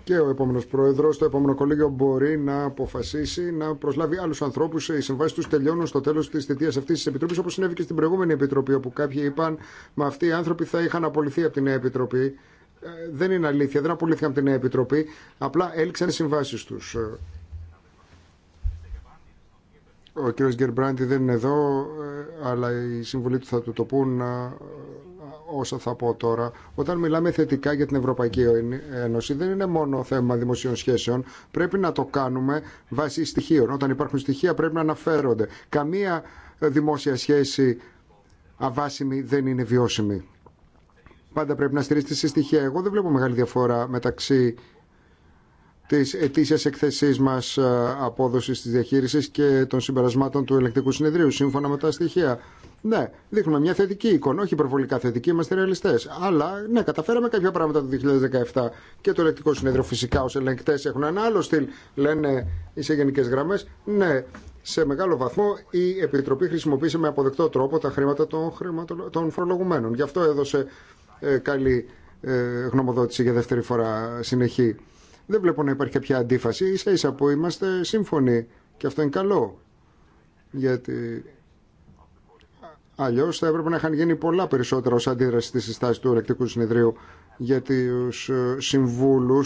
και ο επόμενο πρόεδρο, το επόμενο κολέγιο μπορεί να αποφασίσει να προσλάβει άλλου ανθρώπου. Οι συμβάσει του τελειώνουν στο τέλο τη θητεία αυτή τη Επιτροπή, όπω συνέβη και στην προηγούμενη Επιτροπή, όπου κάποιοι είπαν Μα αυτοί οι άνθρωποι θα είχαν απολυθεί από την Νέα Επιτροπή. Ε, δεν είναι αλήθεια, δεν απολύθηκαν από την Νέα Επιτροπή, απλά έλξαν οι συμβάσει του. Ο κ. Γκερμπράντι δεν είναι εδώ, ε, αλλά οι συμβουλοί του θα του το πούν ε, όσα θα πω τώρα. Όταν μιλάμε θετικά για την Ευρωπαϊκή Ένωση, δεν είναι μόνο θέμα δημοσίων σχέσεων. Πρέπει να το κάνουμε βάσει στοιχείων. Όταν υπάρχουν στοιχεία, πρέπει να αναφέρονται. Καμία δημόσια σχέση αβάσιμη δεν είναι βιώσιμη. Πάντα πρέπει να στηρίζεται σε στοιχεία. Εγώ δεν βλέπω μεγάλη διαφορά μεταξύ της ετήσιας εκθεσής μας ε, απόδοσης της διαχείρισης και των συμπερασμάτων του ελεκτικού συνεδρίου σύμφωνα με τα στοιχεία. Ναι, δείχνουμε μια θετική εικόνα, όχι υπερβολικά θετική, είμαστε ρεαλιστέ. Αλλά ναι, καταφέραμε κάποια πράγματα το 2017 και το ελεκτικό συνέδριο φυσικά ω ελεγκτέ έχουν ένα άλλο στυλ. Λένε σε γενικέ γραμμέ, ναι, σε μεγάλο βαθμό η Επιτροπή χρησιμοποίησε με αποδεκτό τρόπο τα χρήματα των, χρηματο... των φορολογουμένων. Γι' αυτό έδωσε ε, καλή ε, γνωμοδότηση για δεύτερη φορά συνεχή δεν βλέπω να υπάρχει κάποια αντίφαση. Ίσα ίσα που είμαστε σύμφωνοι και αυτό είναι καλό. Γιατί αλλιώ θα έπρεπε να είχαν γίνει πολλά περισσότερα ω αντίδραση στη συστάση του ελεκτικού συνεδρίου για του ε, συμβούλου, 118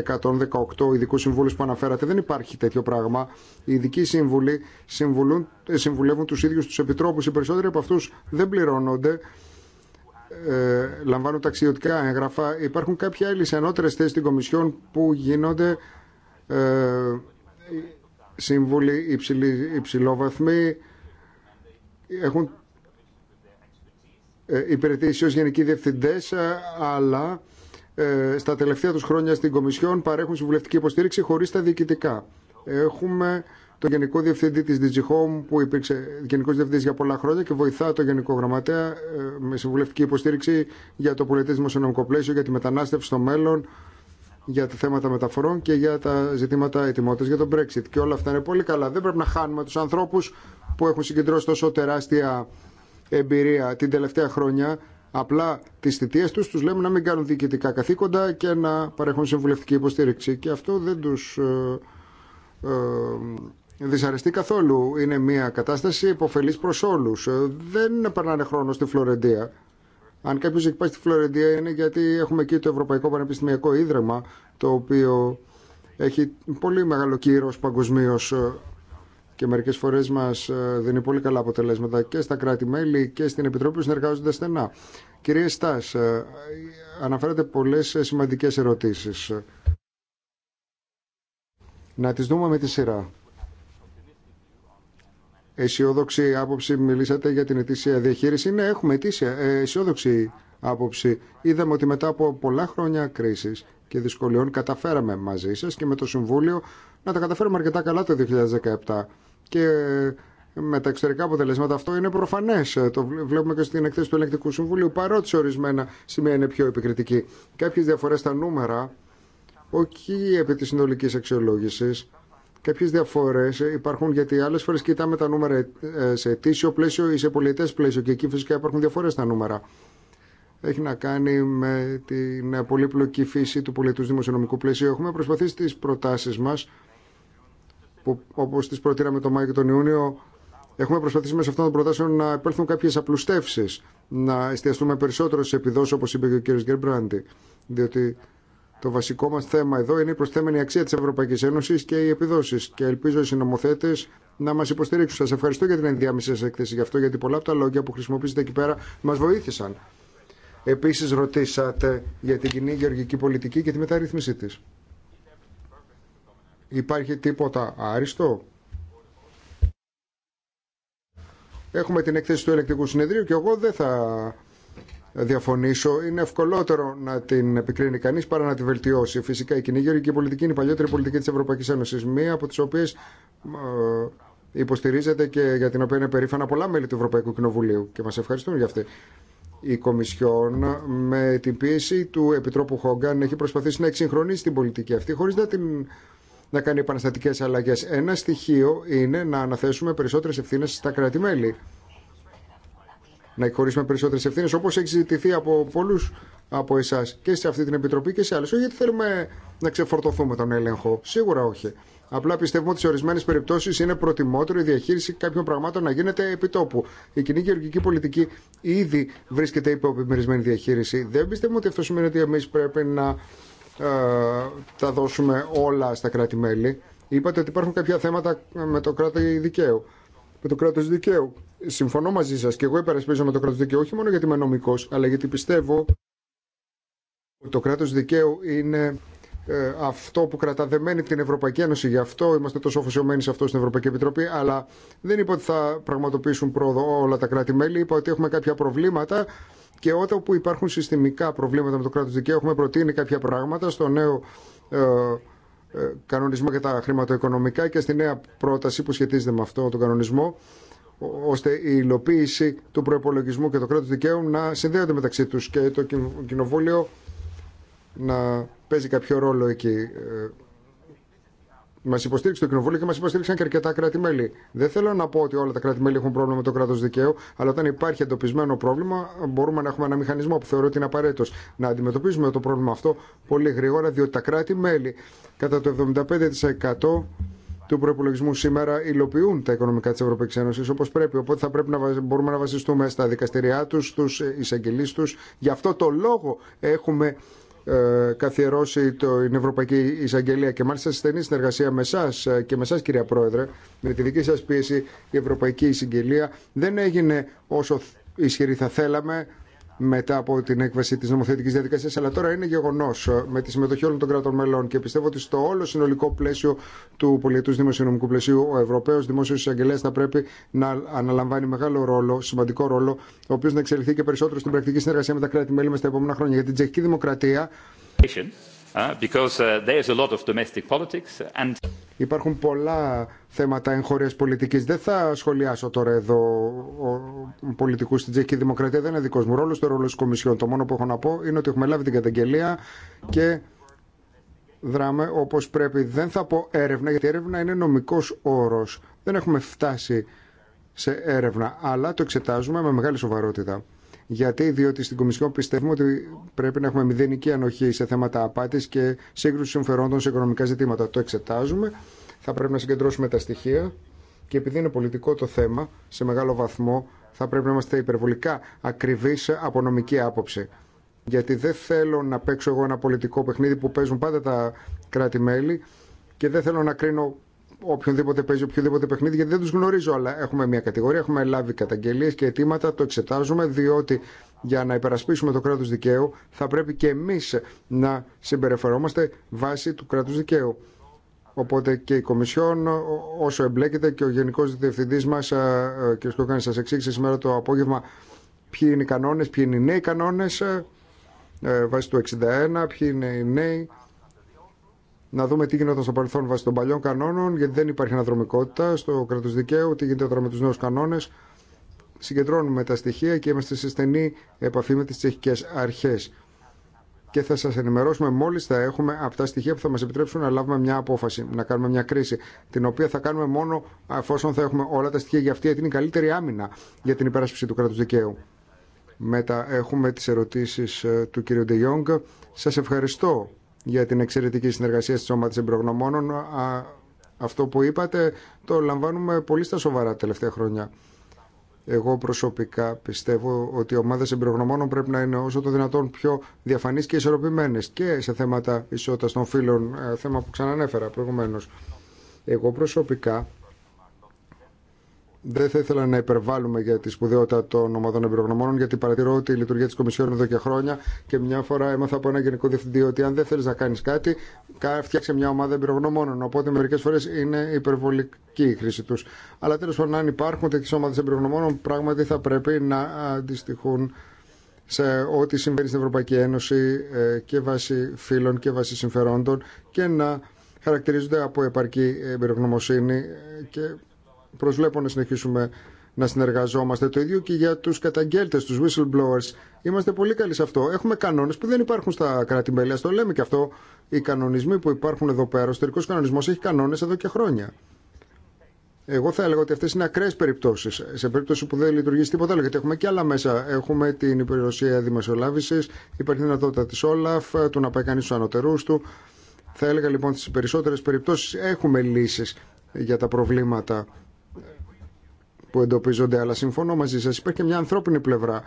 ε, ειδικού συμβούλου που αναφέρατε. Δεν υπάρχει τέτοιο πράγμα. Οι ειδικοί σύμβουλοι ε, συμβουλεύουν του ίδιου του επιτρόπου. Οι περισσότεροι από αυτού δεν πληρώνονται. Ε, λαμβάνουν ταξιδιωτικά έγγραφα. Υπάρχουν κάποια άλλοι σε ανώτερες θέσεις στην Κομισιόν που γίνονται ε, σύμβουλοι υψηλή, υψηλόβαθμοι έχουν ε, υπηρετήσει ω γενικοί διευθυντές αλλά στα τελευταία του χρόνια στην Κομισιόν παρέχουν συμβουλευτική υποστήριξη χωρίς τα διοικητικά. Έχουμε το Γενικό Διευθυντή της DigiHome που υπήρξε Γενικός Διευθυντής για πολλά χρόνια και βοηθά το Γενικό Γραμματέα ε, με συμβουλευτική υποστήριξη για το πολιτισμό δημοσιονομικό πλαίσιο, για τη μετανάστευση στο μέλλον, για τα θέματα μεταφορών και για τα ζητήματα ετοιμότητας για τον Brexit. Και όλα αυτά είναι πολύ καλά. Δεν πρέπει να χάνουμε τους ανθρώπους που έχουν συγκεντρώσει τόσο τεράστια εμπειρία την τελευταία χρόνια απλά τι θητείε του, του λέμε να μην κάνουν διοικητικά καθήκοντα και να παρέχουν συμβουλευτική υποστήριξη. Και αυτό δεν του ε, ε, δυσαρεστεί καθόλου. Είναι μια κατάσταση υποφελής προς όλους. Δεν περνάνε χρόνο στη Φλωρεντία. Αν κάποιο έχει πάει στη Φλωρεντία είναι γιατί έχουμε εκεί το Ευρωπαϊκό Πανεπιστημιακό Ίδρυμα, το οποίο έχει πολύ μεγάλο κύρος παγκοσμίω και μερικές φορές μας δίνει πολύ καλά αποτελέσματα και στα κράτη-μέλη και στην Επιτροπή που συνεργάζονται στενά. Κυρία Στάς, αναφέρατε πολλές σημαντικές ερωτήσεις. Να τις δούμε με τη σειρά αισιόδοξη άποψη, μιλήσατε για την ετήσια διαχείριση. Ναι, έχουμε ετήσια, ε, αισιόδοξη άποψη. Είδαμε ότι μετά από πολλά χρόνια κρίση και δυσκολιών καταφέραμε μαζί σα και με το Συμβούλιο να τα καταφέρουμε αρκετά καλά το 2017. Και ε, με τα εξωτερικά αποτελέσματα αυτό είναι προφανέ. Ε, το βλέπουμε και στην εκθέση του Ελεκτικού Συμβουλίου, παρότι σε ορισμένα σημεία είναι πιο επικριτική. Κάποιε διαφορέ στα νούμερα, όχι επί τη συνολική αξιολόγηση, Κάποιε διαφορέ ε, υπάρχουν γιατί άλλε φορέ κοιτάμε τα νούμερα ε, σε αιτήσιο πλαίσιο ή σε πολιτέ πλαίσιο και εκεί φυσικά υπάρχουν διαφορέ στα νούμερα. Έχει να κάνει με την πολύπλοκη φύση του πολιτού δημοσιονομικού πλαίσιου. Έχουμε προσπαθήσει τι προτάσει μα, όπω τι προτείναμε τον Μάιο και τον Ιούνιο, Έχουμε προσπαθήσει μέσα αυτών των προτάσεων να υπέρθουν κάποιε απλουστεύσει, να εστιαστούμε περισσότερο σε επιδόσει, όπω είπε και ο κ. Γκερμπράντι. Διότι το βασικό μας θέμα εδώ είναι η προσθέμενη αξία της Ευρωπαϊκής Ένωση και οι επιδόσεις και ελπίζω οι συνομοθέτες να μας υποστηρίξουν. Σα ευχαριστώ για την ενδιάμεση σα έκθεση γι' αυτό γιατί πολλά από τα λόγια που χρησιμοποιήσατε εκεί πέρα μας βοήθησαν. Επίσης ρωτήσατε για την κοινή γεωργική πολιτική και τη μεταρρύθμιση τη. Υπάρχει τίποτα άριστο. Έχουμε την έκθεση του ελεκτικού συνεδρίου και εγώ δεν θα διαφωνήσω. Είναι ευκολότερο να την επικρίνει κανεί παρά να τη βελτιώσει. Φυσικά η κοινή γεωργική πολιτική είναι η παλιότερη πολιτική τη Ευρωπαϊκή Ένωση. Μία από τι οποίε ε, υποστηρίζεται και για την οποία είναι περήφανα πολλά μέλη του Ευρωπαϊκού Κοινοβουλίου και μα ευχαριστούν για αυτή. Η Κομισιόν με την πίεση του Επιτρόπου Χόγκαν έχει προσπαθήσει να εξυγχρονίσει την πολιτική αυτή χωρί να την να κάνει επαναστατικέ αλλαγέ. Ένα στοιχείο είναι να αναθέσουμε περισσότερε ευθύνε στα κράτη-μέλη να εκχωρήσουμε περισσότερε ευθύνε, όπω έχει ζητηθεί από πολλού από εσά και σε αυτή την επιτροπή και σε άλλε. Όχι γιατί θέλουμε να ξεφορτωθούμε τον έλεγχο. Σίγουρα όχι. Απλά πιστεύουμε ότι σε ορισμένε περιπτώσει είναι προτιμότερο η διαχείριση κάποιων πραγμάτων να γίνεται επί τόπου. Η κοινή γεωργική πολιτική ήδη βρίσκεται υπό επιμερισμένη διαχείριση. Δεν πιστεύουμε ότι αυτό σημαίνει ότι εμεί πρέπει να ε, τα δώσουμε όλα στα κράτη-μέλη. Είπατε ότι υπάρχουν κάποια θέματα με το κράτο δικαίου. Με το κράτο δικαίου συμφωνώ μαζί σας και εγώ υπερασπίζομαι το κράτος δικαίου όχι μόνο γιατί είμαι νομικός αλλά γιατί πιστεύω ότι το κράτος δικαίου είναι ε, αυτό που κραταδεμένη την Ευρωπαϊκή Ένωση. Γι' αυτό είμαστε τόσο αφοσιωμένοι σε αυτό στην Ευρωπαϊκή Επιτροπή. Αλλά δεν είπα ότι θα πραγματοποιήσουν πρόοδο όλα τα κράτη-μέλη. Είπα ότι έχουμε κάποια προβλήματα και όταν που υπάρχουν συστημικά προβλήματα με το κράτο δικαίου, έχουμε προτείνει κάποια πράγματα στο νέο ε, ε, κανονισμό για τα χρηματοοικονομικά και στη νέα πρόταση που σχετίζεται με αυτό τον κανονισμό ώστε η υλοποίηση του προπολογισμού και του κράτο δικαίου να συνδέονται μεταξύ του και το κοινοβούλιο να παίζει κάποιο ρόλο εκεί. Ε, μα υποστήριξε το κοινοβούλιο και μα υποστήριξαν και αρκετά κράτη-μέλη. Δεν θέλω να πω ότι όλα τα κράτη-μέλη έχουν πρόβλημα με το κράτο δικαίου, αλλά όταν υπάρχει εντοπισμένο πρόβλημα, μπορούμε να έχουμε ένα μηχανισμό που θεωρώ ότι είναι απαραίτητο να αντιμετωπίζουμε το πρόβλημα αυτό πολύ γρήγορα, διότι τα κράτη-μέλη κατά το 75% του προπολογισμού σήμερα υλοποιούν τα οικονομικά τη Ευρωπαϊκή Ένωση όπω πρέπει. Οπότε θα πρέπει να μπορούμε να βασιστούμε στα δικαστηριά του, στου εισαγγελεί του. Γι' αυτό το λόγο έχουμε ε, καθιερώσει την Ευρωπαϊκή Εισαγγελία και μάλιστα σε στενή συνεργασία με εσά ε, και με εσά, κυρία Πρόεδρε, με τη δική σα πίεση, η Ευρωπαϊκή Εισαγγελία δεν έγινε όσο ισχυρή θα θέλαμε, μετά από την έκβαση τη νομοθετική διαδικασία. Αλλά τώρα είναι γεγονό ε, με τη συμμετοχή όλων των κρατών μελών και πιστεύω ότι στο όλο συνολικό πλαίσιο του πολιετού δημοσιονομικού πλαισίου ο Ευρωπαίο Δημόσιο Εισαγγελέα θα πρέπει να αναλαμβάνει μεγάλο ρόλο, σημαντικό ρόλο, ο οποίο να εξελιχθεί και περισσότερο στην πρακτική συνεργασία με τα κράτη-μέλη μα τα επόμενα χρόνια. Για την Τσεχική Δημοκρατία. Uh, uh, Υπάρχουν πολλά θέματα εγχώριας πολιτικής. Δεν θα σχολιάσω τώρα εδώ ο πολιτικού στην Τσεχική Δημοκρατία. Δεν είναι δικός μου ρόλος, το ρόλο της Κομισιόν. Το μόνο που έχω να πω είναι ότι έχουμε λάβει την καταγγελία και δράμε όπως πρέπει. Δεν θα πω έρευνα, γιατί έρευνα είναι νομικός όρος. Δεν έχουμε φτάσει σε έρευνα, αλλά το εξετάζουμε με μεγάλη σοβαρότητα. Γιατί, διότι στην Κομισιόν πιστεύουμε ότι πρέπει να έχουμε μηδενική ανοχή σε θέματα απάτη και σύγκρουση συμφερόντων σε οικονομικά ζητήματα. Το εξετάζουμε. Θα πρέπει να συγκεντρώσουμε τα στοιχεία και επειδή είναι πολιτικό το θέμα, σε μεγάλο βαθμό θα πρέπει να είμαστε υπερβολικά ακριβεί από νομική άποψη. Γιατί δεν θέλω να παίξω εγώ ένα πολιτικό παιχνίδι που παίζουν πάντα τα κράτη-μέλη και δεν θέλω να κρίνω οποιονδήποτε παίζει οποιοδήποτε παιχνίδι, γιατί δεν του γνωρίζω, αλλά έχουμε μια κατηγορία, έχουμε λάβει καταγγελίε και αιτήματα, το εξετάζουμε, διότι για να υπερασπίσουμε το κράτο δικαίου θα πρέπει και εμεί να συμπεριφερόμαστε βάσει του κράτου δικαίου. Οπότε και η Κομισιόν, όσο εμπλέκεται και ο Γενικό Διευθυντή μα, κ. Κόκκανη, σα εξήγησε σήμερα το απόγευμα ποιοι είναι οι κανόνε, ποιοι είναι οι νέοι κανόνε ε, βάσει του 61, ποιοι είναι οι νέοι να δούμε τι γινόταν στο παρελθόν βάσει των παλιών κανόνων, γιατί δεν υπάρχει αναδρομικότητα στο κράτο δικαίου, τι γίνεται τώρα με του νέου κανόνε. Συγκεντρώνουμε τα στοιχεία και είμαστε σε στενή επαφή με τι τσεχικέ αρχέ. Και θα σα ενημερώσουμε μόλι θα έχουμε αυτά τα στοιχεία που θα μα επιτρέψουν να λάβουμε μια απόφαση, να κάνουμε μια κρίση. Την οποία θα κάνουμε μόνο εφόσον θα έχουμε όλα τα στοιχεία για αυτή, γιατί είναι η καλύτερη άμυνα για την υπεράσπιση του κράτου δικαίου. Μετά έχουμε τι ερωτήσει ε, του κ. Σα ευχαριστώ για την εξαιρετική συνεργασία στις ομάδες εμπειρογνωμόνων. Αυτό που είπατε το λαμβάνουμε πολύ στα σοβαρά τελευταία χρόνια. Εγώ προσωπικά πιστεύω ότι οι ομάδε εμπειρογνωμόνων πρέπει να είναι όσο το δυνατόν πιο διαφανεί και ισορροπημένε και σε θέματα ισότητα των φύλων, ε, θέμα που ξανανέφερα προηγουμένω. Εγώ προσωπικά δεν θα ήθελα να υπερβάλλουμε για τη σπουδαιότητα των ομάδων εμπειρογνωμόνων, γιατί παρατηρώ ότι η λειτουργία τη Κομισιόν εδώ και χρόνια και μια φορά έμαθα από ένα γενικό διευθυντή ότι αν δεν θέλει να κάνει κάτι, φτιάξε μια ομάδα εμπειρογνωμόνων. Οπότε μερικέ φορέ είναι υπερβολική η χρήση του. Αλλά τέλο πάντων, αν υπάρχουν τέτοιε ομάδε εμπειρογνωμόνων, πράγματι θα πρέπει να αντιστοιχούν σε ό,τι συμβαίνει στην Ευρωπαϊκή Ένωση ε, και βάσει φίλων και βάσει συμφερόντων και να χαρακτηρίζονται από επαρκή εμπειρογνωμοσύνη ε, και προσβλέπω να συνεχίσουμε να συνεργαζόμαστε. Το ίδιο και για τους καταγγέλτες, τους whistleblowers. Είμαστε πολύ καλοί σε αυτό. Έχουμε κανόνες που δεν υπάρχουν στα κράτη-μέλη. το λέμε και αυτό. Οι κανονισμοί που υπάρχουν εδώ πέρα, ο εσωτερικός κανονισμός έχει κανόνες εδώ και χρόνια. Εγώ θα έλεγα ότι αυτέ είναι ακραίε περιπτώσει. Σε περίπτωση που δεν λειτουργήσει τίποτα άλλο, γιατί έχουμε και άλλα μέσα. Έχουμε την υπηρεσία δημοσιολάβηση, υπάρχει δυνατότητα τη Όλαφ, του να πάει στου ανωτερού του. Θα έλεγα λοιπόν στι περισσότερε περιπτώσει έχουμε λύσει για τα προβλήματα που εντοπίζονται, αλλά συμφωνώ μαζί σα Υπάρχει και μια ανθρώπινη πλευρά.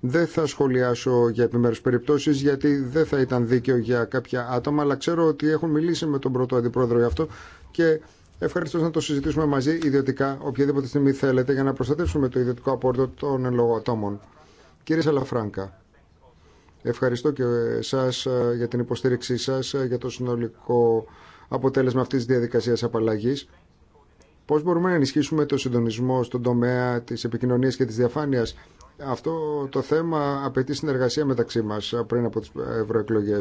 Δεν θα σχολιάσω για επιμέρου περιπτώσει γιατί δεν θα ήταν δίκαιο για κάποια άτομα αλλά ξέρω ότι έχουν μιλήσει με τον πρώτο αντιπρόεδρο για αυτό και ευχαριστώ να το συζητήσουμε μαζί ιδιωτικά οποιαδήποτε στιγμή θέλετε για να προστατεύσουμε το ιδιωτικό απόρριτο των ελλογοατόμων. Κύριε Σαλαφράγκα, ευχαριστώ και εσά ε, για την υποστήριξή σα ε, για το συνολικό αποτέλεσμα αυτή τη διαδικασία απαλλαγή. Πώς μπορούμε να ενισχύσουμε το συντονισμό στον τομέα της επικοινωνίας και της διαφάνειας αυτό το θέμα απαιτεί συνεργασία μεταξύ μα πριν από τι ευρωεκλογέ.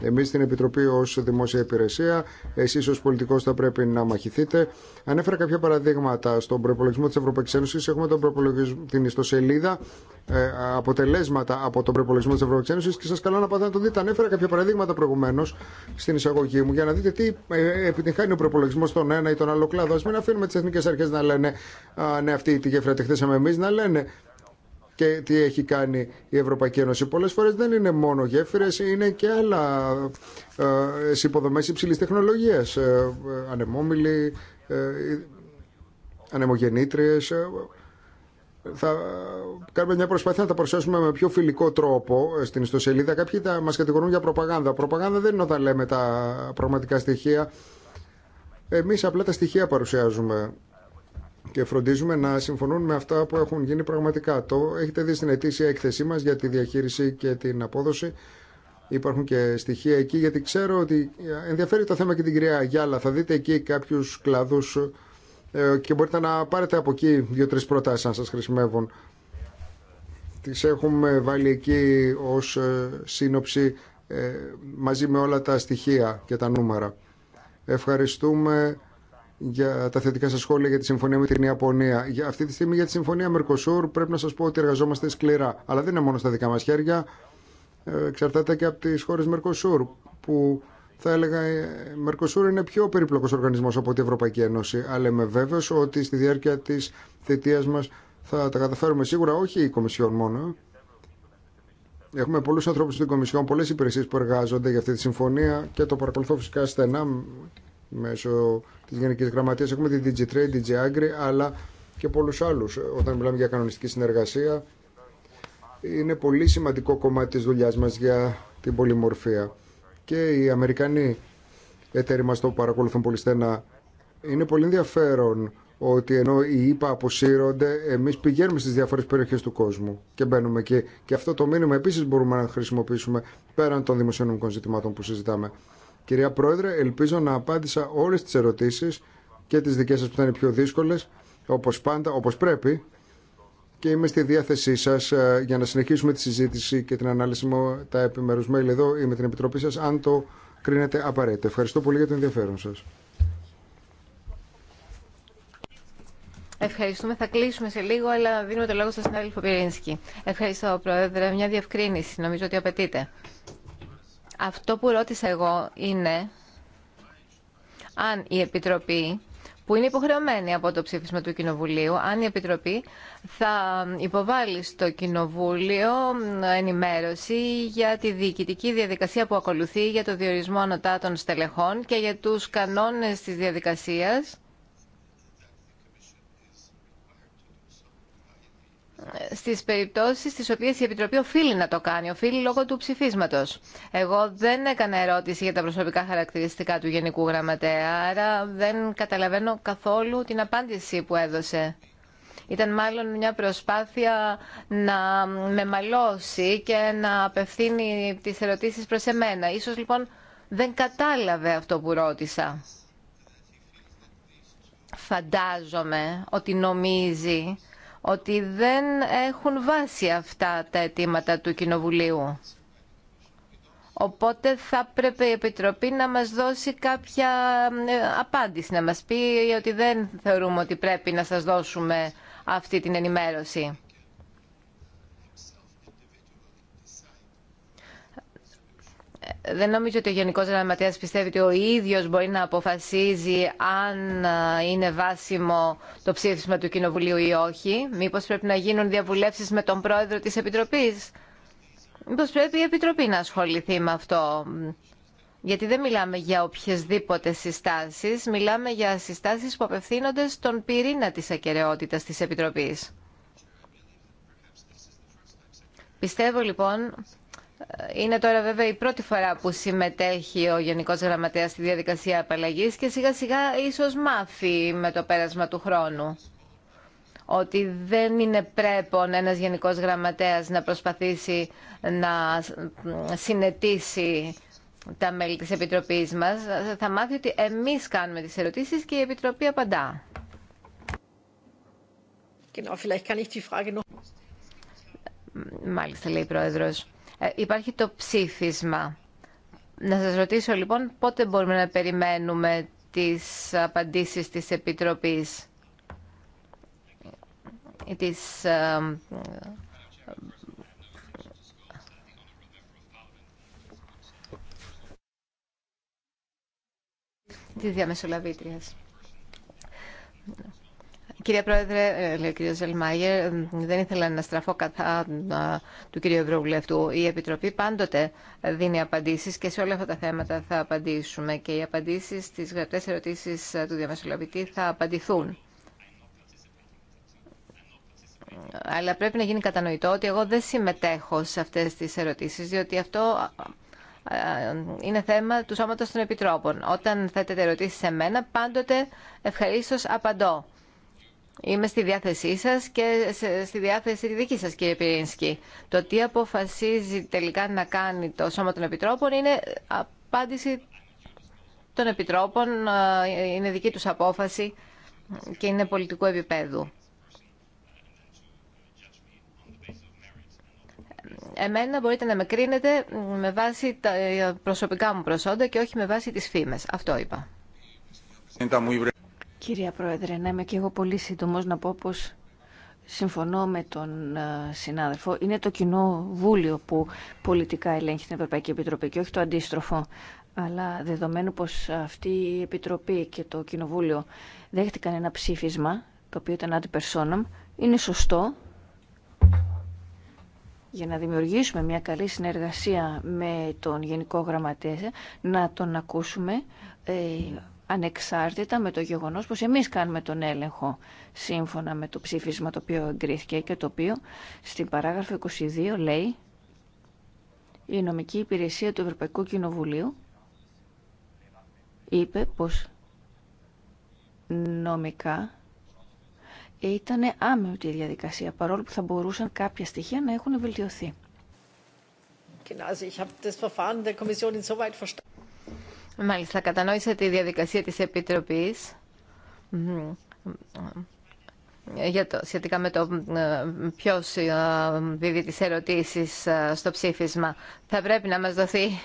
Εμεί στην Επιτροπή ω Δημόσια Υπηρεσία, εσεί ω πολιτικό θα πρέπει να μαχηθείτε. Ανέφερα κάποια παραδείγματα στον προπολογισμό τη Ευρωπαϊκή Ένωση. Έχουμε τον την ιστοσελίδα ε, αποτελέσματα από τον προπολογισμό τη Ευρωπαϊκή Ένωση και σα καλώ να πάτε να το δείτε. Ανέφερα κάποια παραδείγματα προηγουμένω στην εισαγωγή μου για να δείτε τι ε, επιτυχάνει ο προπολογισμό στον ένα ή τον άλλο κλάδο. Α μην αφήνουμε τι εθνικέ αρχέ να λένε ναι, αυτή τη γέφυρα τη εμεί, να λένε και τι έχει κάνει η Ευρωπαϊκή Ένωση. Πολλέ φορέ δεν είναι μόνο γέφυρε, είναι και άλλα ε, υποδομέ υψηλή τεχνολογία. Ε, ανεμόμυλοι, ε, ανεμογεννήτριε. Ε, θα κάνουμε μια προσπάθεια να τα παρουσιάσουμε με πιο φιλικό τρόπο στην ιστοσελίδα. Κάποιοι θα μας κατηγορούν για προπαγάνδα. Προπαγάνδα δεν είναι όταν λέμε τα πραγματικά στοιχεία. Εμείς απλά τα στοιχεία παρουσιάζουμε και φροντίζουμε να συμφωνούν με αυτά που έχουν γίνει πραγματικά. Το έχετε δει στην ετήσια έκθεσή μας για τη διαχείριση και την απόδοση. Υπάρχουν και στοιχεία εκεί, γιατί ξέρω ότι ε, ενδιαφέρει το θέμα και την κυρία Γιάλα. Θα δείτε εκεί κάποιους κλαδούς ε, και μπορείτε να πάρετε από εκεί δύο-τρεις προτάσεις αν σας χρησιμεύουν. Τις έχουμε βάλει εκεί ως ε, σύνοψη μαζί με όλα τα στοιχεία και τα νούμερα. Ευχαριστούμε για τα θετικά σα σχόλια για τη συμφωνία με την Ιαπωνία. Για αυτή τη στιγμή για τη συμφωνία Μερκοσούρ πρέπει να σα πω ότι εργαζόμαστε σκληρά. Αλλά δεν είναι μόνο στα δικά μα χέρια, ε, εξαρτάται και από τι χώρε Μερκοσούρ που θα έλεγα η ε, Μερκοσούρ είναι πιο περίπλοκος οργανισμό από την Ευρωπαϊκή Ένωση. Αλλά είμαι βέβαιο ότι στη διάρκεια τη θητεία μα θα τα καταφέρουμε σίγουρα, όχι η Κομισιόν μόνο. Έχουμε πολλού ανθρώπου στην Κομισιόν, πολλέ υπηρεσίε που εργάζονται για αυτή τη συμφωνία και το παρακολουθώ φυσικά στενά μέσω τη Γενική Γραμματεία, Έχουμε τη DG Agri αλλά και πολλού άλλου. Όταν μιλάμε για κανονιστική συνεργασία, είναι πολύ σημαντικό κομμάτι τη δουλειά μα για την πολυμορφία. Και οι Αμερικανοί εταίροι μα το παρακολουθούν πολύ στενά. Είναι πολύ ενδιαφέρον ότι ενώ οι ΙΠΑ αποσύρονται, εμείς πηγαίνουμε στις διάφορε περιοχές του κόσμου και μπαίνουμε εκεί. Και αυτό το μήνυμα επίσης μπορούμε να χρησιμοποιήσουμε πέραν των δημοσιονομικών ζητημάτων που συζητάμε. Κυρία Πρόεδρε, ελπίζω να απάντησα όλε τι ερωτήσει και τι δικέ σα που ήταν οι πιο δύσκολε, όπω πάντα, όπω πρέπει. Και είμαι στη διάθεσή σα ε, για να συνεχίσουμε τη συζήτηση και την ανάλυση με τα επιμέρους mail εδώ ή με την Επιτροπή σα, αν το κρίνετε απαραίτητο. Ευχαριστώ πολύ για το ενδιαφέρον σα. Ευχαριστούμε. Θα κλείσουμε σε λίγο, αλλά δίνουμε το λόγο στον συνάδελφο Πυρίνσκι. Ευχαριστώ, Πρόεδρε. Μια διευκρίνηση νομίζω ότι απαιτείται. Αυτό που ρώτησα εγώ είναι αν η Επιτροπή που είναι υποχρεωμένη από το ψήφισμα του Κοινοβουλίου, αν η Επιτροπή θα υποβάλει στο Κοινοβούλιο ενημέρωση για τη διοικητική διαδικασία που ακολουθεί για το διορισμό ανωτάτων στελεχών και για τους κανόνες της διαδικασίας Στι περιπτώσεις στις οποίες η Επιτροπή οφείλει να το κάνει, οφείλει λόγω του ψηφίσματο. Εγώ δεν έκανα ερώτηση για τα προσωπικά χαρακτηριστικά του Γενικού Γραμματέα, άρα δεν καταλαβαίνω καθόλου την απάντηση που έδωσε. Ήταν μάλλον μια προσπάθεια να με μαλώσει και να απευθύνει τις ερωτήσεις προς εμένα. Ίσως λοιπόν δεν κατάλαβε αυτό που ρώτησα. Φαντάζομαι ότι νομίζει ότι δεν έχουν βάση αυτά τα αιτήματα του Κοινοβουλίου. Οπότε θα πρέπει η Επιτροπή να μας δώσει κάποια ε, απάντηση, να μας πει ότι δεν θεωρούμε ότι πρέπει να σας δώσουμε αυτή την ενημέρωση. δεν νομίζω ότι ο Γενικός Γραμματέας πιστεύει ότι ο ίδιος μπορεί να αποφασίζει αν ε, είναι βάσιμο το ψήφισμα του Κοινοβουλίου ή όχι. Μήπως πρέπει να γίνουν διαβουλεύσεις με τον πρόεδρο της Επιτροπής. Μήπως πρέπει η Επιτροπή να ασχοληθεί με αυτό. Γιατί δεν μιλάμε για οποιασδήποτε συστάσεις, μιλάμε για συστάσεις που απευθύνονται στον πυρήνα της ακαιρεότητας της Επιτροπής. Πιστεύω λοιπόν είναι τώρα βέβαια η πρώτη φορά που συμμετέχει ο Γενικός Γραμματέας στη διαδικασία απαλλαγή και σιγά σιγά ίσως μάθει με το πέρασμα του χρόνου ότι δεν είναι πρέπον ένας Γενικός Γραμματέας να προσπαθήσει να συνετίσει τα μέλη της Επιτροπής μας. Θα μάθει ότι εμείς κάνουμε τις ερωτήσεις και η Επιτροπή απαντά. Μάλιστα, λέει η Πρόεδρος. Ε, υπάρχει το ψήφισμα. Να σας ρωτήσω λοιπόν πότε μπορούμε να περιμένουμε τις απαντήσεις της Επιτροπής της ε, ε, τη διαμεσολαβήτριας. Κύριε Πρόεδρε, ε, λέει ο κύριος Ζελμάγερ, ε, δεν ήθελα να στραφώ κατά του κυρίου Ευρωβουλευτού. Η Επιτροπή πάντοτε δίνει απαντήσεις και σε όλα αυτά τα θέματα θα απαντήσουμε και οι απαντήσεις στις γραπτές ερωτήσεις ε, του διαμεσολαβητή θα απαντηθούν. Αλλά πρέπει να γίνει κατανοητό ότι εγώ δεν συμμετέχω σε αυτές τις ερωτήσεις, διότι αυτό είναι θέμα του σώματος των επιτρόπων. Όταν θέτετε ερωτήσεις σε μένα, πάντοτε ευχαρίστως απαντώ. Είμαι στη διάθεσή σας και στη διάθεση τη δική σας κύριε Πυρίνσκι. Το τι αποφασίζει τελικά να κάνει το Σώμα των Επιτρόπων είναι απάντηση των Επιτρόπων, είναι δική του απόφαση και είναι πολιτικού επίπεδου. Εμένα μπορείτε να με κρίνετε με βάση τα ε, προσωπικά μου προσόντα και όχι με βάση τις φήμες. Αυτό είπα. Κυρία Πρόεδρε, να είμαι και εγώ πολύ σύντομο να πω πως συμφωνώ με τον ε, συνάδελφο. Είναι το κοινό βούλιο που πολιτικά ελέγχει την Ευρωπαϊκή Επιτροπή και όχι το αντίστροφο. Αλλά δεδομένου πως αυτή η Επιτροπή και το Κοινοβούλιο δέχτηκαν ένα ψήφισμα, το οποίο ήταν ad είναι σωστό για να δημιουργήσουμε μια καλή συνεργασία με τον Γενικό Γραμματέα, να τον ακούσουμε ε, ανεξάρτητα με το γεγονός πως εμείς κάνουμε τον έλεγχο σύμφωνα με το ψήφισμα το οποίο εγκρίθηκε και το οποίο στην παράγραφο 22 λέει η νομική υπηρεσία του Ευρωπαϊκού Κοινοβουλίου είπε πως νομικά ήταν άμεμπτη η διαδικασία, παρόλο που θα μπορούσαν κάποια στοιχεία να έχουν βελτιωθεί. Μάλιστα, κατανόησα τη διαδικασία της Επιτροπής για το, σχετικά με το ποιος ε, δίδει τις ερωτήσεις ε, στο ψήφισμα. Θα πρέπει να μας δοθεί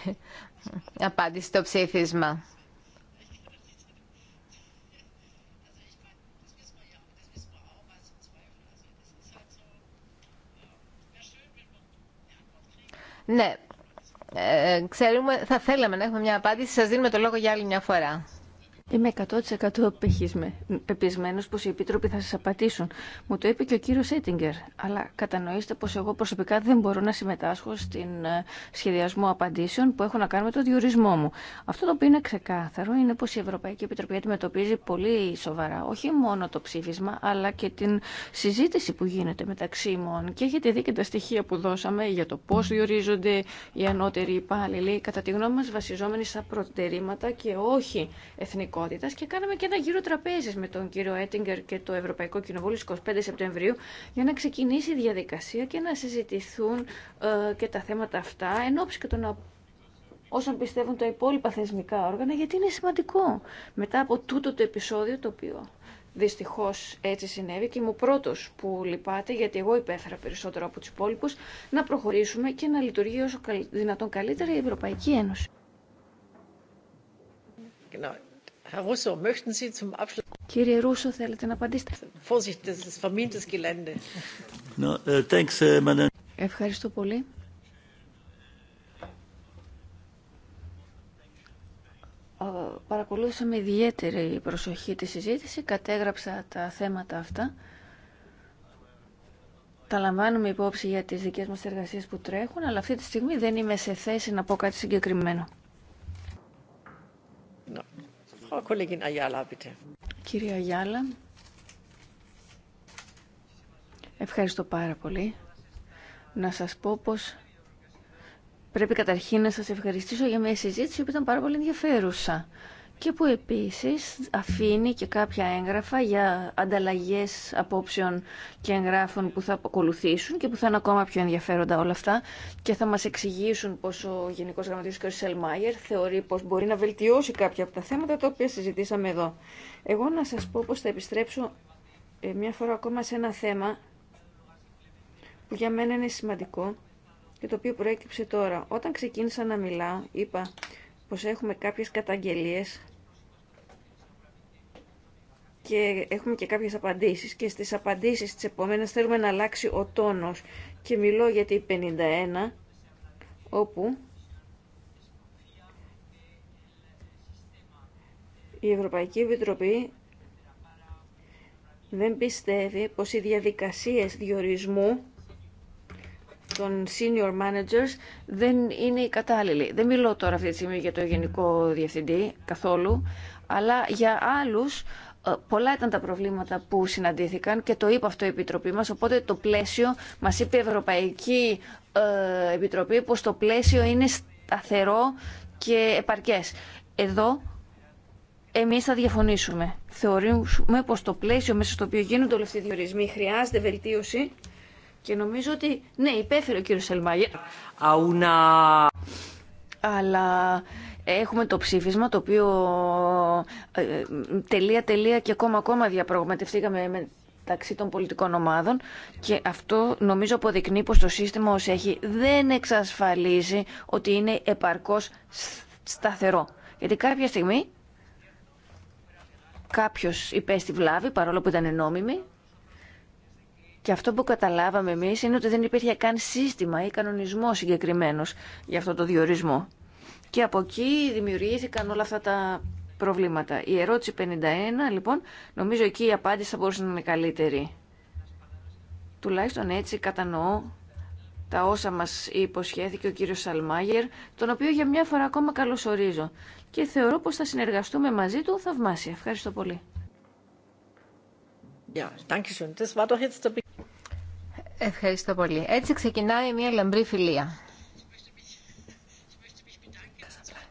απάντηση στο ψήφισμα. Ναι, ε, ε, ξέρουμε, θα θέλαμε να έχουμε μια απάντηση. Σας δίνουμε το λόγο για άλλη μια φορά. Είμαι 100% πεπισμένο πω οι επίτροποι θα σα απαντήσουν. Μου το είπε και ο κύριο Έτιγκερ, αλλά κατανοήστε πω εγώ προσωπικά δεν μπορώ να συμμετάσχω στην ε, σχεδιασμό απαντήσεων που έχουν να κάνουν με το διορισμό μου. Αυτό το οποίο είναι ξεκάθαρο είναι πω η Ευρωπαϊκή Επιτροπή αντιμετωπίζει πολύ σοβαρά, όχι μόνο το ψήφισμα, αλλά και την συζήτηση που γίνεται μεταξύ μου Και έχετε δει και τα στοιχεία που δώσαμε για το πώ διορίζονται οι ανώτεροι υπάλληλοι, κατά τη γνώμη μα βασιζόμενοι στα προτερήματα και όχι εθνικό και κάναμε και ένα γύρο τραπέζι με τον κύριο Έτιγκερ και το Ευρωπαϊκό Κοινοβούλιο στις 25 Σεπτεμβρίου για να ξεκινήσει η διαδικασία και να συζητηθούν ε, και τα θέματα αυτά εν και των όσων πιστεύουν τα υπόλοιπα θεσμικά όργανα, γιατί είναι σημαντικό. Μετά από τούτο το επεισόδιο, το οποίο Δυστυχώ έτσι συνέβη και είμαι ο πρώτο που λυπάται, γιατί εγώ υπέφερα περισσότερο από του υπόλοιπου, να προχωρήσουμε και να λειτουργεί όσο δυνατόν καλύτερα η Ευρωπαϊκή Ένωση. Κύριε Ρούσο, θέλετε να απαντήσετε. Uh, uh, Ευχαριστώ πολύ. Παρακολούθησα με ιδιαίτερη προσοχή τη συζήτηση, κατέγραψα τα θέματα αυτά. Τα λαμβάνουμε υπόψη για τις δικές μας εργασίες που τρέχουν, αλλά αυτή τη στιγμή δεν είμαι σε θέση να πω κάτι συγκεκριμένο. Frau Kollegin Ayala, bitte. Κύριε Αγιάλα, ευχαριστώ πάρα πολύ. Να σας πω πως πρέπει καταρχήν να σας ευχαριστήσω για μια συζήτηση που ήταν πάρα πολύ ενδιαφέρουσα και που επίσης αφήνει και κάποια έγγραφα για ανταλλαγές απόψεων και εγγράφων που θα ακολουθήσουν και που θα είναι ακόμα πιο ενδιαφέροντα όλα αυτά και θα μας εξηγήσουν πως ο Γενικός Γραμματής κ. Σελμάγερ θεωρεί πως μπορεί να βελτιώσει κάποια από τα θέματα τα οποία συζητήσαμε εδώ. Εγώ να σας πω πως θα επιστρέψω ε, μια φορά ακόμα σε ένα θέμα που για μένα είναι σημαντικό και το οποίο προέκυψε τώρα. Όταν ξεκίνησα να μιλάω είπα πως έχουμε κάποιες καταγγελίες και έχουμε και κάποιες απαντήσεις και στις απαντήσεις τις επόμενες θέλουμε να αλλάξει ο τόνος και μιλώ για την 51 όπου η Ευρωπαϊκή Επιτροπή δεν πιστεύει πως οι διαδικασίες διορισμού των senior managers δεν είναι η κατάλληλοι. Δεν μιλώ τώρα αυτή τη στιγμή για το γενικό διευθυντή καθόλου, αλλά για άλλους ε, πολλά ήταν τα προβλήματα που συναντήθηκαν και το είπε αυτό η Επιτροπή μας, οπότε το πλαίσιο μας είπε η Ευρωπαϊκή ε, Επιτροπή πως το πλαίσιο είναι σταθερό και επαρκές. Εδώ εμείς θα διαφωνήσουμε. Θεωρούμε πως το πλαίσιο μέσα στο οποίο γίνονται όλοι αυτοί οι διορισμοί χρειάζεται βελτίωση και νομίζω ότι ναι, υπέφερε ο κύριο Σελμάγερ. Αλλά έχουμε το ψήφισμα το οποίο ε, ε, τελεία τελεία και ακόμα ακόμα διαπραγματευτήκαμε μεταξύ των πολιτικών ομάδων και αυτό νομίζω αποδεικνύει πως το σύστημα ως έχει δεν εξασφαλίζει ότι είναι επαρκώς σταθερό. Γιατί κάποια στιγμή κάποιος υπέστη βλάβη παρόλο που ήταν νόμιμη και αυτό που καταλάβαμε εμεί είναι ότι δεν υπήρχε καν σύστημα ή κανονισμό συγκεκριμένος για αυτό το διορισμό. Και από εκεί δημιουργήθηκαν όλα αυτά τα προβλήματα. Η ερώτηση 51, λοιπόν, νομίζω εκεί η απάντηση θα μπορούσε να είναι καλύτερη. Τουλάχιστον έτσι κατανοώ τα όσα μας υποσχέθηκε ο κύριος Σαλμάγερ, τον οποίο για μια φορά ακόμα καλωσορίζω. Και θεωρώ πως θα συνεργαστούμε μαζί του θαυμάσια. Ευχαριστώ πολύ. Ευχαριστώ πολύ. Έτσι ξεκινάει μια λαμπρή φιλία.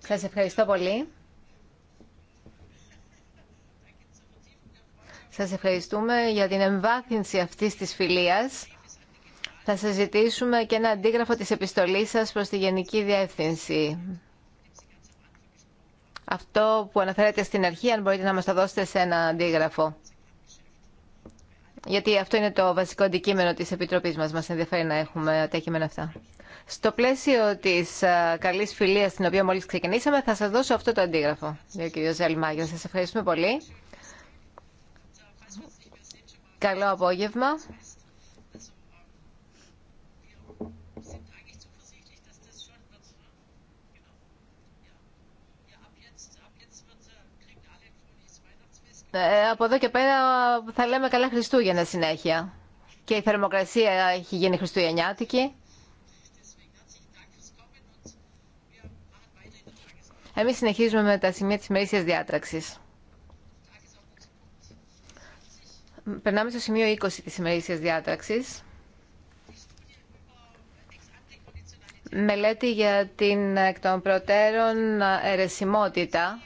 Σας ευχαριστώ πολύ. Σας ευχαριστούμε για την εμβάθυνση αυτής της φιλίας. Θα σας ζητήσουμε και ένα αντίγραφο της επιστολής σας προς τη Γενική Διεύθυνση. Αυτό που αναφέρετε στην αρχή, αν μπορείτε να μας το δώσετε σε ένα αντίγραφο γιατί αυτό είναι το βασικό αντικείμενο της Επιτροπής μας. Μας ενδιαφέρει να έχουμε τα κείμενα αυτά. Στο πλαίσιο της καλής φιλίας την οποία μόλις ξεκινήσαμε θα σας δώσω αυτό το αντίγραφο, για ο κ. Ζαλμάγιο. Σας ευχαριστούμε πολύ. Καλό απόγευμα. Ε, από εδώ και πέρα θα λέμε καλά Χριστούγεννα συνέχεια. Και η θερμοκρασία έχει γίνει Χριστουγεννιάτικη. Εμείς συνεχίζουμε με τα σημεία της μερίσιας διάτραξης. Περνάμε στο σημείο 20 της ημερήσιας διάτραξης. Μελέτη για την εκ των προτέρων αιρεσιμότητα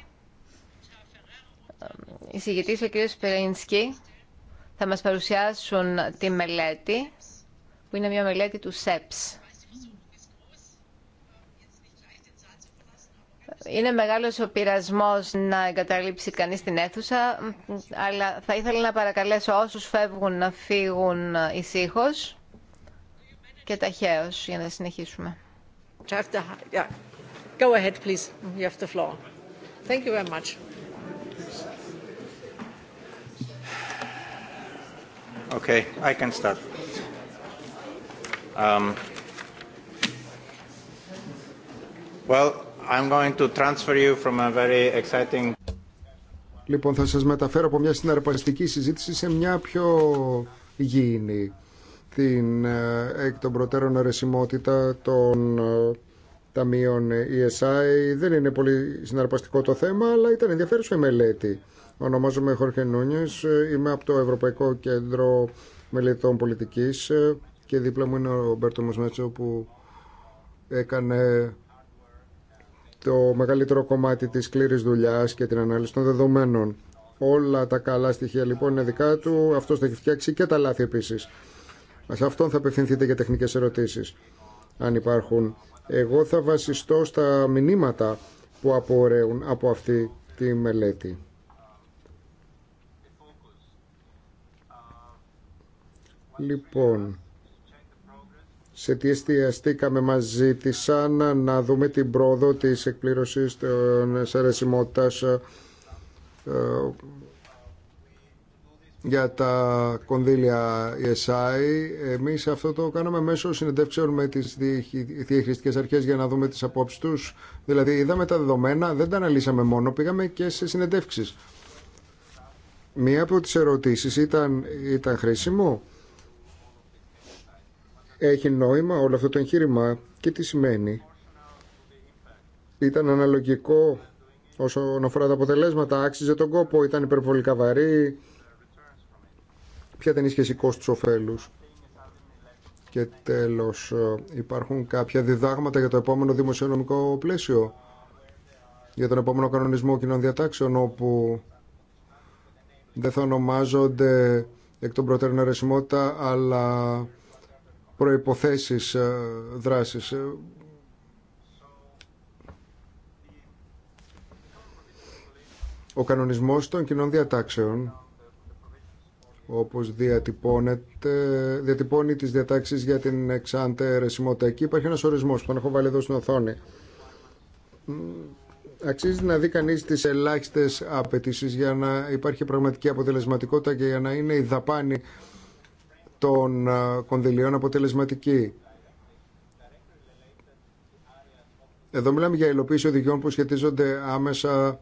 εισηγητής ο κ. Σπερίνσκι θα μας παρουσιάσουν τη μελέτη, που είναι μια μελέτη του ΣΕΠΣ. Είναι μεγάλος ο πειρασμός να εγκαταλείψει κανείς την αίθουσα, αλλά θα ήθελα να παρακαλέσω όσους φεύγουν να φύγουν ησύχω και ταχαίως για να συνεχίσουμε. Go ahead, please. You have the floor. Thank you very much. Okay, I can start. Um, well, I'm going to transfer you from a very exciting... Λοιπόν, θα σας μεταφέρω από μια συναρπαστική συζήτηση σε μια πιο γήινη την ε, εκ των προτέρων αρεσιμότητα των ε, ταμείων ESI. Ε Δεν είναι πολύ συναρπαστικό το θέμα, αλλά ήταν ενδιαφέρουσα η μελέτη Ονομάζομαι Χόρχε Νούνιες, ε, είμαι από το Ευρωπαϊκό Κέντρο Μελετών Πολιτικής ε, και δίπλα μου είναι ο Μπέρτο Μοσμέτσο που έκανε το μεγαλύτερο κομμάτι της σκλήρης δουλειάς και την ανάλυση των δεδομένων. Όλα τα καλά στοιχεία λοιπόν είναι δικά του, αυτός τα έχει φτιάξει και τα λάθη επίσης. Σε αυτόν θα απευθυνθείτε για τεχνικές ερωτήσεις, αν υπάρχουν. Εγώ θα βασιστώ στα μηνύματα που απορρέουν από αυτή τη μελέτη. Λοιπόν, σε τι εστιαστήκαμε μαζί τη ΣΑΝΑ να δούμε την πρόοδο της εκπλήρωσης της αρεσιμότητας ε, ε, για τα κονδύλια ESI. Εμείς αυτό το κάναμε μέσω συνεντεύξεων με τις διαχειριστικές αρχές για να δούμε τις απόψεις τους. Δηλαδή είδαμε τα δεδομένα, δεν τα αναλύσαμε μόνο, πήγαμε και σε συνεντεύξεις. Μία από τις ερωτήσεις ήταν, ήταν χρήσιμο έχει νόημα όλο αυτό το εγχείρημα και τι σημαίνει. Ήταν αναλογικό όσον αφορά τα αποτελέσματα, άξιζε τον κόπο, ήταν υπερβολικά βαρύ. Ποια ήταν η σχέση κόστους-οφέλους. Και τέλος, υπάρχουν κάποια διδάγματα για το επόμενο δημοσιονομικό πλαίσιο, για τον επόμενο κανονισμό κοινών διατάξεων, όπου δεν θα ονομάζονται εκ των προτέρων αρεσιμότητα, αλλά προϋποθέσεις ε, δράσης. Ε, ο κανονισμός των κοινών διατάξεων όπως διατυπώνεται, διατυπώνει τις διατάξεις για την εξάντε αιρεσιμότητα. Εκεί υπάρχει ένας ορισμός που έχω βάλει εδώ στην οθόνη. Αξίζει να δει κανείς τις ελάχιστες απαιτήσει για να υπάρχει πραγματική αποτελεσματικότητα και για να είναι η δαπάνη των ε, κονδυλίων αποτελεσματική. Εδώ μιλάμε για υλοποίηση οδηγιών που σχετίζονται άμεσα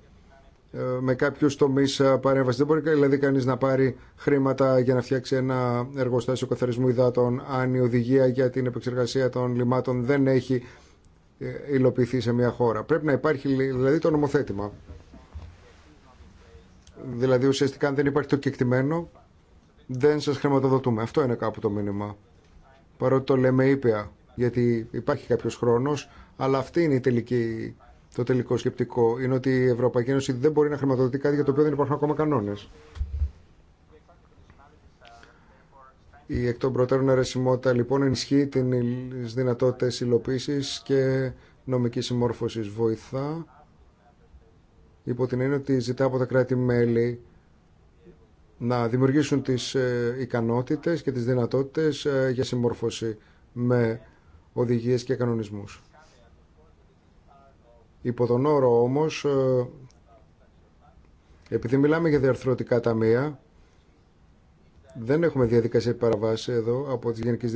ε, με κάποιου τομεί ε, παρέμβαση. Δεν μπορεί δηλαδή κανεί να πάρει χρήματα για να φτιάξει ένα εργοστάσιο καθαρισμού υδάτων, αν η οδηγία για την επεξεργασία των λιμάτων δεν έχει υλοποιηθεί σε μια χώρα. Πρέπει να υπάρχει δηλαδή το νομοθέτημα. Δηλαδή ουσιαστικά αν δεν υπάρχει το κεκτημένο δεν σας χρηματοδοτούμε. Αυτό είναι κάπου το μήνυμα. Παρότι το λέμε ήπια, γιατί υπάρχει κάποιος χρόνος, αλλά αυτή είναι η τελική, το τελικό σκεπτικό. Είναι ότι η Ευρωπαϊκή Ένωση δεν μπορεί να χρηματοδοτεί κάτι για το οποίο δεν υπάρχουν ακόμα κανόνες. Η εκ των προτέρων αρεσιμότητα λοιπόν ενισχύει τι δυνατότητε υλοποίηση και νομική συμμόρφωση βοηθά. Υπό την έννοια ότι ζητά από τα κράτη-μέλη να δημιουργήσουν τις ε, ικανότητες και τις δυνατότητες ε, για συμμόρφωση με οδηγίες και κανονισμούς. Υπό τον όρο όμως, ε, επειδή μιλάμε για διαρθρωτικά ταμεία, δεν έχουμε διαδικασία παραβάση εδώ από τις Γενικές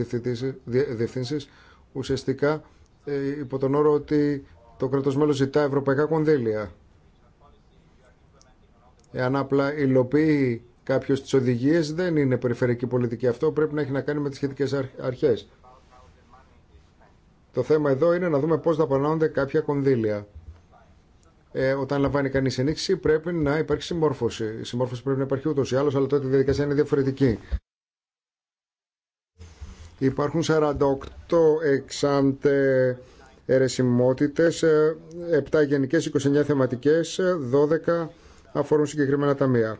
Διευθύνσεις, ουσιαστικά υπό τον όρο ότι το κράτος μέλος ζητά ευρωπαϊκά κονδύλια. Εάν απλά υλοποιεί κάποιο τι οδηγίε δεν είναι περιφερειακή πολιτική. Αυτό πρέπει να έχει να κάνει με τι σχετικέ αρχέ. Το θέμα εδώ είναι να δούμε πώ δαπανώνται κάποια κονδύλια. Ε, όταν λαμβάνει κανεί ενίξη, πρέπει να υπάρχει συμμόρφωση. Η συμμόρφωση πρέπει να υπάρχει ούτω ή άλλω, αλλά τότε η διαδικασία είναι διαφορετική. Υπάρχουν 48 εξάντε ερεσιμότητες, 7 ε, γενικέ 29 θεματικέ, 12 ε, αφορούν συγκεκριμένα ταμεία.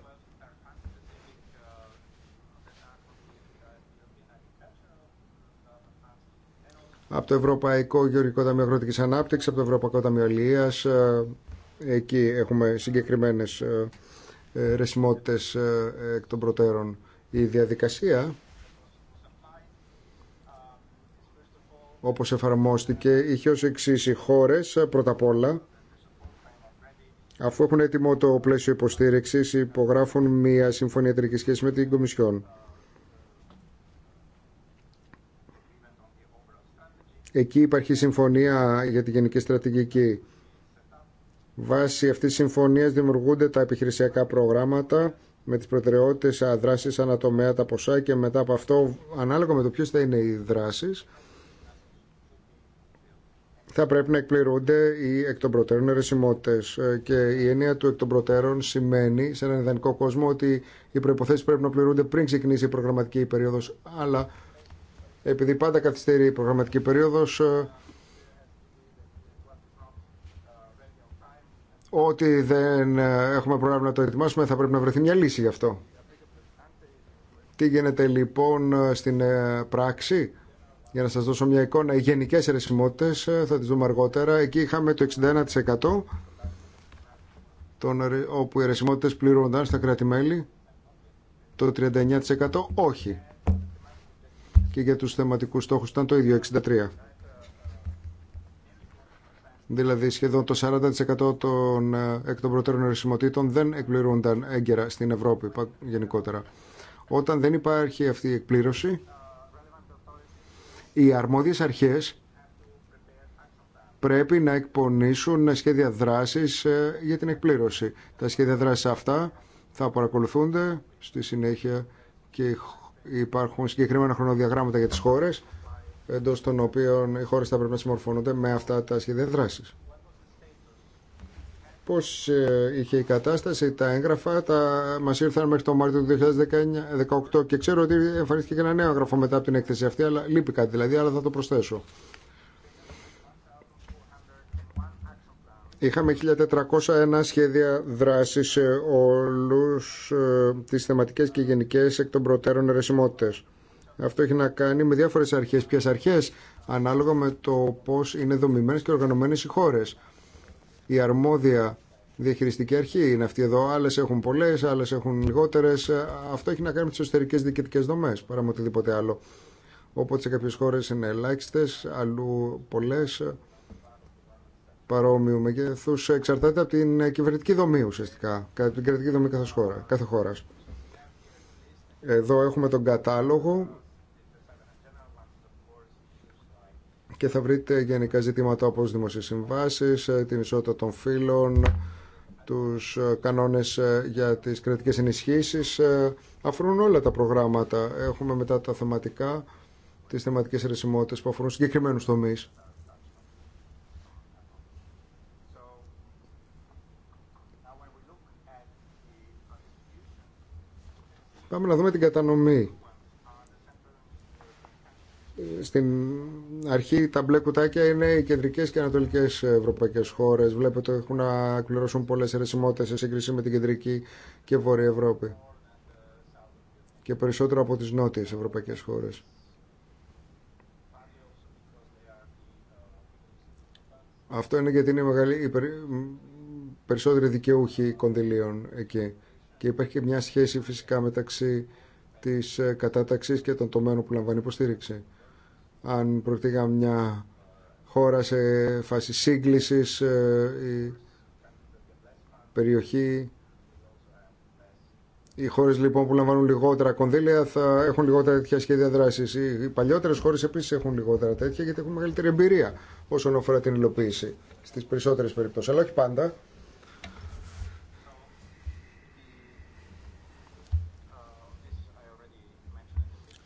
από το Ευρωπαϊκό Γεωργικό Ταμείο Αγροτικής Ανάπτυξης, από το Ευρωπαϊκό Ταμείο Αλίας. Ε, εκεί έχουμε συγκεκριμένες ε, ε, ρεσιμότητες εκ των προτέρων. Η διαδικασία, όπως εφαρμόστηκε, είχε ως εξής οι χώρες, πρώτα απ' όλα, αφού έχουν έτοιμο το πλαίσιο υποστήριξη, υπογράφουν μια συμφωνία εταιρική σχέση με την Κομισιόν. Εκεί υπάρχει συμφωνία για τη γενική στρατηγική. Βάσει αυτής της συμφωνίας δημιουργούνται τα επιχειρησιακά προγράμματα με τις προτεραιότητες δράσεις ανατομέα τα ποσά και μετά από αυτό ανάλογα με το ποιες θα είναι οι δράσεις θα πρέπει να εκπληρούνται οι εκ των προτέρων ερεσιμότητε. Ε, και η έννοια του εκ των προτέρων σημαίνει σε έναν ιδανικό κόσμο ότι οι προποθέσει πρέπει να πληρούνται πριν ξεκινήσει η προγραμματική περίοδο. αλλά επειδή πάντα καθυστερεί η προγραμματική περίοδος ε, ότι δεν ε, έχουμε πρόγραμμα να το ετοιμάσουμε θα πρέπει να βρεθεί μια λύση γι' αυτό. Τι γίνεται λοιπόν ε, στην πράξη για να σας δώσω μια εικόνα οι γενικές αιρεσιμότητες θα τις δούμε αργότερα εκεί είχαμε το 61% των, όπου οι αιρεσιμότητες πληρώνονταν στα κράτη-μέλη το 39% όχι και για τους θεματικούς στόχους ήταν το ίδιο 63. Δηλαδή σχεδόν το 40% των ε, εκ των προτέρων ερεσιμοτήτων δεν εκπληρούνταν έγκαιρα στην Ευρώπη γενικότερα. Όταν δεν υπάρχει αυτή η εκπλήρωση, οι αρμόδιες αρχές πρέπει να εκπονήσουν σχέδια δράσης ε, για την εκπλήρωση. Τα σχέδια δράσης αυτά θα παρακολουθούνται στη συνέχεια και υπάρχουν συγκεκριμένα χρονοδιαγράμματα για τις χώρες εντό των οποίων οι χώρες θα πρέπει να συμμορφώνονται με αυτά τα σχέδια δράση. Πώς ε, είχε η κατάσταση, τα έγγραφα τα... μας ήρθαν μέχρι το Μάρτιο του 2018 και ξέρω ότι εμφανίστηκε και ένα νέο έγγραφο μετά από την έκθεση αυτή, αλλά λείπει κάτι δηλαδή, αλλά θα το προσθέσω. Είχαμε 1.401 σχέδια δράση σε όλου ε, τι θεματικέ και γενικέ εκ των προτέρων ερεσιμότητε. Αυτό έχει να κάνει με διάφορε αρχέ. Ποιε αρχέ, ανάλογα με το πώ είναι δομημένες και οργανωμένε οι χώρε. Η αρμόδια διαχειριστική αρχή είναι αυτή εδώ. Άλλε έχουν πολλέ, άλλε έχουν λιγότερε. Αυτό έχει να κάνει με τι εσωτερικέ διοικητικέ δομέ παρά με οτιδήποτε άλλο. Οπότε σε κάποιε χώρε είναι ελάχιστε, αλλού πολλέ παρόμοιου μεγέθου εξαρτάται από την ε, κυβερνητική δομή ουσιαστικά, από την κυβερνητική δομή κάθε χώρα. Κάθε χώρας. Εδώ έχουμε τον κατάλογο και θα βρείτε γενικά ζητήματα όπως δημοσίες συμβάσεις, ε, την ισότητα των φύλων, τους ε, κανόνες για τις κρατικές ενισχύσεις. Αφορούν όλα τα προγράμματα. Έχουμε μετά τα θεματικά, τις θεματικές ρεσιμότητες που αφορούν συγκεκριμένους τομείς. Πάμε να δούμε την κατανομή. Ε, στην αρχή τα μπλε κουτάκια είναι οι κεντρικές και ανατολικές ευρωπαϊκές χώρες. Βλέπετε έχουν να κληρώσουν πολλές αιρεσιμότητες σε σύγκριση με την κεντρική και βόρεια Ευρώπη. Και περισσότερο από τις νότιες ευρωπαϊκές χώρες. Αυτό είναι γιατί είναι μεγάλη, οι περισσότεροι δικαιούχοι κονδυλίων εκεί και υπάρχει και μια σχέση φυσικά μεταξύ της ε, κατάταξης και των τομέων που λαμβάνει υποστήριξη. Αν προκτήκα μια χώρα σε φάση σύγκλησης, ε, η περιοχή οι χώρε λοιπόν που λαμβάνουν λιγότερα κονδύλια θα έχουν λιγότερα τέτοια σχέδια δράση. Οι παλιότερε χώρε επίση έχουν λιγότερα τέτοια γιατί έχουν μεγαλύτερη εμπειρία όσον αφορά την υλοποίηση στι περισσότερε περιπτώσει. Αλλά όχι πάντα.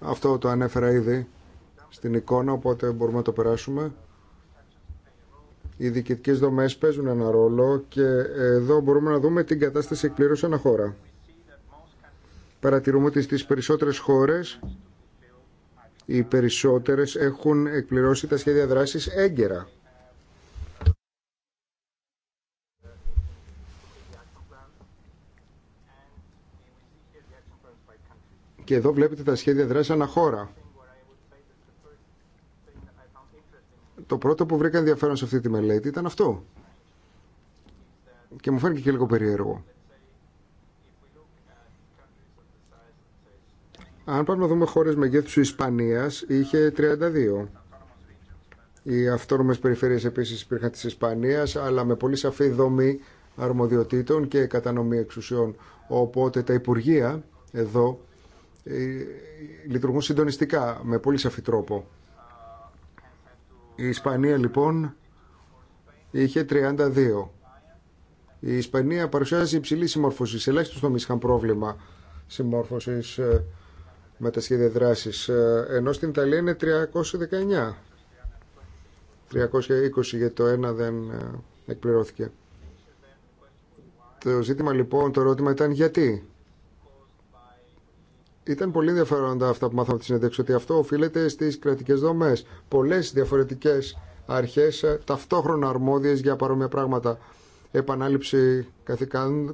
Αυτό το ανέφερα ήδη στην εικόνα, οπότε μπορούμε να το περάσουμε. Οι διοικητικέ δομέ παίζουν ένα ρόλο και εδώ μπορούμε να δούμε την κατάσταση εκπλήρωση ανά χώρα. Παρατηρούμε ότι στι περισσότερες χώρες οι περισσότερες έχουν εκπληρώσει τα σχέδια δράση έγκαιρα. Και εδώ βλέπετε τα σχέδια δράση αναχώρα. Το πρώτο που βρήκα ενδιαφέρον σε αυτή τη μελέτη ήταν αυτό. Και μου φάνηκε και λίγο περίεργο. Αν πάμε να δούμε χώρες μεγέθους Ισπανίας, είχε 32. Οι αυτόνομε περιφέρειες επίσης υπήρχαν της Ισπανίας, αλλά με πολύ σαφή δομή αρμοδιοτήτων και κατανομή εξουσιών. Οπότε τα Υπουργεία εδώ ε, λειτουργούν συντονιστικά με πολύ σαφή τρόπο. Η Ισπανία λοιπόν είχε 32. Η Ισπανία παρουσιάζει υψηλή συμμόρφωση. Σε ελάχιστο τομεί είχαν πρόβλημα συμμόρφωση ε, με τα σχέδια δράση. Ε, ενώ στην Ιταλία είναι 319. 320 γιατί το ένα δεν εκπληρώθηκε. Το ζήτημα λοιπόν, το ερώτημα ήταν γιατί. Ήταν πολύ ενδιαφέροντα αυτά που μάθαμε από τη συνέντευξη ότι αυτό οφείλεται στι κρατικέ δομέ. Πολλέ διαφορετικέ αρχέ ε, ταυτόχρονα αρμόδιε για παρόμοια πράγματα. Επανάληψη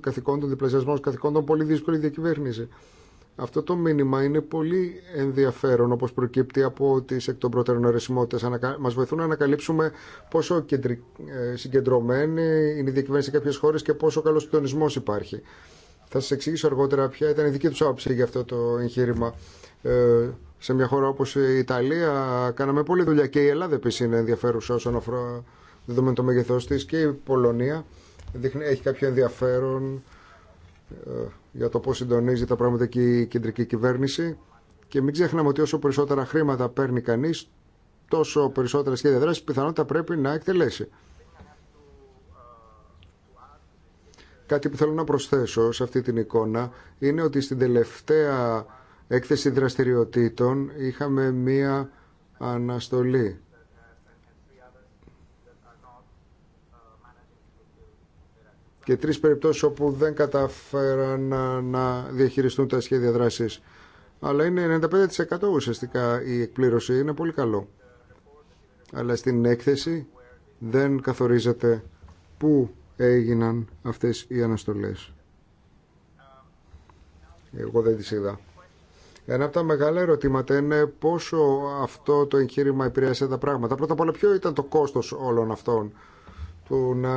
καθηκόντων, διπλασιασμό καθηκόντων, πολύ δύσκολη διακυβέρνηση. Αυτό το μήνυμα είναι πολύ ενδιαφέρον όπω προκύπτει από τι εκ των προτέρων αρεσιμότητε. Μας βοηθούν να ανακαλύψουμε πόσο ε, συγκεντρωμένη είναι η διακυβέρνηση σε κάποιες χώρε και πόσο καλό συντονισμό υπάρχει. Θα σα εξηγήσω αργότερα ποια ήταν η δική του άποψη για αυτό το εγχείρημα. Ε, σε μια χώρα όπω η Ιταλία κάναμε πολλή δουλειά και η Ελλάδα επίση είναι ενδιαφέρουσα όσον αφορά δεδομένο το μέγεθό τη και η Πολωνία δείχνει, έχει κάποιο ενδιαφέρον ε, για το πώ συντονίζει τα πράγματα και η κεντρική κυβέρνηση και μην ξεχνάμε ότι όσο περισσότερα χρήματα παίρνει κανεί, τόσο περισσότερα σχέδια δράση πιθανότητα πρέπει να εκτελέσει. Κάτι που θέλω να προσθέσω σε αυτή την εικόνα είναι ότι στην τελευταία έκθεση δραστηριοτήτων είχαμε μία αναστολή. Και τρεις περιπτώσεις όπου δεν καταφέραν να, διαχειριστούν τα σχέδια δράσης. Αλλά είναι 95% ουσιαστικά η εκπλήρωση. Είναι πολύ καλό. Αλλά στην έκθεση δεν καθορίζεται πού έγιναν αυτές οι αναστολές. Εγώ δεν τις είδα. Ένα από τα μεγάλα ερωτήματα είναι πόσο αυτό το εγχείρημα επηρέασε τα πράγματα. Πρώτα απ' όλα ποιο ήταν το κόστος όλων αυτών του να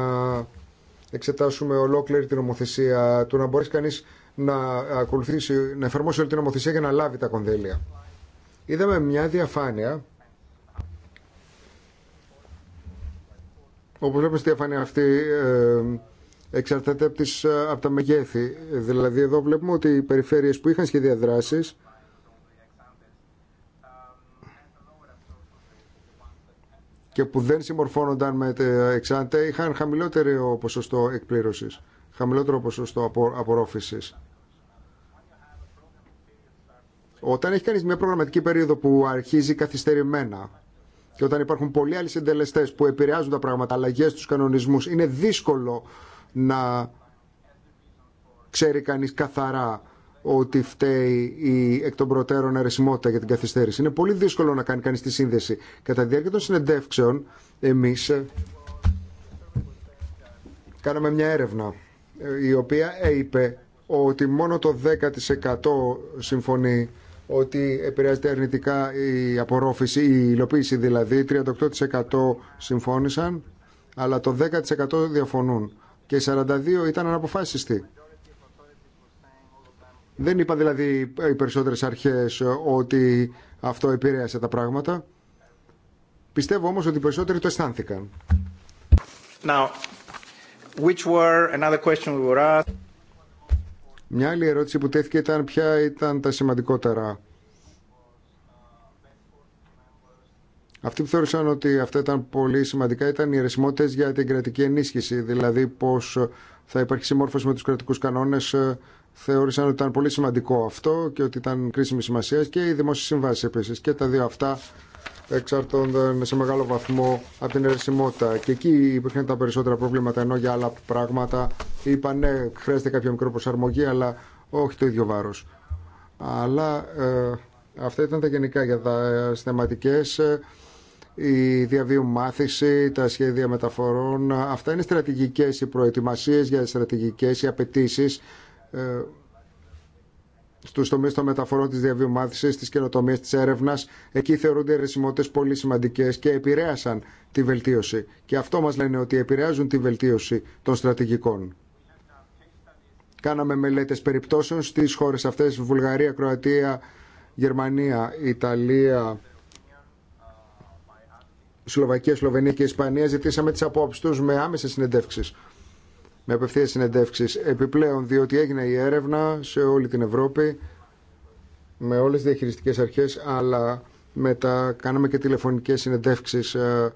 εξετάσουμε ολόκληρη την νομοθεσία, του να μπορείς κανείς να ακολουθήσει, να εφαρμόσει όλη την νομοθεσία για να λάβει τα κονδύλια. Είδαμε μια διαφάνεια Όπω βλέπουμε στη διαφάνεια αυτή ε, εξαρτάται από, τις, ε, από τα μεγέθη. Δηλαδή εδώ βλέπουμε ότι οι περιφέρειες που είχαν σχέδια δράση. και που δεν συμμορφώνονταν με τα εξάντια, είχαν χαμηλότερο ποσοστό εκπλήρωσης, χαμηλότερο ποσοστό απορρόφησης. Όταν έχει κάνει μια προγραμματική περίοδο που αρχίζει καθυστερημένα, και όταν υπάρχουν πολλοί άλλοι συντελεστέ που επηρεάζουν τα πράγματα, αλλαγέ στου κανονισμού, είναι δύσκολο να ξέρει κανεί καθαρά ότι φταίει η εκ των προτέρων αρεσιμότητα για την καθυστέρηση. Είναι πολύ δύσκολο να κάνει κανεί τη σύνδεση. Κατά τη διάρκεια των συνεντεύξεων, εμεί ε, κάναμε μια έρευνα ε, η οποία είπε ότι μόνο το 10% συμφωνεί ότι επηρεάζεται αρνητικά η απορρόφηση, η υλοποίηση δηλαδή. 38% συμφώνησαν, αλλά το 10% διαφωνούν. Και 42% ήταν αναποφάσιστοι. Δεν είπα δηλαδή οι περισσότερες αρχές ότι αυτό επηρέασε τα πράγματα. Πιστεύω όμως ότι οι περισσότεροι το αισθάνθηκαν. Now, which were another question we were μια άλλη ερώτηση που τέθηκε ήταν ποια ήταν τα σημαντικότερα. Αυτοί που θεώρησαν ότι αυτά ήταν πολύ σημαντικά ήταν οι αιρεσιμότητες για την κρατική ενίσχυση, δηλαδή πώς θα υπάρχει συμμόρφωση με τους κρατικούς κανόνες ε, θεώρησαν ότι ήταν πολύ σημαντικό αυτό και ότι ήταν κρίσιμη σημασία και οι δημόσιε συμβάσει επίση. Και τα δύο αυτά εξαρτώνταν σε μεγάλο βαθμό από την ερεσιμότητα. Και εκεί υπήρχαν τα περισσότερα προβλήματα, ενώ για άλλα πράγματα είπαν ναι, χρειάζεται κάποια μικρό προσαρμογή, αλλά όχι το ίδιο βάρος. Αλλά ε, αυτά ήταν τα γενικά για τα θεματικές, ε, η διαβίου μάθηση, τα σχέδια μεταφορών. Αυτά είναι στρατηγικές οι προετοιμασίε, για στρατηγικές, οι απαιτήσει. Ε, στους τομείς των μεταφορών της διαβιομάθησης, της καινοτομίας, της έρευνας. Εκεί θεωρούνται οι πολύ σημαντικές και επηρέασαν τη βελτίωση. Και αυτό μας λένε ότι επηρεάζουν τη βελτίωση των στρατηγικών. Κάναμε μελέτες περιπτώσεων στις χώρες αυτές, Βουλγαρία, Κροατία, Γερμανία, Ιταλία, Σλοβακία, Σλοβενία και Ισπανία. Ζητήσαμε τις απόψεις τους με άμεσες συνεντεύξεις με απευθεία συνεντεύξει. Επιπλέον, διότι έγινε η έρευνα σε όλη την Ευρώπη με όλες τις διαχειριστικέ αρχές, αλλά μετά κάναμε και τηλεφωνικές συνεντεύξει ε,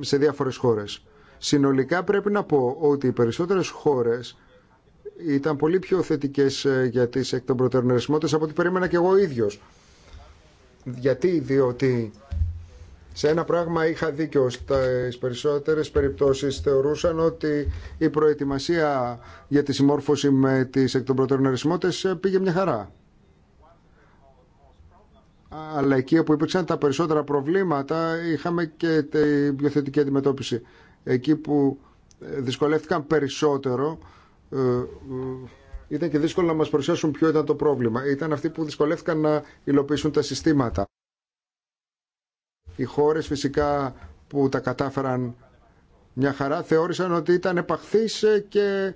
σε διάφορες χώρες. Συνολικά πρέπει να πω ότι οι περισσότερες χώρες ήταν πολύ πιο θετικές ε, για τι εκ των προτερνερισμότητες από ό,τι περίμενα και εγώ ίδιο. Γιατί, διότι σε ένα πράγμα είχα δίκιο. στι περισσότερε περιπτώσεις θεωρούσαν ότι η προετοιμασία για τη συμμόρφωση με τι εκ των προτέρων πήγε μια χαρά. Αλλά εκεί όπου υπήρξαν τα περισσότερα προβλήματα είχαμε και την πιο θετική αντιμετώπιση. Εκεί που ε, δυσκολεύτηκαν περισσότερο ε, ε, ήταν και δύσκολο να μας προσθέσουν ποιο ήταν το πρόβλημα. Ήταν αυτοί που δυσκολεύτηκαν να υλοποιήσουν τα συστήματα. Οι χώρες φυσικά που τα κατάφεραν μια χαρά θεώρησαν ότι ήταν επαχθείς ε, και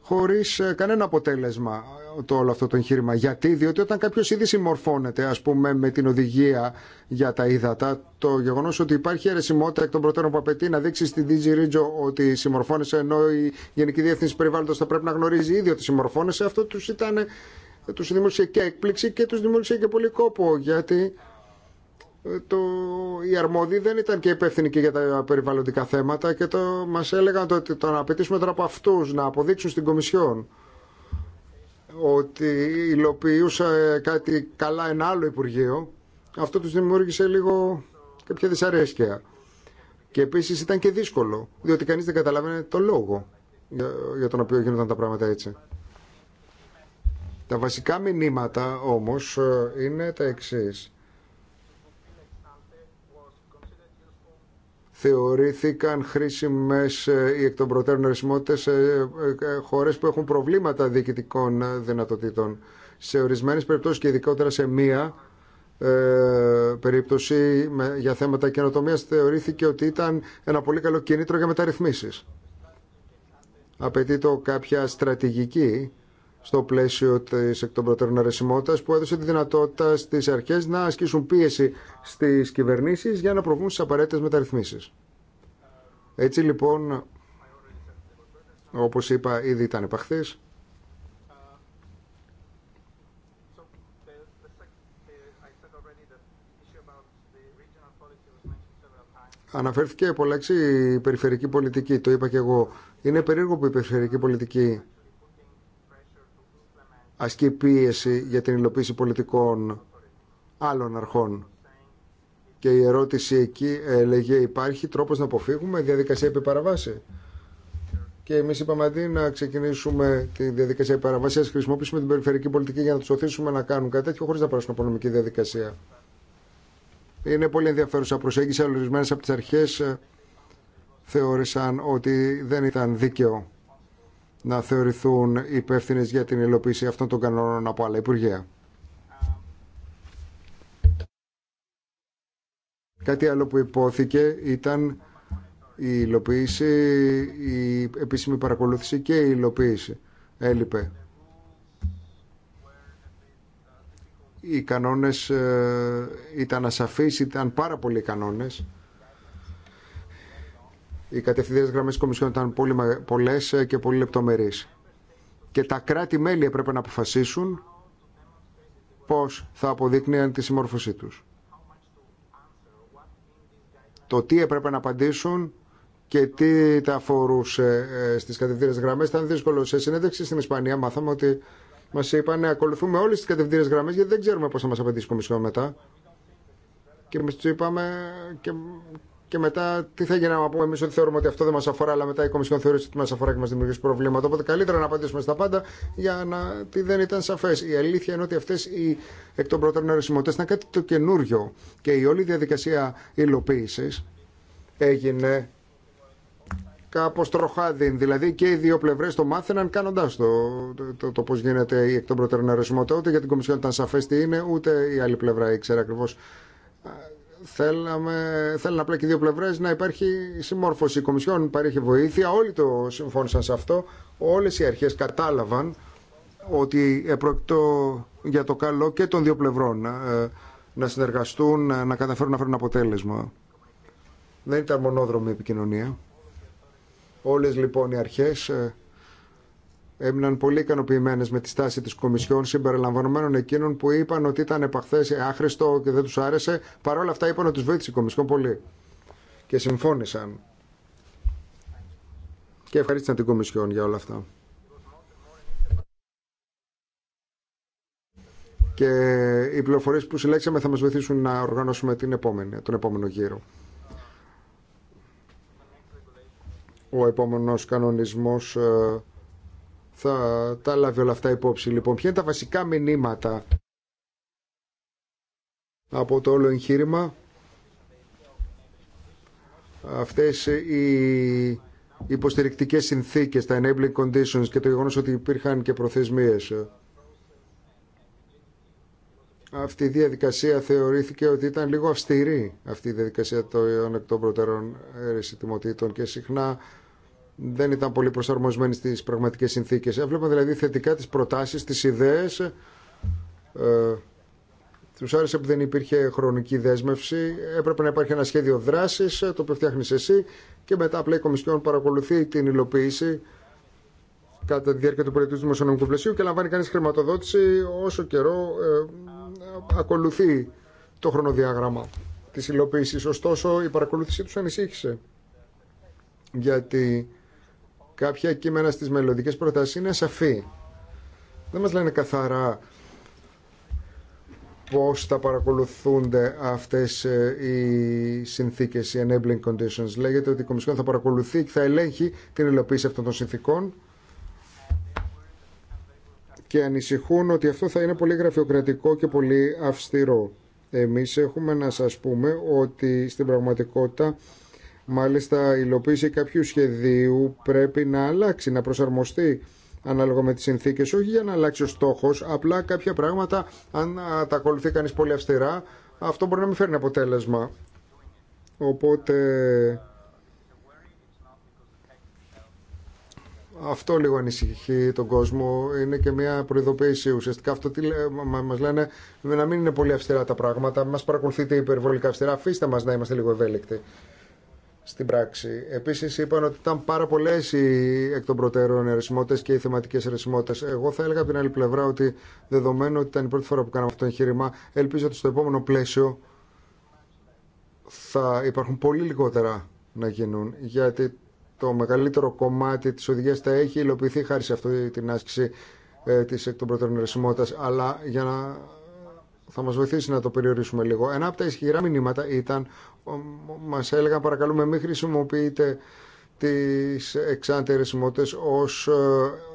χωρίς ε, κανένα αποτέλεσμα το όλο αυτό το εγχείρημα. Γιατί, διότι όταν κάποιος ήδη συμμορφώνεται ας πούμε με την οδηγία για τα ύδατα, το γεγονός ότι υπάρχει αιρεσιμότητα εκ των προτέρων που απαιτεί να δείξει στην DG Regio ότι συμμορφώνεσαι ενώ η Γενική Διεύθυνση περιβάλλοντο θα πρέπει να γνωρίζει ήδη ότι συμμορφώνεσαι, αυτό τους ήταν... Τους δημιουργήσε και έκπληξη και τους δημιουργήσε και πολύ κόπο γιατί το, οι αρμόδιοι δεν ήταν και υπεύθυνοι και για τα περιβαλλοντικά θέματα και το, μας έλεγαν το, ότι το να απαιτήσουμε τώρα από αυτούς να αποδείξουν στην Κομισιόν ότι υλοποιούσε κάτι καλά ένα άλλο Υπουργείο αυτό τους δημιούργησε λίγο κάποια δυσαρέσκεια και επίσης ήταν και δύσκολο διότι κανείς δεν καταλάβαινε το λόγο για, για τον οποίο γίνονταν τα πράγματα έτσι τα βασικά μηνύματα όμως ε, είναι τα εξής θεωρήθηκαν χρήσιμες ε, οι εκ των προτέρων σε ε, ε, χώρες που έχουν προβλήματα διοικητικών δυνατοτήτων. Σε ορισμένες περιπτώσεις και ειδικότερα σε μία ε, περίπτωση με, για θέματα καινοτομία θεωρήθηκε ότι ήταν ένα πολύ καλό κίνητρο για μεταρρυθμίσεις. Απαιτεί το κάποια στρατηγική στο πλαίσιο τη εκ των προτέρων αρεσιμότητα που έδωσε τη δυνατότητα στις αρχές να ασκήσουν πίεση στις κυβερνήσεις για να προβούν στι απαραίτητε μεταρρυθμίσει. Έτσι λοιπόν, όπως είπα, ήδη ήταν επαχθή. Αναφέρθηκε πολλά η περιφερική πολιτική, το είπα και εγώ. Είναι περίεργο που η περιφερική πολιτική ασκεί πίεση για την υλοποίηση πολιτικών άλλων αρχών. Και η ερώτηση εκεί έλεγε υπάρχει τρόπος να αποφύγουμε διαδικασία επί παραβάση. Και εμείς είπαμε αντί να ξεκινήσουμε τη διαδικασία να χρησιμοποιήσουμε την περιφερειακή πολιτική για να τους οθήσουμε να κάνουν κάτι τέτοιο χωρίς να πάρουν από νομική διαδικασία. Είναι πολύ ενδιαφέρουσα προσέγγιση. Ορισμένε από τις αρχές ε, θεώρησαν ότι δεν ήταν δίκαιο να θεωρηθούν υπεύθυνε για την υλοποίηση αυτών των κανόνων από άλλα Υπουργεία. Κάτι άλλο που υπόθηκε ήταν η υλοποίηση, η επίσημη παρακολούθηση και η υλοποίηση. Έλειπε. Οι κανόνες ε, ήταν ασαφείς, ήταν πάρα πολλοί κανόνες. Οι κατευθυντήρε γραμμέ τη Κομισιόν ήταν πολλέ ε, και πολύ λεπτομερεί. Και τα κράτη-μέλη έπρεπε να αποφασίσουν πώ θα αποδείκνυαν τη συμμόρφωσή του. Το τι έπρεπε να απαντήσουν και τι τα αφορούσε ε, στι κατευθυντήρε γραμμέ ήταν δύσκολο. Σε συνέντευξη στην Ισπανία μάθαμε ότι μα είπαν ακολουθούμε όλε τι κατευθυντήρε γραμμέ γιατί δεν ξέρουμε πώ θα μα απαντήσει η Κομισιόν μετά. Και εμεί του είπαμε και και μετά τι θα γίνει να πούμε εμεί ότι θεωρούμε ότι αυτό δεν μα αφορά, αλλά μετά η Κομισιόν θεωρεί ότι μα αφορά και μα δημιουργήσει προβλήματα. Οπότε καλύτερα να απαντήσουμε στα πάντα για να τι δεν ήταν σαφέ. Η αλήθεια είναι ότι αυτέ οι εκ των πρώτων ερεσιμότητε ήταν κάτι το καινούριο και η όλη διαδικασία υλοποίηση έγινε κάπως τροχάδιν. Δηλαδή και οι δύο πλευρέ το μάθαιναν κάνοντα το, το, το, πώ γίνεται η εκ των προτέρων Ούτε για την Κομισιόν ήταν σαφέ τι είναι, ούτε η άλλη πλευρά ήξερε ακριβώ θέλαμε, θέλουν απλά και δύο πλευρέ να υπάρχει συμμόρφωση. Η Κομισιόν παρέχει βοήθεια, όλοι το συμφώνησαν σε αυτό, όλες οι αρχές κατάλαβαν ότι επρόκειτο για το καλό και των δύο πλευρών ε, να συνεργαστούν, ε, να καταφέρουν να φέρουν αποτέλεσμα. Δεν ήταν μονόδρομη επικοινωνία. Όλες λοιπόν οι αρχές ε, έμειναν πολύ ικανοποιημένε με τη στάση τη Κομισιόν, συμπεριλαμβανομένων εκείνων που είπαν ότι ήταν επαχθέ, ε, άχρηστο και δεν του άρεσε. Παρ' όλα αυτά είπαν ότι του βοήθησε η Κομισιόν πολύ. Και συμφώνησαν. Και ευχαρίστησαν την Κομισιόν για όλα αυτά. Και οι πληροφορίες που συλλέξαμε θα μας βοηθήσουν να οργανώσουμε την επόμενη, τον επόμενο γύρο. Ο επόμενος κανονισμός ε, θα τα λάβει όλα αυτά υπόψη. Λοιπόν, ποια είναι τα βασικά μηνύματα από το όλο εγχείρημα. Αυτές οι υποστηρικτικές συνθήκες, τα enabling conditions και το γεγονός ότι υπήρχαν και προθεσμίες. Αυτή η διαδικασία θεωρήθηκε ότι ήταν λίγο αυστηρή αυτή η διαδικασία των εκ των προτερών και συχνά δεν ήταν πολύ προσαρμοσμένη στι πραγματικέ συνθήκε. Έβλεπα δηλαδή θετικά τι προτάσει, τι ιδέε, Ε, τους άρεσε που δεν υπήρχε χρονική δέσμευση. Έπρεπε να υπάρχει ένα σχέδιο δράση, ε, το οποίο φτιάχνει εσύ και μετά απλά η Κομισιόν παρακολουθεί την υλοποίηση κατά τη διάρκεια του πολιτικού δημοσιονομικού πλαισίου και λαμβάνει κανείς χρηματοδότηση όσο καιρό ε, ακολουθεί το χρονοδιάγραμμα της υλοποίησης. Ωστόσο η παρακολούθησή του ανησύχησε γιατί Κάποια κείμενα στις μελλοντικές προτάσεις είναι σαφή. Δεν μας λένε καθαρά πώς θα παρακολουθούνται αυτές ε, οι συνθήκες, οι enabling conditions. Λέγεται ότι η Κομισιόν θα παρακολουθεί και θα ελέγχει την υλοποίηση αυτών των συνθήκων και ανησυχούν ότι αυτό θα είναι πολύ γραφειοκρατικό και πολύ αυστηρό. Εμείς έχουμε να σας πούμε ότι στην πραγματικότητα Μάλιστα, η υλοποίηση κάποιου σχεδίου πρέπει να αλλάξει, να προσαρμοστεί ανάλογα με τις συνθήκες, όχι για να αλλάξει ο στόχος, απλά κάποια πράγματα, αν τα ακολουθεί κανείς πολύ αυστηρά, αυτό μπορεί να μην φέρνει αποτέλεσμα. Οπότε... Αυτό λίγο ανησυχεί τον κόσμο. Είναι και μια προειδοποίηση. Ουσιαστικά αυτό τι μα λένε να μην είναι πολύ αυστηρά τα πράγματα. Μα παρακολουθείτε υπερβολικά αυστηρά. Αφήστε μα να είμαστε λίγο ευέλικτοι στην πράξη. Επίση, είπαν ότι ήταν πάρα πολλέ οι εκ των προτέρων αιρεσιμότητε και οι θεματικέ αιρεσιμότητε. Εγώ θα έλεγα από την άλλη πλευρά ότι δεδομένου ότι ήταν η πρώτη φορά που κάναμε αυτό το εγχείρημα, ελπίζω ότι στο επόμενο πλαίσιο θα υπάρχουν πολύ λιγότερα να γίνουν. Γιατί το μεγαλύτερο κομμάτι τη οδηγία θα έχει υλοποιηθεί χάρη σε αυτή την άσκηση ε, τη εκ των προτέρων ερεσιμότητα, Αλλά για να θα μας βοηθήσει να το περιορίσουμε λίγο. Ένα από τα ισχυρά μηνύματα ήταν, μας έλεγαν παρακαλούμε μην χρησιμοποιείτε τις εξάντια ερεσιμότητες ως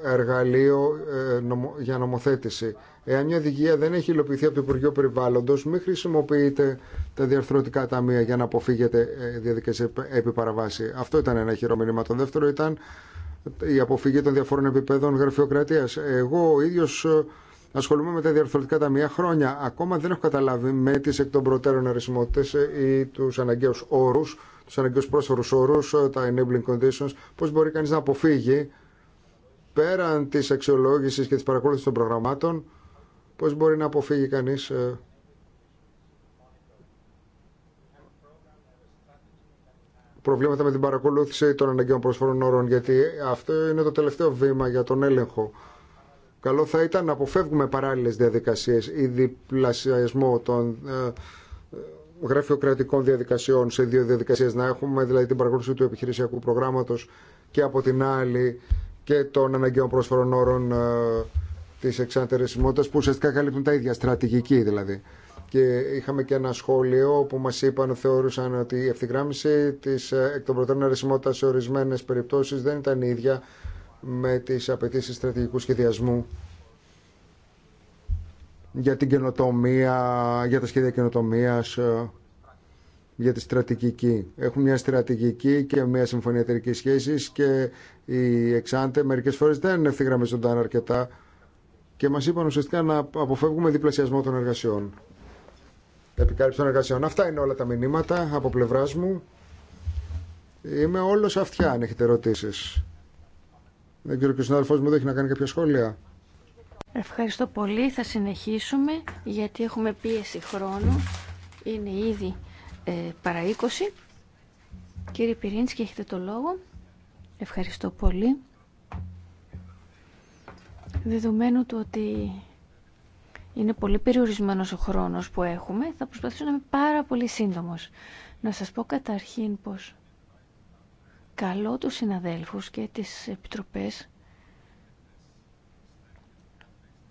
ε, εργαλείο ε, για νομοθέτηση. Εάν μια οδηγία δεν έχει υλοποιηθεί από το Υπουργείο Περιβάλλοντος, μην χρησιμοποιείτε τα διαρθρωτικά ταμεία για να αποφύγετε ε, διαδικές επιπαραβάση. Αυτό ήταν ένα χειρό Το δεύτερο ήταν η αποφυγή των διαφόρων επιπέδων γραφειοκρατίας. Εγώ ο ίδιος ασχολούμαι με τα διαρθρωτικά ταμεία χρόνια. Ακόμα δεν έχω καταλάβει με τι εκ των προτέρων αρισμότητε ή του αναγκαίου όρου, του αναγκαίου πρόσφορου όρου, τα enabling conditions, πώ μπορεί κανεί να αποφύγει πέραν τη αξιολόγηση και τη παρακολούθηση των προγραμμάτων, πώ μπορεί να αποφύγει κανεί. Ε, προβλήματα με την παρακολούθηση των αναγκαίων προσφορών όρων, γιατί αυτό είναι το τελευταίο βήμα για τον έλεγχο Καλό θα ήταν να αποφεύγουμε παράλληλες διαδικασίες ή διπλασιασμό των ε, ε, γραφειοκρατικών διαδικασιών σε δύο διαδικασίες να έχουμε, δηλαδή την παρακολουθήση του επιχειρησιακού προγράμματος και από την άλλη και των αναγκαίων πρόσφορων όρων ε, της εξαντερεσιμότητας που ουσιαστικά καλύπτουν τα ίδια, στρατηγική δηλαδή. Και είχαμε και ένα σχόλιο που μας είπαν, θεώρησαν ότι η ευθυγράμμιση της εκ των προτέρων σε ορισμένες περιπτώσεις δεν ήταν η ίδια με τις απαιτήσει στρατηγικού σχεδιασμού για την καινοτομία, για τα σχέδια καινοτομία, ε, για τη στρατηγική. Έχουν μια στρατηγική και μια συμφωνία εταιρική σχέση και οι εξάντε μερικέ φορέ δεν ευθυγραμμίζονταν αρκετά και μα είπαν ουσιαστικά να αποφεύγουμε διπλασιασμό των εργασιών. Επικάλυψη των εργασιών. Αυτά είναι όλα τα μηνύματα από πλευρά μου. Είμαι όλο αυτιά αν έχετε ερωτήσεις. Δεν ξέρω και ο μου δεν έχει να κάνει κάποια σχόλια. Ευχαριστώ πολύ. Θα συνεχίσουμε γιατί έχουμε πίεση χρόνου. Είναι ήδη ε, παρά 20. Κύριε Πυρίνσκι, έχετε το λόγο. Ευχαριστώ πολύ. Δεδομένου του ότι είναι πολύ περιορισμένος ο χρόνος που έχουμε, θα προσπαθήσω να είμαι πάρα πολύ σύντομος. Να σας πω καταρχήν πως καλώ τους συναδέλφους και τις επιτροπές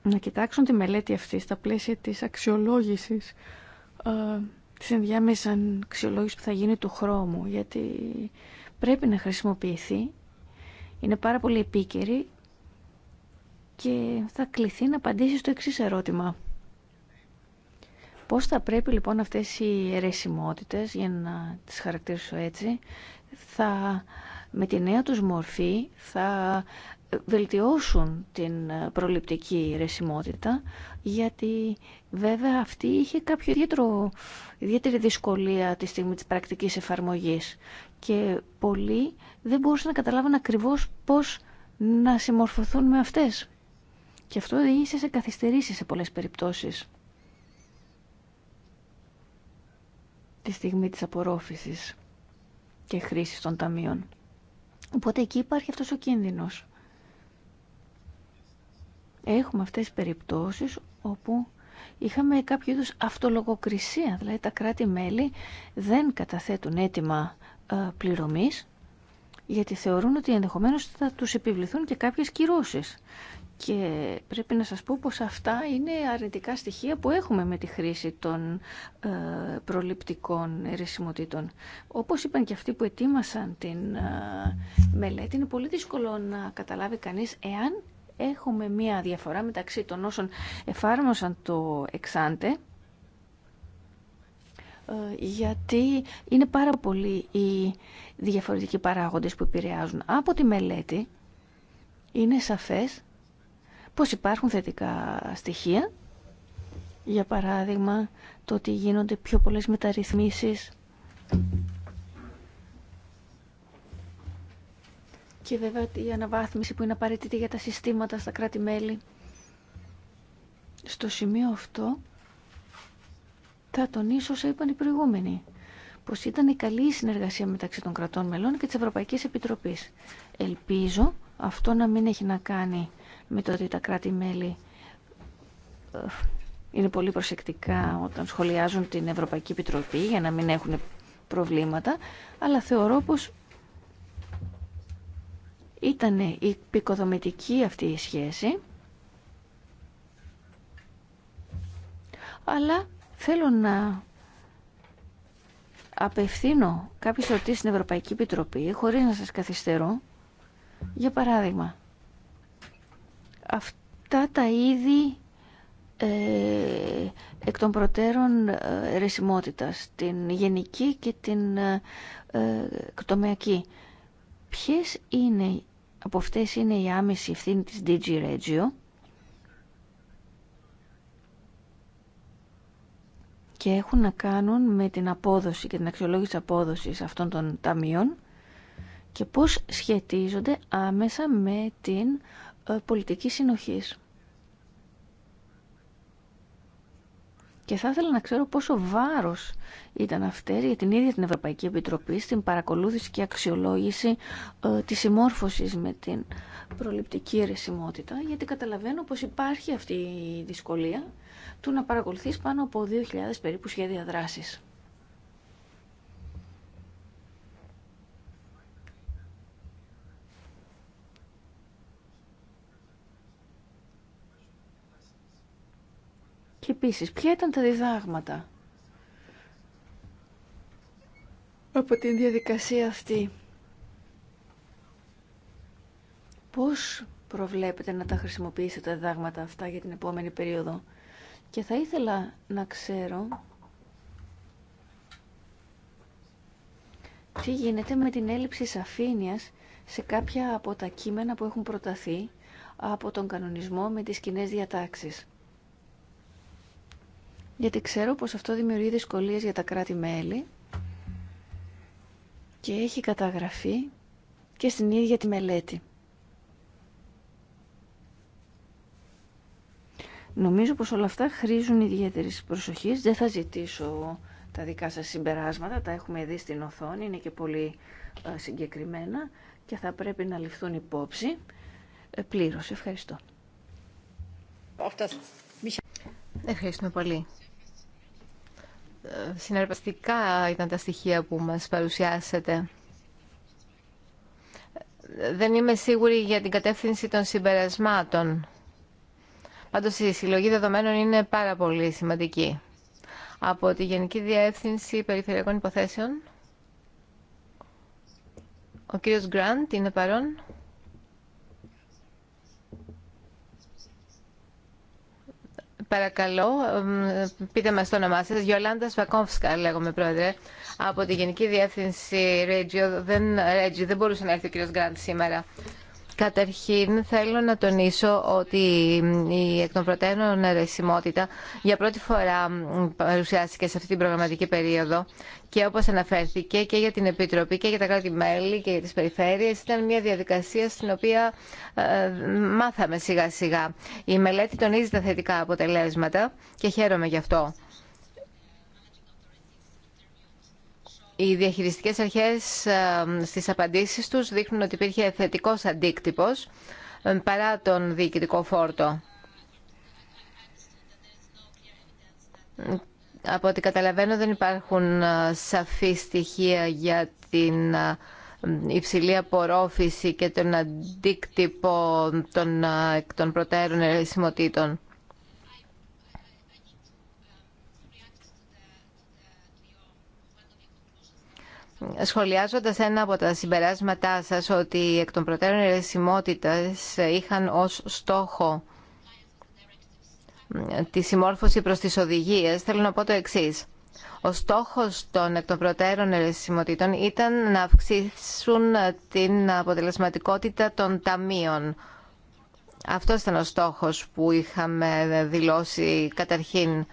να κοιτάξουν τη μελέτη αυτή στα πλαίσια της αξιολόγησης ε, της ενδιάμεσης αξιολόγησης που θα γίνει του χρώμου γιατί πρέπει να χρησιμοποιηθεί είναι πάρα πολύ επίκαιρη και θα κληθεί να απαντήσει στο εξής ερώτημα Πώς θα πρέπει λοιπόν αυτές οι αιρεσιμότητες, για να τις χαρακτηρίσω έτσι, θα, με τη νέα τους μορφή θα βελτιώσουν την προληπτική ρεσιμότητα γιατί βέβαια αυτή είχε κάποιο ιδιαίτερο, ιδιαίτερη δυσκολία τη στιγμή της πρακτικής εφαρμογής και πολλοί δεν μπορούσαν να καταλάβουν ακριβώς πώς να συμμορφωθούν με αυτές. Και αυτό οδήγησε σε καθυστερήσεις σε πολλές περιπτώσεις. Τη στιγμή της απορρόφησης και χρήσης των ταμείων. Οπότε εκεί υπάρχει αυτός ο κίνδυνος. Έχουμε αυτές τις περιπτώσεις όπου είχαμε κάποιο είδους αυτολογοκρισία, δηλαδή τα κράτη-μέλη δεν καταθέτουν αίτημα ε, πληρωμής γιατί θεωρούν ότι ενδεχομένως θα τους επιβληθούν και κάποιες κυρώσεις. Και πρέπει να σας πω πως αυτά είναι αρνητικά στοιχεία που έχουμε με τη χρήση των ε, προληπτικών ερεσιμοτήτων. Όπως είπαν και αυτοί που ετοίμασαν την ε, μελέτη, είναι πολύ δύσκολο να καταλάβει κανείς εάν έχουμε μία διαφορά μεταξύ των όσων εφάρμοσαν το εξάντε, ε, γιατί είναι πάρα πολλοί οι διαφορετικοί παράγοντες που επηρεάζουν. Από τη μελέτη είναι σαφές πως υπάρχουν θετικά στοιχεία. Για παράδειγμα, το ότι γίνονται πιο πολλές μεταρρυθμίσεις και βέβαια η αναβάθμιση που είναι απαραίτητη για τα συστήματα στα κράτη-μέλη. Στο σημείο αυτό θα τονίσω όσα είπαν οι προηγούμενοι πως ήταν η καλή συνεργασία μεταξύ των κρατών μελών και της Ευρωπαϊκής Επιτροπής. Ελπίζω αυτό να μην έχει να κάνει με το ότι τα κράτη-μέλη ε, είναι πολύ προσεκτικά όταν σχολιάζουν την Ευρωπαϊκή Επιτροπή για να μην έχουν προβλήματα, αλλά θεωρώ πως ήταν η πικοδομητική αυτή η σχέση, αλλά θέλω να απευθύνω κάποιες ερωτήσεις στην Ευρωπαϊκή Επιτροπή, χωρίς να σας καθυστερώ. Για παράδειγμα, αυτά τα είδη ε, εκ των προτέρων ερεσιμότητας, την γενική και την ε, ε, εκτομιακή. Ποιες είναι, από αυτές είναι η άμεση ευθύνη της DG Regio και έχουν να κάνουν με την απόδοση και την αξιολόγηση απόδοσης αυτών των ταμείων και πώς σχετίζονται άμεσα με την ε, πολιτικής συνοχής. Και θα ήθελα να ξέρω πόσο βάρος ήταν αυτή για την ίδια την Ευρωπαϊκή Επιτροπή στην παρακολούθηση και αξιολόγηση ε, της συμμόρφωσης με την προληπτική ρεσιμότητα, γιατί καταλαβαίνω πως υπάρχει αυτή η δυσκολία του να παρακολουθείς πάνω από 2.000 περίπου σχέδια δράσης. Και επίση, ποια ήταν τα διδάγματα από την διαδικασία αυτή. Πώς προβλέπετε να τα χρησιμοποιήσετε τα διδάγματα αυτά για την επόμενη περίοδο. Και θα ήθελα να ξέρω τι γίνεται με την έλλειψη σαφήνειας σε κάποια από τα κείμενα που έχουν προταθεί από τον κανονισμό με τις κοινέ διατάξεις γιατί ξέρω πως αυτό δημιουργεί δυσκολίες για τα κράτη-μέλη και έχει καταγραφεί και στην ίδια τη μελέτη. Νομίζω πως όλα αυτά χρήζουν ιδιαίτερη προσοχή. Δεν θα ζητήσω τα δικά σας συμπεράσματα, τα έχουμε δει στην οθόνη, είναι και πολύ ε, συγκεκριμένα και θα πρέπει να ληφθούν υπόψη ε, πλήρως. Ευχαριστώ. Ευχαριστούμε πολύ συναρπαστικά ήταν τα στοιχεία που μας παρουσιάσατε. Δεν είμαι σίγουρη για την κατεύθυνση των συμπερασμάτων. Πάντως η συλλογή δεδομένων είναι πάρα πολύ σημαντική. Από τη Γενική Διεύθυνση Περιφερειακών Υποθέσεων, ο κύριος Γκραντ είναι παρόν. Παρακαλώ, πείτε μας το όνομά σας. Γιολάντα Σπακόμφσκα, λέγομαι πρόεδρε. Από τη Γενική Διεύθυνση Regio, δεν, δεν μπορούσε να έρθει ο κύριος Γκραντ σήμερα. Καταρχήν θέλω να τονίσω ότι η εκ των προτέρων αιρεσιμότητα για πρώτη φορά παρουσιάστηκε σε αυτή την προγραμματική περίοδο και όπως αναφέρθηκε και για την Επιτροπή και για τα κράτη-μέλη και για τις περιφέρειες ήταν μια διαδικασία στην οποία ε, μάθαμε σιγά-σιγά. Η μελέτη τονίζει τα θετικά αποτελέσματα και χαίρομαι γι' αυτό. Οι διαχειριστικές αρχές στις απαντήσεις τους δείχνουν ότι υπήρχε θετικός αντίκτυπος παρά τον διοικητικό φόρτο. Από ό,τι καταλαβαίνω δεν υπάρχουν ε, σαφή στοιχεία για την ε, υψηλή απορρόφηση και τον αντίκτυπο των ε, των προτέρων ερεσιμοτήτων. σχολιάζοντας ένα από τα συμπεράσματά σας ότι εκ των προτέρων είχαν ως στόχο τη συμμόρφωση προς τις οδηγίες, θέλω να πω το εξής. Ο στόχος των εκ των προτέρων ερεσιμοτήτων ήταν να αυξήσουν την αποτελεσματικότητα των ταμείων. Αυτό ήταν ο στόχος που είχαμε δηλώσει καταρχήν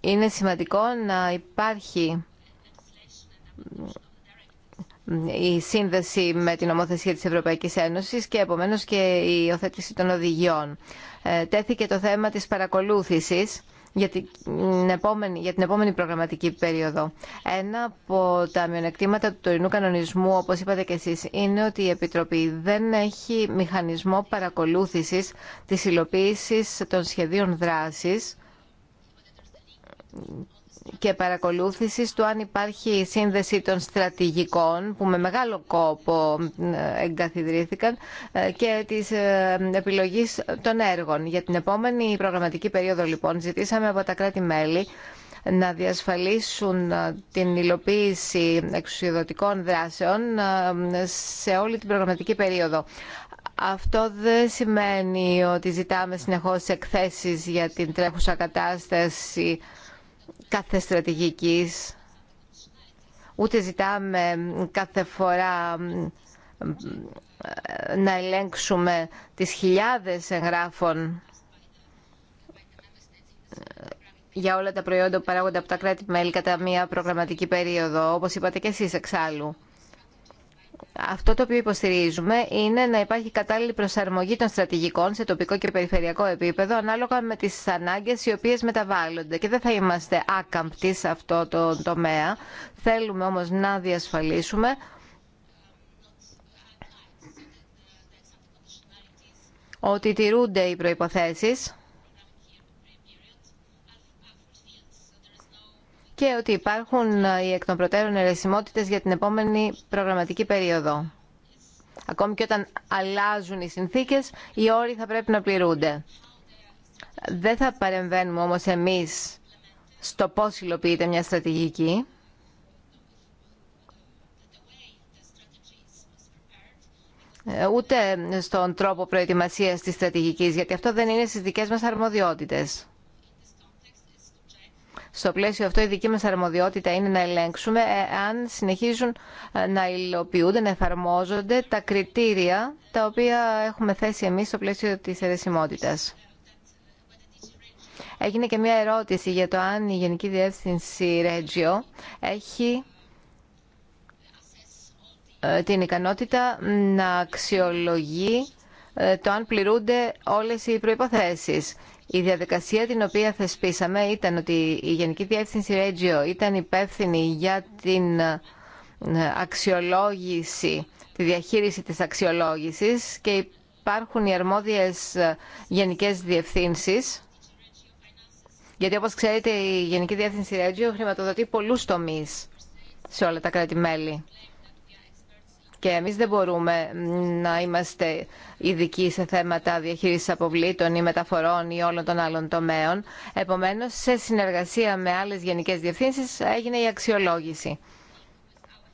είναι σημαντικό να υπάρχει η σύνδεση με την Ομοθεσία της Ευρωπαϊκής Ένωσης και επομένως και η οθέτηση των οδηγιών. Ε, τέθηκε το θέμα της παρακολούθησης για την επόμενη, για την επόμενη προγραμματική περίοδο. Ένα από τα μειονεκτήματα του τωρινού κανονισμού, όπως είπατε και εσείς, είναι ότι η Επιτροπή δεν έχει μηχανισμό παρακολούθησης της υλοποίησης των σχεδίων δράσης και παρακολούθησης του αν υπάρχει σύνδεση των στρατηγικών που με μεγάλο κόπο εγκαθιδρύθηκαν ε, και της ε, επιλογής των έργων. Για την επόμενη προγραμματική περίοδο λοιπόν ζητήσαμε από τα κράτη-μέλη να διασφαλίσουν ε, την υλοποίηση εξουσιοδοτικών δράσεων σε όλη την προγραμματική περίοδο. Αυτό δεν σημαίνει ότι ζητάμε συνεχώς εκθέσεις για την τρέχουσα κατάσταση κάθε στρατηγικής, ούτε ζητάμε κάθε φορά ε, να ελέγξουμε τις χιλιάδες εγγράφων ε, για όλα τα προϊόντα που παράγονται από τα κράτη-μέλη κατά μία προγραμματική περίοδο, όπως είπατε και εσείς εξάλλου αυτό το οποίο υποστηρίζουμε είναι να υπάρχει κατάλληλη προσαρμογή των στρατηγικών σε τοπικό και περιφερειακό επίπεδο ανάλογα με τις ανάγκες οι οποίες μεταβάλλονται και δεν θα είμαστε άκαμπτοι σε αυτό το τομέα. Θέλουμε όμως να διασφαλίσουμε ότι τηρούνται οι προϋποθέσεις και ότι υπάρχουν ε, οι εκ των προτέρων ερεσιμότητες για την επόμενη προγραμματική περίοδο. Ακόμη και όταν αλλάζουν οι συνθήκες, οι όροι θα πρέπει να πληρούνται. Δεν θα παρεμβαίνουμε όμως εμείς στο πώς υλοποιείται μια στρατηγική. Ε, ούτε στον τρόπο προετοιμασίας της στρατηγικής, γιατί αυτό δεν είναι στις δικές μας αρμοδιότητες. Στο πλαίσιο αυτό η δική μας αρμοδιότητα είναι να ελέγξουμε ε, αν συνεχίζουν ε, να υλοποιούνται, να εφαρμόζονται τα κριτήρια τα οποία έχουμε θέσει εμείς στο πλαίσιο της αιρεσιμότητας. Έγινε και μια ερώτηση για το αν η Γενική Διεύθυνση Ρέτζιο έχει ε, την ικανότητα να αξιολογεί το αν πληρούνται όλες οι προϋποθέσεις. Η διαδικασία την οποία θεσπίσαμε ήταν ότι η Γενική Διεύθυνση Ρέτζιο ήταν υπεύθυνη για την ε, αξιολόγηση, τη διαχείριση της αξιολόγησης και υπάρχουν οι αρμόδιες ε, γενικές διευθύνσεις γιατί όπως ξέρετε η Γενική Διεύθυνση Ρέτζιο χρηματοδοτεί πολλούς τομείς σε όλα τα κράτη-μέλη και εμείς δεν μπορούμε να είμαστε ειδικοί σε θέματα διαχείρισης αποβλήτων ή μεταφορών ή όλων των άλλων τομέων. Επομένως, σε συνεργασία με άλλες γενικές διευθύνσεις έγινε η αξιολόγηση.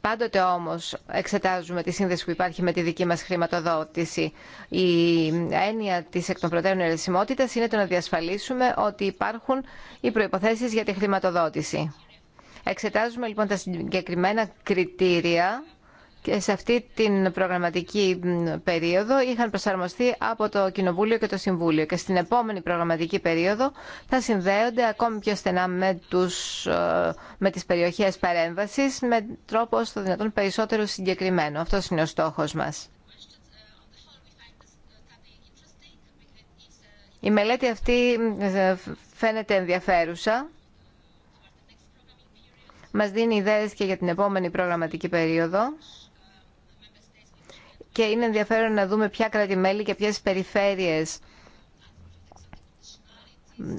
Πάντοτε όμως εξετάζουμε τη σύνδεση που υπάρχει με τη δική μας χρηματοδότηση. Η έννοια της εκ των προτέρων ερεσιμότητας είναι το να διασφαλίσουμε ότι υπάρχουν οι προϋποθέσεις για τη χρηματοδότηση. Εξετάζουμε λοιπόν τα συγκεκριμένα κριτήρια και σε αυτή την προγραμματική περίοδο είχαν προσαρμοστεί από το Κοινοβούλιο και το Συμβούλιο και στην επόμενη προγραμματική περίοδο θα συνδέονται ακόμη πιο στενά με, τους, ε, με τις περιοχές παρέμβασης με τρόπο στο δυνατόν περισσότερο συγκεκριμένο. Αυτός είναι ο στόχος μας. Η μελέτη αυτή ε, φαίνεται ενδιαφέρουσα. Μας δίνει ιδέες και για την επόμενη προγραμματική περίοδο και είναι ενδιαφέρον να δούμε ποια κράτη-μέλη και ποιες περιφέρειες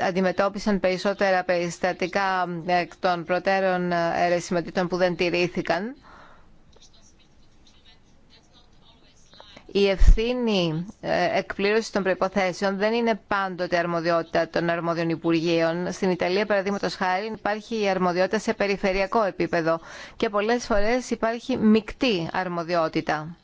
αντιμετώπισαν περισσότερα περιστατικά εκ των προτέρων αιρεσιμοτήτων που δεν τηρήθηκαν. Η ευθύνη ε, εκπλήρωση των προποθέσεων δεν είναι πάντοτε αρμοδιότητα των αρμόδιων υπουργείων. Στην Ιταλία, παραδείγματος χάρη, υπάρχει η αρμοδιότητα σε περιφερειακό επίπεδο και πολλές φορές υπάρχει μεικτή αρμοδιότητα.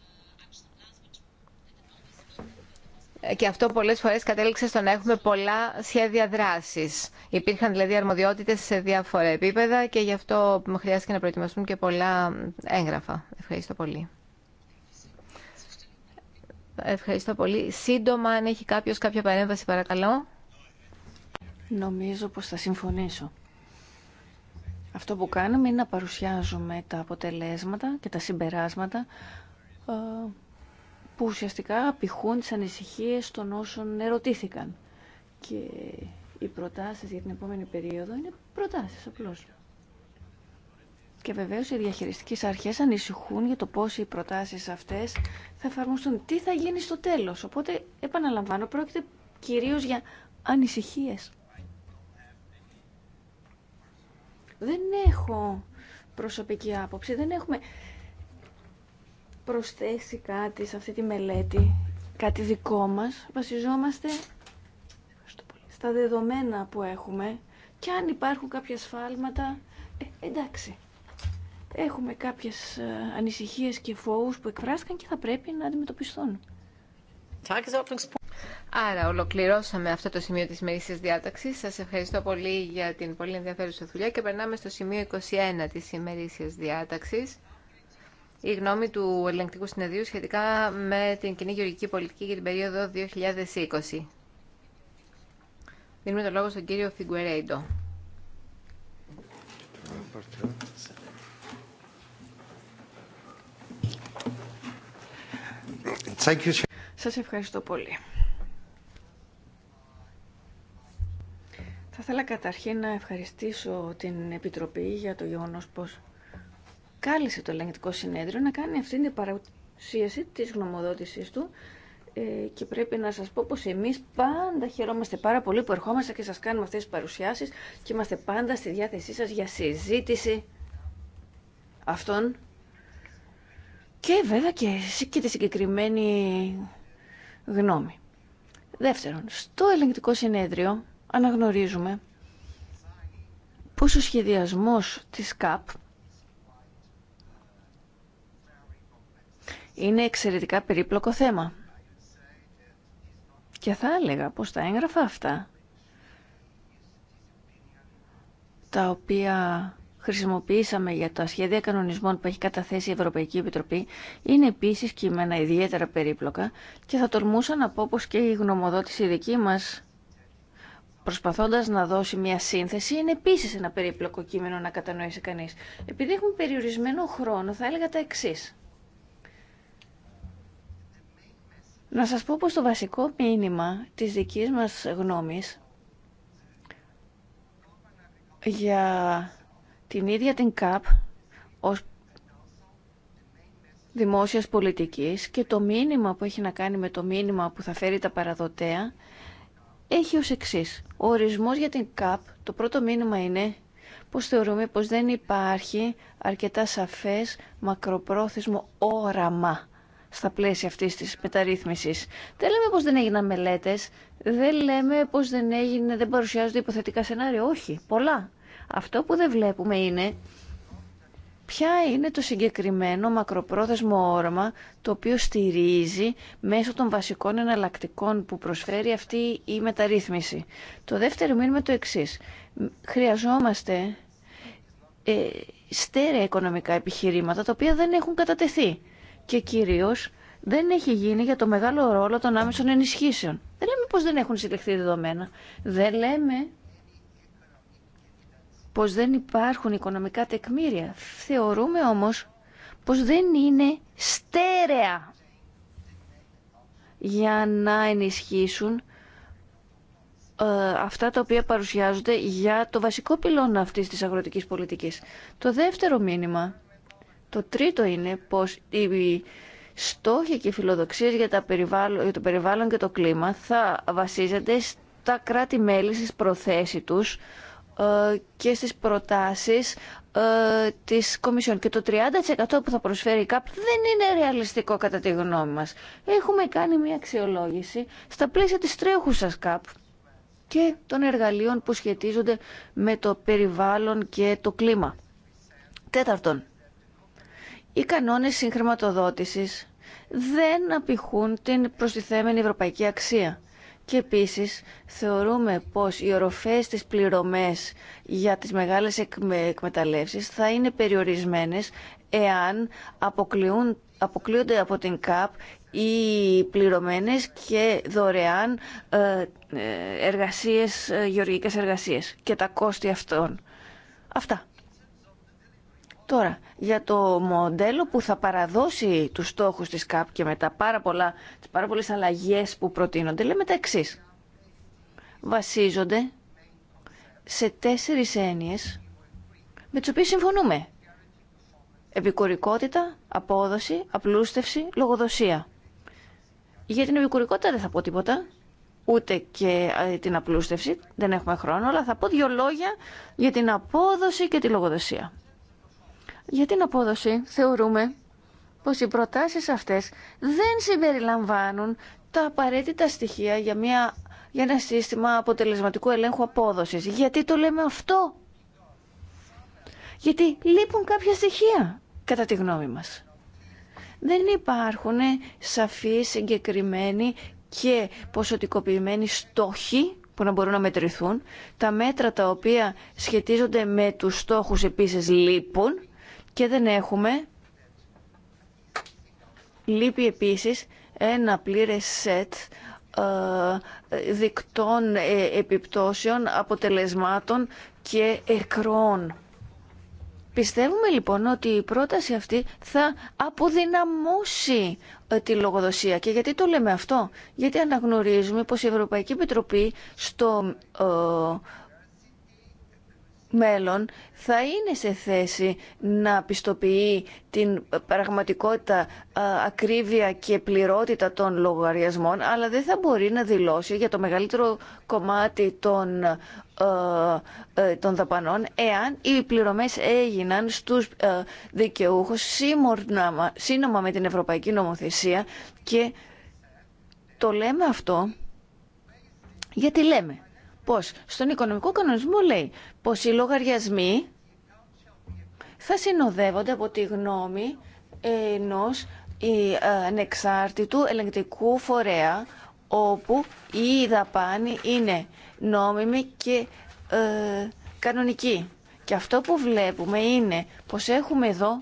και αυτό πολλές φορές κατέληξε στο να έχουμε πολλά σχέδια δράσης. Υπήρχαν δηλαδή αρμοδιότητες σε διάφορα επίπεδα και γι' αυτό χρειάστηκε να προετοιμαστούν και πολλά έγγραφα. Ευχαριστώ πολύ. Ευχαριστώ πολύ. Σύντομα, αν έχει κάποιος κάποια παρέμβαση, παρακαλώ. Νομίζω πως θα συμφωνήσω. Αυτό που κάνουμε είναι να παρουσιάζουμε τα αποτελέσματα και τα συμπεράσματα ε, που ουσιαστικά απηχούν τις ανησυχίες των όσων ερωτήθηκαν. Και οι προτάσεις για την επόμενη περίοδο είναι προτάσεις απλώς. Και βεβαίως οι διαχειριστικές αρχές ανησυχούν για το πώς οι προτάσεις αυτές θα εφαρμοστούν. Τι θα γίνει στο τέλος. Οπότε, επαναλαμβάνω, πρόκειται κυρίως για ανησυχίες. Δεν έχω προσωπική άποψη. Δεν έχουμε προσθέσει κάτι σε αυτή τη μελέτη, κάτι δικό μας, βασιζόμαστε στα δεδομένα που έχουμε και αν υπάρχουν κάποια σφάλματα, ε, εντάξει. Έχουμε κάποιες ε, ανησυχίες και φόβους που εκφράστηκαν και θα πρέπει να αντιμετωπιστούν. Άρα ολοκληρώσαμε αυτό το σημείο της μερικής διάταξης. Σας ευχαριστώ πολύ για την πολύ ενδιαφέρουσα δουλειά και περνάμε στο σημείο 21 της ημερήσιας διάταξης η γνώμη του ελεγκτικού συνεδρίου σχετικά με την κοινή γεωργική πολιτική για την περίοδο 2020. Δίνουμε το λόγο στον κύριο Φιγκουερέιντο. Σας ευχαριστώ πολύ. Θα ήθελα καταρχήν να ευχαριστήσω την Επιτροπή για το γεγονός πως κάλεσε το ελεγκτικό συνέδριο να κάνει αυτήν την παρουσίαση της γνωμοδότησής του ε, και πρέπει να σας πω πως εμείς πάντα χαιρόμαστε πάρα πολύ που ερχόμαστε και σας κάνουμε αυτές τις παρουσιάσεις και είμαστε πάντα στη διάθεσή σας για συζήτηση αυτών και βέβαια και, και τη συγκεκριμένη γνώμη. Δεύτερον, στο ελεγκτικό συνέδριο αναγνωρίζουμε πως ο σχεδιασμός της ΚΑΠ Είναι εξαιρετικά περίπλοκο θέμα. Και θα έλεγα πως τα έγγραφα αυτά, τα οποία χρησιμοποιήσαμε για τα σχέδια κανονισμών που έχει καταθέσει η Ευρωπαϊκή Επιτροπή είναι επίσης κείμενα ιδιαίτερα περίπλοκα και θα τολμούσα να πω πως και η γνωμοδότηση δική μας προσπαθώντας να δώσει μια σύνθεση είναι επίσης ένα περίπλοκο κείμενο να κατανοήσει κανείς. Επειδή έχουμε περιορισμένο χρόνο θα έλεγα τα εξής. Να σας πω πως το βασικό μήνυμα της δικής μας γνώμης για την ίδια την ΚΑΠ ως δημόσιας πολιτικής και το μήνυμα που έχει να κάνει με το μήνυμα που θα φέρει τα παραδοτέα έχει ως εξής. Ο ορισμός για την ΚΑΠ, το πρώτο μήνυμα είναι πως θεωρούμε πως δεν υπάρχει αρκετά σαφές μακροπρόθεσμο όραμα στα πλαίσια αυτής της μεταρρύθμισης. Δεν λέμε πως δεν έγιναν μελέτες, δεν λέμε πως δεν, έγινε, δεν παρουσιάζονται υποθετικά σενάρια. Όχι, πολλά. Αυτό που δεν βλέπουμε είναι ποια είναι το συγκεκριμένο μακροπρόθεσμο όραμα το οποίο στηρίζει μέσω των βασικών εναλλακτικών που προσφέρει αυτή η μεταρρύθμιση. Το δεύτερο μήνυμα το εξή. Χρειαζόμαστε ε, στέρεα οικονομικά επιχειρήματα τα οποία δεν έχουν κατατεθεί και κυρίω δεν έχει γίνει για το μεγάλο ρόλο των άμεσων ενισχύσεων. Δεν λέμε πως δεν έχουν συλλεχθεί δεδομένα. Δεν λέμε πως δεν υπάρχουν οικονομικά τεκμήρια. Θεωρούμε όμως πως δεν είναι στέρεα για να ενισχύσουν ε, αυτά τα οποία παρουσιάζονται για το βασικό πυλώνα αυτής της αγροτικής πολιτικής. Το δεύτερο μήνυμα το τρίτο είναι πως οι στόχοι και οι φιλοδοξίες για, τα το περιβάλλον και το κλίμα θα βασίζονται στα κράτη-μέλη, στις προθέσεις τους ε, και στις προτάσεις ε, της Κομισιόν. Και το 30% που θα προσφέρει η ΚΑΠ δεν είναι ρεαλιστικό κατά τη γνώμη μας. Έχουμε κάνει μια αξιολόγηση στα πλαίσια της τρέχουσας ΚΑΠ και των εργαλείων που σχετίζονται με το περιβάλλον και το κλίμα. Τέταρτον, οι κανόνες συγχρηματοδότησης δεν απηχούν την προστιθέμενη ευρωπαϊκή αξία. Και επίσης θεωρούμε πως οι οροφές της πληρωμές για τις μεγάλες εκμεταλλεύσεις θα είναι περιορισμένες εάν αποκλειούν, αποκλείονται από την ΚΑΠ οι πληρωμένες και δωρεάν ε, ε, εργασίες, ε, γεωργικές εργασίες και τα κόστη αυτών. Αυτά. Τώρα, για το μοντέλο που θα παραδώσει τους στόχους της ΚΑΠ και με τα πάρα, πολλά, τις πάρα πολλές αλλαγές που προτείνονται, λέμε τα εξής. Βασίζονται σε τέσσερις έννοιες με τις οποίες συμφωνούμε. Επικορικότητα, απόδοση, απλούστευση, λογοδοσία. Για την επικουρικότητα δεν θα πω τίποτα, ούτε και ε, την απλούστευση, δεν έχουμε χρόνο, αλλά θα πω δύο λόγια για την απόδοση και τη λογοδοσία. Για την απόδοση θεωρούμε πως οι προτάσεις αυτές δεν συμπεριλαμβάνουν τα απαραίτητα στοιχεία για, μια, για ένα σύστημα αποτελεσματικού ελέγχου απόδοσης. Γιατί το λέμε αυτό. Γιατί λείπουν κάποια στοιχεία, κατά τη γνώμη μας. Δεν υπάρχουν σαφείς, συγκεκριμένοι και ποσοτικοποιημένοι στόχοι που να μπορούν να μετρηθούν. Τα μέτρα τα οποία σχετίζονται με τους στόχους επίσης λείπουν και δεν έχουμε λείπει επίσης ένα πλήρες σετ ε, δικτών ε, επιπτώσεων, αποτελεσμάτων και εκρών. Πιστεύουμε λοιπόν ότι η πρόταση αυτή θα αποδυναμώσει ε, τη λογοδοσία. Και γιατί το λέμε αυτό. Γιατί αναγνωρίζουμε πως η Ευρωπαϊκή Επιτροπή στο μέλλον θα είναι σε θέση να πιστοποιεί την πραγματικότητα ακρίβεια και πληρότητα των λογαριασμών, αλλά δεν θα μπορεί να δηλώσει για το μεγαλύτερο κομμάτι των, ε, των δαπανών εάν οι πληρωμές έγιναν στους δικαιούχους σύνομα με την Ευρωπαϊκή Νομοθεσία και το λέμε αυτό γιατί λέμε πως στον οικονομικό κανονισμό λέει πως οι λογαριασμοί θα συνοδεύονται από τη γνώμη ενός ε, ανεξάρτητου ελεγκτικού φορέα όπου η δαπάνη είναι νόμιμη και ε, κανονική. Και αυτό που βλέπουμε είναι πως έχουμε εδώ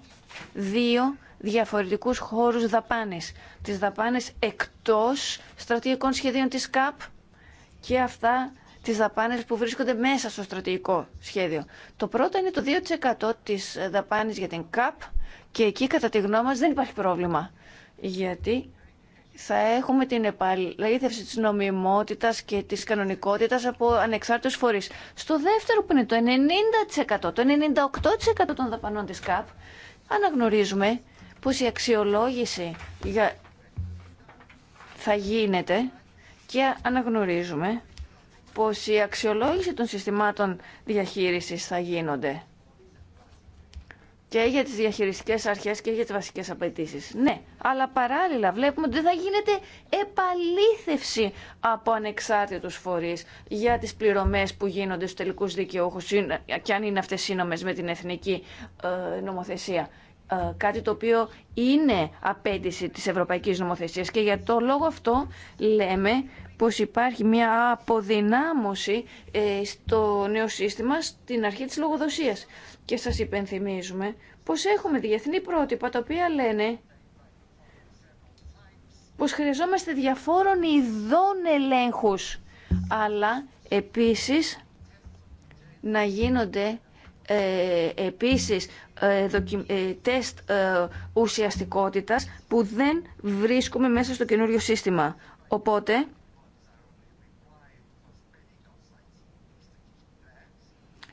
δύο διαφορετικούς χώρους δαπάνης. Τις δαπάνες εκτός στρατηγικών σχεδίων της ΚΑΠ και αυτά τις δαπάνες που βρίσκονται μέσα στο στρατηγικό σχέδιο. Το πρώτο είναι το 2% της δαπάνης για την ΚΑΠ και εκεί κατά τη γνώμη μας δεν υπάρχει πρόβλημα. Γιατί θα έχουμε την επαλήθευση της νομιμότητας και της κανονικότητας από ανεξάρτητους φορείς. Στο δεύτερο που είναι το 90%, το 98% των δαπανών της ΚΑΠ, αναγνωρίζουμε πως η αξιολόγηση θα γίνεται και αναγνωρίζουμε πως η αξιολόγηση των συστημάτων διαχείρισης θα γίνονται και για τις διαχειριστικές αρχές και για τις βασικές απαιτήσεις. Ναι, αλλά παράλληλα βλέπουμε ότι θα γίνεται επαλήθευση από ανεξάρτητους φορείς για τις πληρωμές που γίνονται στους τελικούς δικαιούχους και αν είναι αυτές σύνομες με την εθνική ε, νομοθεσία. Ε, κάτι το οποίο είναι απέτηση της Ευρωπαϊκής Νομοθεσίας και για το λόγο αυτό λέμε πως υπάρχει μια αποδυνάμωση ε, στο νέο σύστημα στην αρχή της λογοδοσίας. Και σας υπενθυμίζουμε πως έχουμε διεθνή πρότυπα τα οποία λένε πως χρειαζόμαστε διαφόρων ειδών ελέγχους, αλλά επίσης να γίνονται ε, επίσης ε, ε, τεστ ουσιαστικότητας που δεν βρίσκουμε μέσα στο καινούριο σύστημα. Οπότε,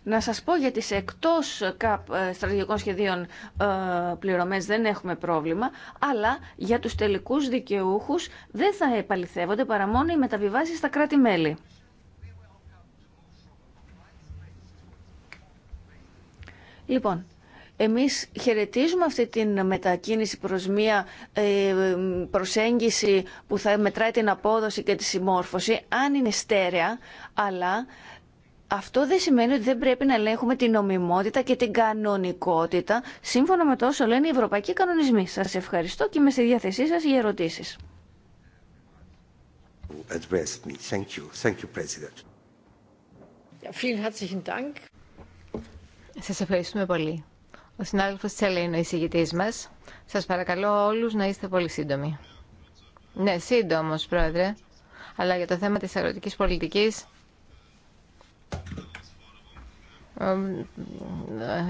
Να σας πω γιατί σε εκτός καπ, στρατηγικών σχεδίων πληρωμές δεν έχουμε πρόβλημα, αλλά για τους τελικούς δικαιούχους δεν θα επαληθεύονται παρά μόνο οι μεταβιβάσεις στα κράτη-μέλη. Λοιπόν, εμείς χαιρετίζουμε αυτή την μετακίνηση προς μία ε, προσέγγιση που θα μετράει την απόδοση και τη συμμόρφωση, αν είναι στέρεα, αλλά αυτό δεν σημαίνει ότι δεν πρέπει να ελέγχουμε την νομιμότητα και την κανονικότητα, σύμφωνα με το όσο λένε οι ευρωπαϊκοί κανονισμοί. Σας ευχαριστώ και είμαι στη διάθεσή σας για ερωτήσεις. Σας ευχαριστούμε πολύ. Ο συνάδελφος Τσέλε είναι ο εισηγητής μας. Σας παρακαλώ όλους να είστε πολύ σύντομοι. Ναι, σύντομο, Πρόεδρε. Αλλά για το θέμα της αγροτικής πολιτικής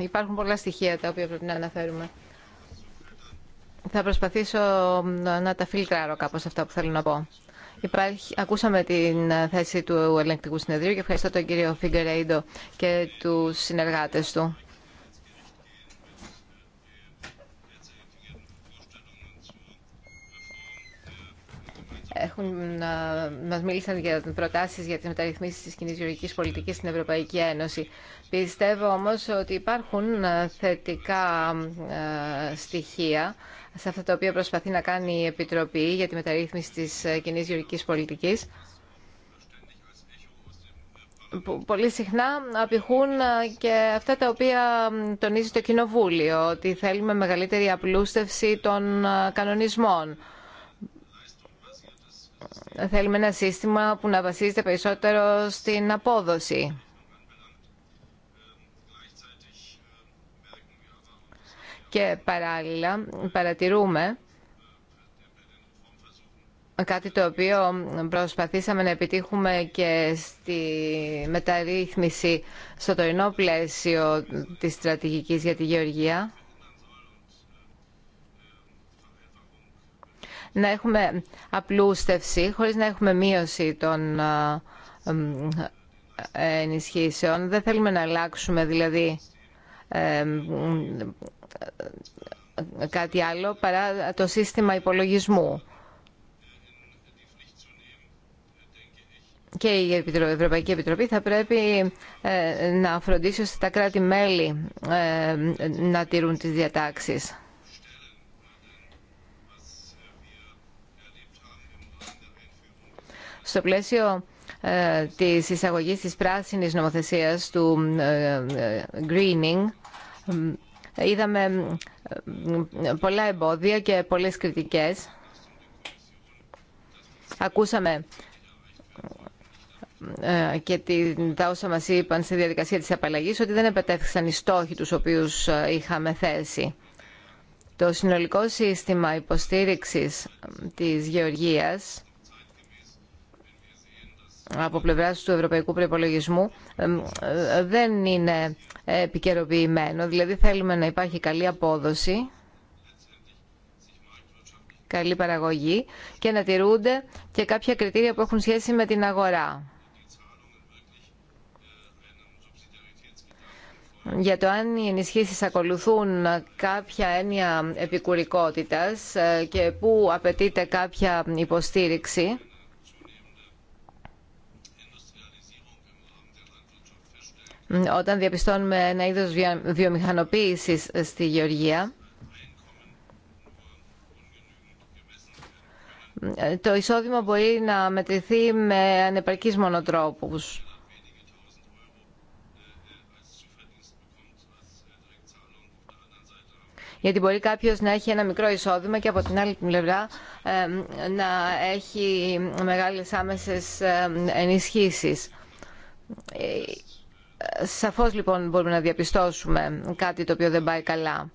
υπάρχουν πολλά στοιχεία τα οποία πρέπει να αναφέρουμε. Θα προσπαθήσω να τα φιλτράρω κάπως αυτά που θέλω να πω. Υπάρχει, ακούσαμε την ε, θέση του ελεγκτικού συνεδρίου και ευχαριστώ τον κύριο Φιγκερέιντο και του συνεργάτες του. έχουν, ε, μας μίλησαν για προτάσεις για τις μεταρρυθμίσεις της κοινή γεωργικής πολιτικής στην Ευρωπαϊκή Ένωση. Πιστεύω όμως ότι υπάρχουν ε, θετικά στοιχεία σε αυτά τα οποία προσπαθεί να κάνει η Επιτροπή για τη μεταρρύθμιση της ε, κοινή γεωργικής πολιτικής πολύ συχνά απηχούν ε, και αυτά τα οποία τονίζει το Κοινοβούλιο, ότι θέλουμε μεγαλύτερη απλούστευση των ε, κανονισμών. Θέλουμε ένα σύστημα που να βασίζεται περισσότερο στην απόδοση. Και παράλληλα παρατηρούμε κάτι το οποίο προσπαθήσαμε να επιτύχουμε και στη μεταρρύθμιση στο τωρινό πλαίσιο της στρατηγικής για τη γεωργία. Να έχουμε απλούστευση χωρίς να έχουμε μείωση των ε, ε, ενισχύσεων. Δεν θέλουμε να αλλάξουμε δηλαδή ε, κάτι άλλο παρά το σύστημα υπολογισμού. Και η Ευρωπαϊκή Επιτροπή θα πρέπει ε, να φροντίσει ώστε τα κράτη-μέλη ε, να τηρούν τις διατάξεις. Στο πλαίσιο ε, της εισαγωγής της πράσινης νομοθεσίας του greening είδαμε πολλά εμπόδια και πολλές κριτικές. Ακούσαμε ε, και τα όσα μας είπαν στη διαδικασία της απαλλαγής ότι δεν επετέφθησαν οι στόχοι τους οποίους ε, είχαμε θέσει. Το συνολικό σύστημα υποστήριξης της γεωργίας από πλευράς του Ευρωπαϊκού Προπολογισμού ε, δεν είναι επικαιροποιημένο. Δηλαδή θέλουμε να υπάρχει καλή απόδοση, καλή παραγωγή και να τηρούνται και κάποια κριτήρια που έχουν σχέση με την αγορά. για το αν οι ενισχύσεις ακολουθούν κάποια έννοια επικουρικότητας ε, και πού απαιτείται κάποια υποστήριξη όταν διαπιστώνουμε ένα είδος βιομηχανοποίησης ε, στη γεωργία ε, το εισόδημα μπορεί να μετρηθεί με ανεπαρκείς μονοτρόπους. Γιατί μπορεί κάποιο να έχει ένα μικρό εισόδημα και από την άλλη πλευρά ε, να έχει μεγάλες άμεσες ενισχύσεις. Σαφώς λοιπόν μπορούμε να διαπιστώσουμε κάτι το οποίο δεν πάει καλά.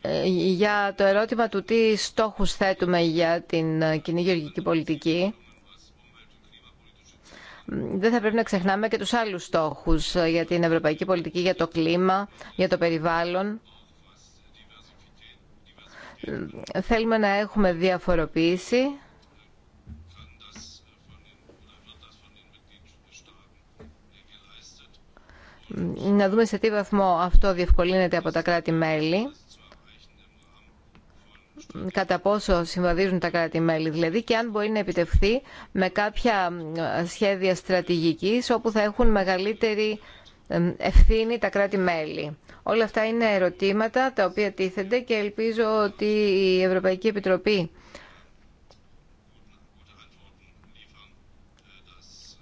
Ε, για το ερώτημα του τι στόχους θέτουμε για την κοινή γεωργική πολιτική, δεν θα πρέπει να ξεχνάμε και τους άλλους στόχους για την ευρωπαϊκή πολιτική, για το κλίμα, για το περιβάλλον. Θέλουμε να έχουμε διαφοροποίηση να δούμε σε τι βαθμό αυτό διευκολύνεται από τα κράτη-μέλη κατά πόσο συμβαδίζουν τα κράτη-μέλη δηλαδή και αν μπορεί να επιτευχθεί με κάποια σχέδια στρατηγικής όπου θα έχουν μεγαλύτερη ευθύνη τα κράτη-μέλη. Όλα αυτά είναι ερωτήματα τα οποία τίθενται και ελπίζω ότι η Ευρωπαϊκή Επιτροπή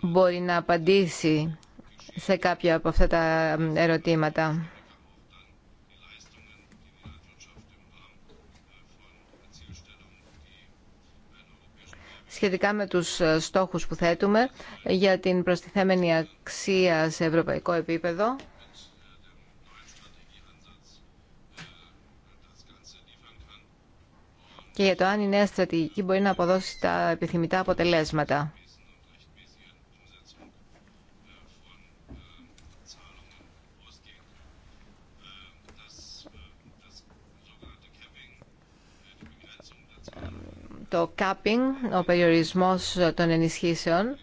μπορεί να απαντήσει σε κάποια από αυτά τα ερωτήματα. σχετικά με τους στόχους που θέτουμε για την προστιθέμενη αξία σε ευρωπαϊκό επίπεδο. και για το αν η νέα στρατηγική μπορεί να αποδώσει τα επιθυμητά αποτελέσματα. το capping, ο περιορισμός των ενισχύσεων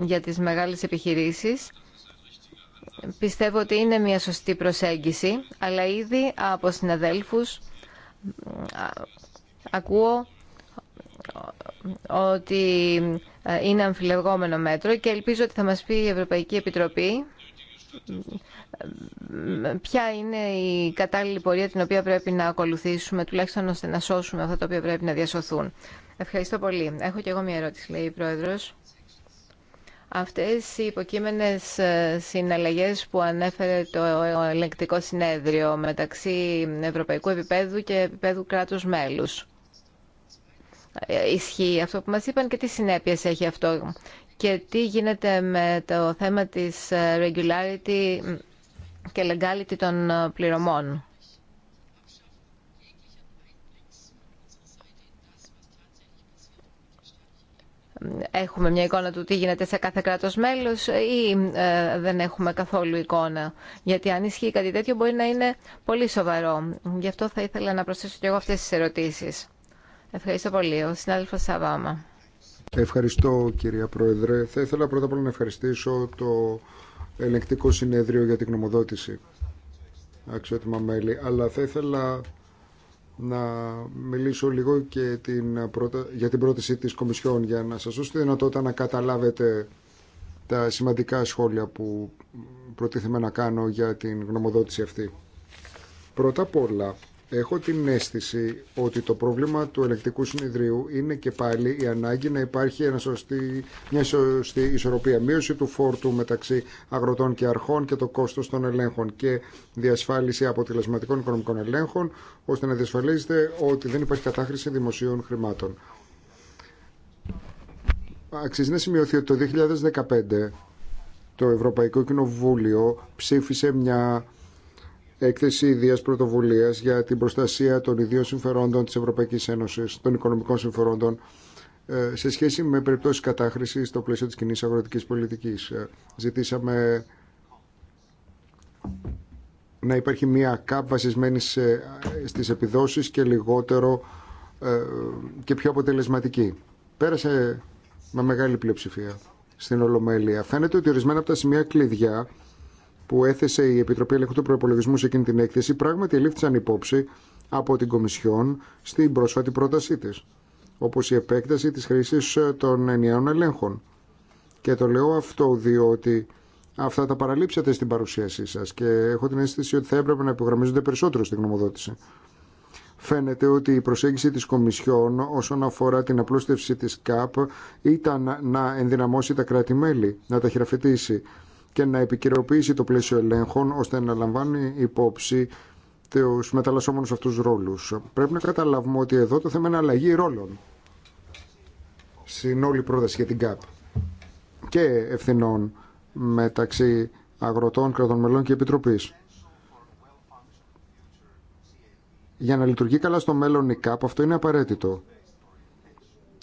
για τις μεγάλες επιχειρήσεις. Πιστεύω ότι είναι μια σωστή προσέγγιση, αλλά ήδη από συναδέλφους ακούω ότι είναι αμφιλεγόμενο μέτρο και ελπίζω ότι θα μας πει η Ευρωπαϊκή Επιτροπή ποια είναι η κατάλληλη πορεία την οποία πρέπει να ακολουθήσουμε, τουλάχιστον ώστε να σώσουμε αυτά τα οποία πρέπει να διασωθούν. Ευχαριστώ πολύ. Έχω και εγώ μια ερώτηση, λέει η Πρόεδρος. Αυτές οι υποκείμενες ε, συναλλαγές που ανέφερε το ελεγκτικό συνέδριο μεταξύ ευρωπαϊκού επίπεδου και επίπεδου κράτους μέλους. Ε, ισχύει αυτό που μας είπαν και τι συνέπειες έχει αυτό και τι γίνεται με το θέμα της ε, regularity και legality των ε, πληρωμών. Έχουμε μια εικόνα του τι γίνεται σε κάθε κράτος μέλος ή ε, δεν έχουμε καθόλου εικόνα. Γιατί αν ισχύει κάτι τέτοιο μπορεί να είναι πολύ σοβαρό. Γι' αυτό θα ήθελα να προσθέσω και εγώ αυτές τις ερωτήσεις. Ευχαριστώ πολύ. Ο συνάδελφος Σαβάμα. Ευχαριστώ κυρία Πρόεδρε. Θα ήθελα πρώτα απ' όλα να ευχαριστήσω το ελεγκτικό συνέδριο για την γνωμοδότηση αξιότιμα μέλη. Αλλά θα ήθελα να μιλήσω λίγο και την πρωτα... για την πρόταση της Κομισιόν για να σας δώσω τη δυνατότητα να καταλάβετε τα σημαντικά σχόλια που προτίθεμαι να κάνω για την γνωμοδότηση αυτή. Πρώτα απ' όλα Έχω την αίσθηση ότι το πρόβλημα του ελεκτικού συνεδρίου είναι και πάλι η ανάγκη να υπάρχει ένα σωστή, μια σωστή ισορροπία. Μείωση του φόρτου μεταξύ αγροτών και αρχών και το κόστος των ελέγχων και διασφάλιση αποτελεσματικών οικονομικών ελέγχων ώστε να διασφαλίζεται ότι δεν υπάρχει κατάχρηση δημοσίων χρημάτων. Αξίζει να σημειωθεί ότι το 2015 το Ευρωπαϊκό Κοινοβούλιο ψήφισε μια έκθεση ιδέα πρωτοβουλία για την προστασία των ιδίων συμφερόντων της Ευρωπαϊκής Ένωσης, των οικονομικών συμφερόντων, ε, σε σχέση με περιπτώσεις κατάχρησης στο πλαίσιο τη κοινή αγροτική πολιτική. Ε, ζητήσαμε να υπάρχει μια ΚΑΠ βασισμένη στι στις επιδόσεις και λιγότερο ε, και πιο αποτελεσματική. Πέρασε με μεγάλη πλειοψηφία στην Ολομέλεια. Φαίνεται ότι ορισμένα από τα σημεία κλειδιά που έθεσε η Επιτροπή Ελέγχου του Προπολογισμού σε εκείνη την έκθεση πράγματι ελήφθησαν υπόψη από την Κομισιόν στην πρόσφατη πρότασή τη, όπω η επέκταση τη χρήση των ενιαίων ελέγχων. Και το λέω αυτό διότι αυτά τα παραλείψατε στην παρουσίασή σα και έχω την αίσθηση ότι θα έπρεπε να υπογραμμίζονται περισσότερο στην γνωμοδότηση. Φαίνεται ότι η προσέγγιση της Κομισιόν όσον αφορά την απλούστευση της ΚΑΠ ήταν να ενδυναμώσει τα κράτη-μέλη, να τα χειραφετήσει και να επικαιροποιήσει το πλαίσιο ελέγχων ώστε να λαμβάνει υπόψη του μεταλλασσόμενου αυτού ρόλου. Πρέπει να καταλάβουμε ότι εδώ το θέμα είναι αλλαγή ρόλων στην όλη πρόταση για την ΚΑΠ και ευθυνών μεταξύ αγροτών, κρατών μελών και επιτροπής. Για να λειτουργεί καλά στο μέλλον η ΚΑΠ αυτό είναι απαραίτητο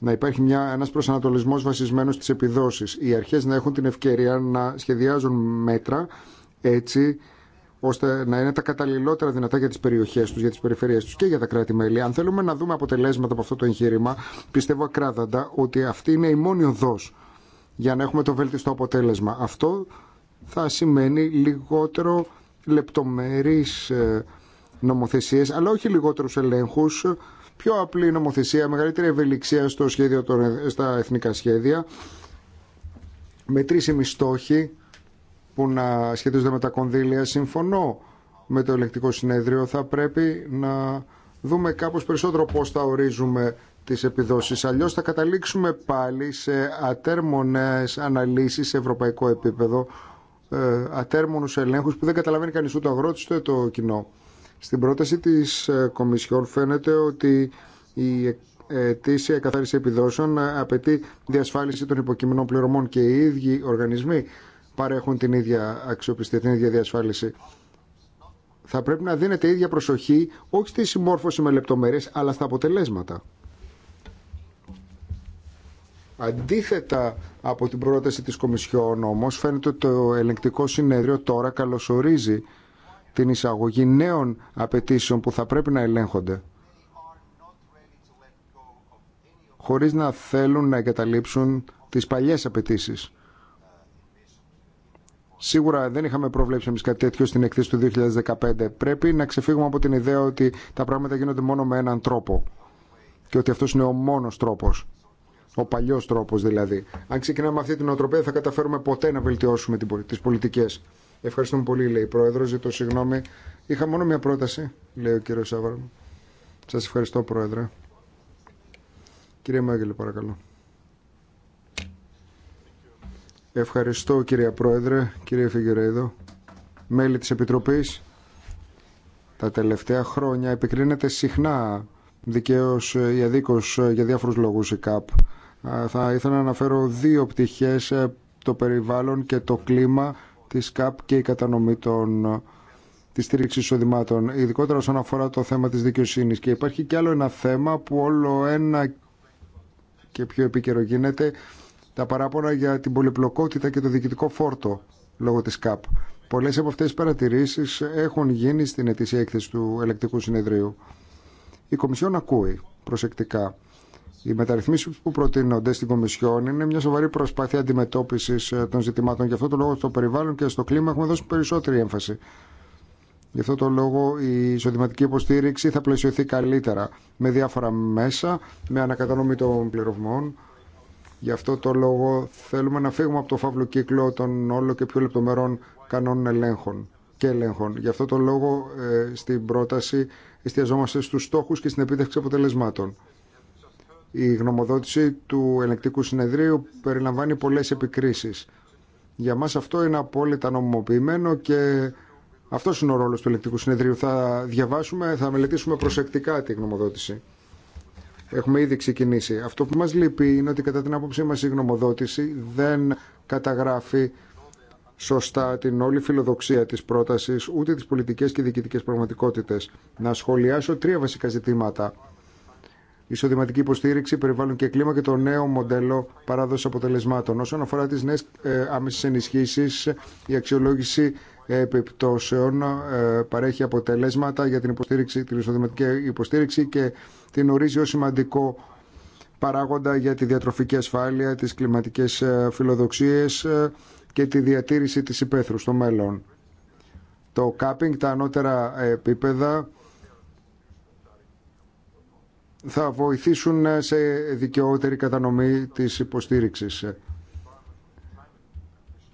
να υπάρχει μια, ένας προσανατολισμός βασισμένος στις επιδόσεις. Οι αρχές να έχουν την ευκαιρία να σχεδιάζουν μέτρα έτσι ώστε να είναι τα καταλληλότερα δυνατά για τι περιοχέ του, για τι περιφερειέ του και για τα κράτη-μέλη. Αν θέλουμε να δούμε αποτελέσματα από αυτό το εγχείρημα, πιστεύω ακράδαντα ότι αυτή είναι η μόνη οδό για να έχουμε το βέλτιστο αποτέλεσμα. Αυτό θα σημαίνει λιγότερο λεπτομερεί ε, νομοθεσίε, αλλά όχι λιγότερου ελέγχου, πιο απλή νομοθεσία, μεγαλύτερη ευελιξία στο σχέδιο, στα εθνικά σχέδια, με μετρήσιμοι στόχοι που να σχετίζονται με τα κονδύλια. Συμφωνώ με το ελεκτικό συνέδριο, θα πρέπει να δούμε κάπως περισσότερο πώς θα ορίζουμε τις επιδόσεις. Αλλιώς θα καταλήξουμε πάλι σε ατέρμονες αναλύσεις σε ευρωπαϊκό επίπεδο, ε, ατέρμονους ελέγχους που δεν καταλαβαίνει κανείς ούτε ο αγρότης ούτε το κοινό. Στην πρόταση της ε, Κομισιόν φαίνεται ότι η αιτήσια καθάριση επιδόσεων ε, απαιτεί διασφάλιση των υποκειμενών πληρωμών και οι ίδιοι οργανισμοί παρέχουν την ίδια αξιοπιστία, την ίδια διασφάλιση. Θα πρέπει να δίνεται ίδια προσοχή όχι στη συμμόρφωση με λεπτομέρειες, αλλά στα αποτελέσματα. Αντίθετα από την πρόταση της Κομισιόν όμως φαίνεται ότι το ελεγκτικό συνέδριο τώρα καλωσορίζει την εισαγωγή νέων απαιτήσεων που θα πρέπει να ελέγχονται χωρίς να θέλουν να εγκαταλείψουν τις παλιές απαιτήσει. Σίγουρα δεν είχαμε προβλέψει εμεί κάτι τέτοιο στην εκθέση του 2015. Πρέπει να ξεφύγουμε από την ιδέα ότι τα πράγματα γίνονται μόνο με έναν τρόπο και ότι αυτό είναι ο μόνο τρόπο. Ο παλιό τρόπο δηλαδή. Αν ξεκινάμε αυτή την οτροπία, θα καταφέρουμε ποτέ να βελτιώσουμε τι πολιτικέ. Ευχαριστούμε πολύ, λέει η Πρόεδρο. Ζητώ συγγνώμη. Είχα μόνο μια πρόταση, λέει ο κύριο Σάβαρο. Σα ευχαριστώ, Πρόεδρε. Κύριε Μάγκελε, παρακαλώ. Ευχαριστώ, κύριε Πρόεδρε, κύριε Φιγκερέδο, μέλη της Επιτροπής. Τα τελευταία χρόνια επικρίνεται συχνά, δικαίως ή ε, αδίκως, ε, για διάφορους λόγους η ΚΑΠ. Θα ήθελα να αναφέρω δύο πτυχές, ε, το περιβάλλον και το κλίμα της ΚΑΠ και η κατανομή των τη στήριξη εισοδημάτων, ειδικότερα όσον αφορά το θέμα της δικαιοσύνης. Και υπάρχει και άλλο ένα θέμα που όλο ένα και πιο επίκαιρο γίνεται, τα παράπονα για την πολυπλοκότητα και το διοικητικό φόρτο λόγω της ΚΑΠ. Πολλές από αυτές τις παρατηρήσεις έχουν γίνει στην ετήσια έκθεση του Ελεκτικού Συνεδρίου. Η Κομισιόν ακούει προσεκτικά οι μεταρρυθμίσει που προτείνονται στην Κομισιόν είναι μια σοβαρή προσπάθεια αντιμετώπιση ε, των ζητημάτων. Γι' αυτό το λόγο στο περιβάλλον και στο κλίμα έχουμε δώσει περισσότερη έμφαση. Γι' αυτό το λόγο η εισοδηματική υποστήριξη θα πλαισιωθεί καλύτερα με διάφορα μέσα, με ανακατανομή των πληρωμών. Γι' αυτό το λόγο θέλουμε να φύγουμε από το φαύλο κύκλο των όλο και πιο λεπτομερών κανόνων ελέγχων και ελέγχων. Γι' αυτό το λόγο ε, στην πρόταση εστιαζόμαστε στους στόχους και στην επίτευξη αποτελεσμάτων. Η γνωμοδότηση του ελεκτικού συνεδρίου περιλαμβάνει πολλές επικρίσεις. Για μας αυτό είναι απόλυτα νομιμοποιημένο και αυτό είναι ο ρόλος του ελεκτικού συνεδρίου. Θα διαβάσουμε, θα μελετήσουμε προσεκτικά τη γνωμοδότηση. Έχουμε ήδη ξεκινήσει. Αυτό που μας λείπει είναι ότι κατά την άποψή μας η γνωμοδότηση δεν καταγράφει σωστά την όλη φιλοδοξία της πρότασης ούτε τις πολιτικές και διοικητικές πραγματικότητες. Να σχολιάσω τρία βασικά ζητήματα εισοδηματική υποστήριξη, περιβάλλον και κλίμα και το νέο μοντέλο παράδοση αποτελεσμάτων. Όσον αφορά τι νέε άμεσε ενισχύσει, η αξιολόγηση επιπτώσεων ε, παρέχει αποτελέσματα για την, υποστήριξη, την εισοδηματική υποστήριξη και την ορίζει ως σημαντικό παράγοντα για τη διατροφική ασφάλεια, τις κλιματικές ε, φιλοδοξίες ε, και τη διατήρηση της υπαίθρου στο μέλλον. Το κάπινγκ, τα ανώτερα επίπεδα, θα βοηθήσουν σε δικαιότερη κατανομή της υποστήριξης.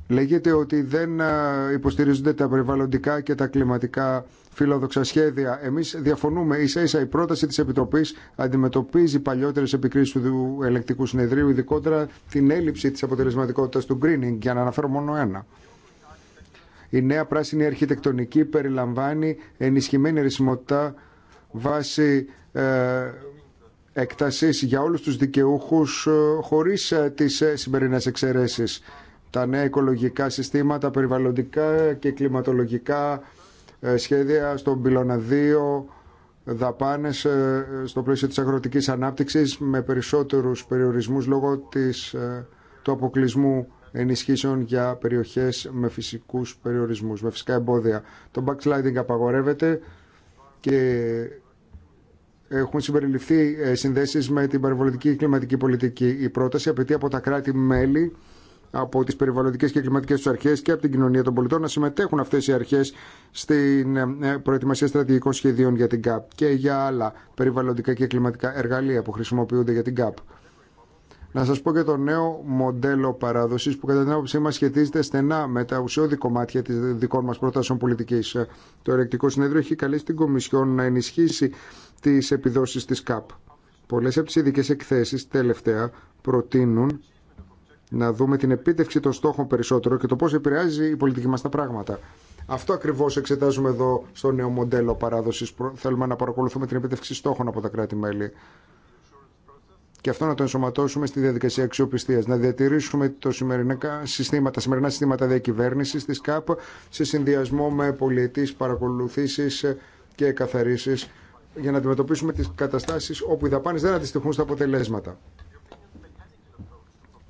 Λέγεται ότι δεν ε, υποστηρίζονται τα περιβαλλοντικά και τα κλιματικά φιλόδοξα σχέδια. Εμείς διαφωνούμε. Ίσα ίσα η πρόταση της Επιτροπής αντιμετωπίζει παλιότερες επικρίσεις του ελεκτικού συνεδρίου, ειδικότερα την έλλειψη της αποτελεσματικότητας του greening, για να αναφέρω μόνο ένα. Η νέα πράσινη αρχιτεκτονική περιλαμβάνει ενισχυμένη ρησιμότητα βάσει Εκταση για όλους τους δικαιούχου ε, χωρίς ε, τις ε, σημερινέ εξαιρεσει. Τα νέα οικολογικά συστήματα, περιβαλλοντικά και κλιματολογικά σχέδια στον πυλώνα 2, δαπάνες στο πλαίσιο της αγροτικής ανάπτυξης με περισσότερους περιορισμούς λόγω της, του αποκλεισμού ενισχύσεων για περιοχές με φυσικούς περιορισμούς, με φυσικά εμπόδια. Το backsliding απαγορεύεται και έχουν συμπεριληφθεί ε, συνδέσεις με την περιβαλλοντική και κλιματική πολιτική. Η πρόταση απαιτεί από τα κράτη-μέλη από τις περιβαλλοντικές και κλιματικές του αρχές και από την κοινωνία των πολιτών να συμμετέχουν αυτές οι αρχές στην ε, ε, προετοιμασία στρατηγικών σχεδίων για την ΚΑΠ και για άλλα περιβαλλοντικά και κλιματικά εργαλεία που χρησιμοποιούνται για την ΚΑΠ. Να σας πω και το νέο μοντέλο παράδοσης που κατά την άποψή μας σχετίζεται στενά με τα ουσιώδη κομμάτια της δικών μας προτάσεων πολιτικής. Ε, το Ερεκτικό Συνέδριο έχει καλέσει την Κομισιόν να ενισχύσει τις επιδόσεις της ΚΑΠ. Πολλές από τις ειδικές εκθέσεις τελευταία προτείνουν να δούμε την επίτευξη των στόχων περισσότερο και το πώς επηρεάζει η πολιτική μας τα πράγματα. Αυτό ακριβώ εξετάζουμε εδώ στο νέο μοντέλο παράδοση. Θέλουμε να παρακολουθούμε την επίτευξη στόχων από τα κράτη-μέλη και αυτό να το ενσωματώσουμε στη διαδικασία αξιοπιστία. Να διατηρήσουμε το σημερινά τα σημερινά συστήματα διακυβέρνηση τη ΚΑΠ σε συνδυασμό με πολιετή παρακολουθήσει και καθαρίσει για να αντιμετωπίσουμε τι καταστάσει όπου οι δαπάνε δεν αντιστοιχούν στα αποτελέσματα.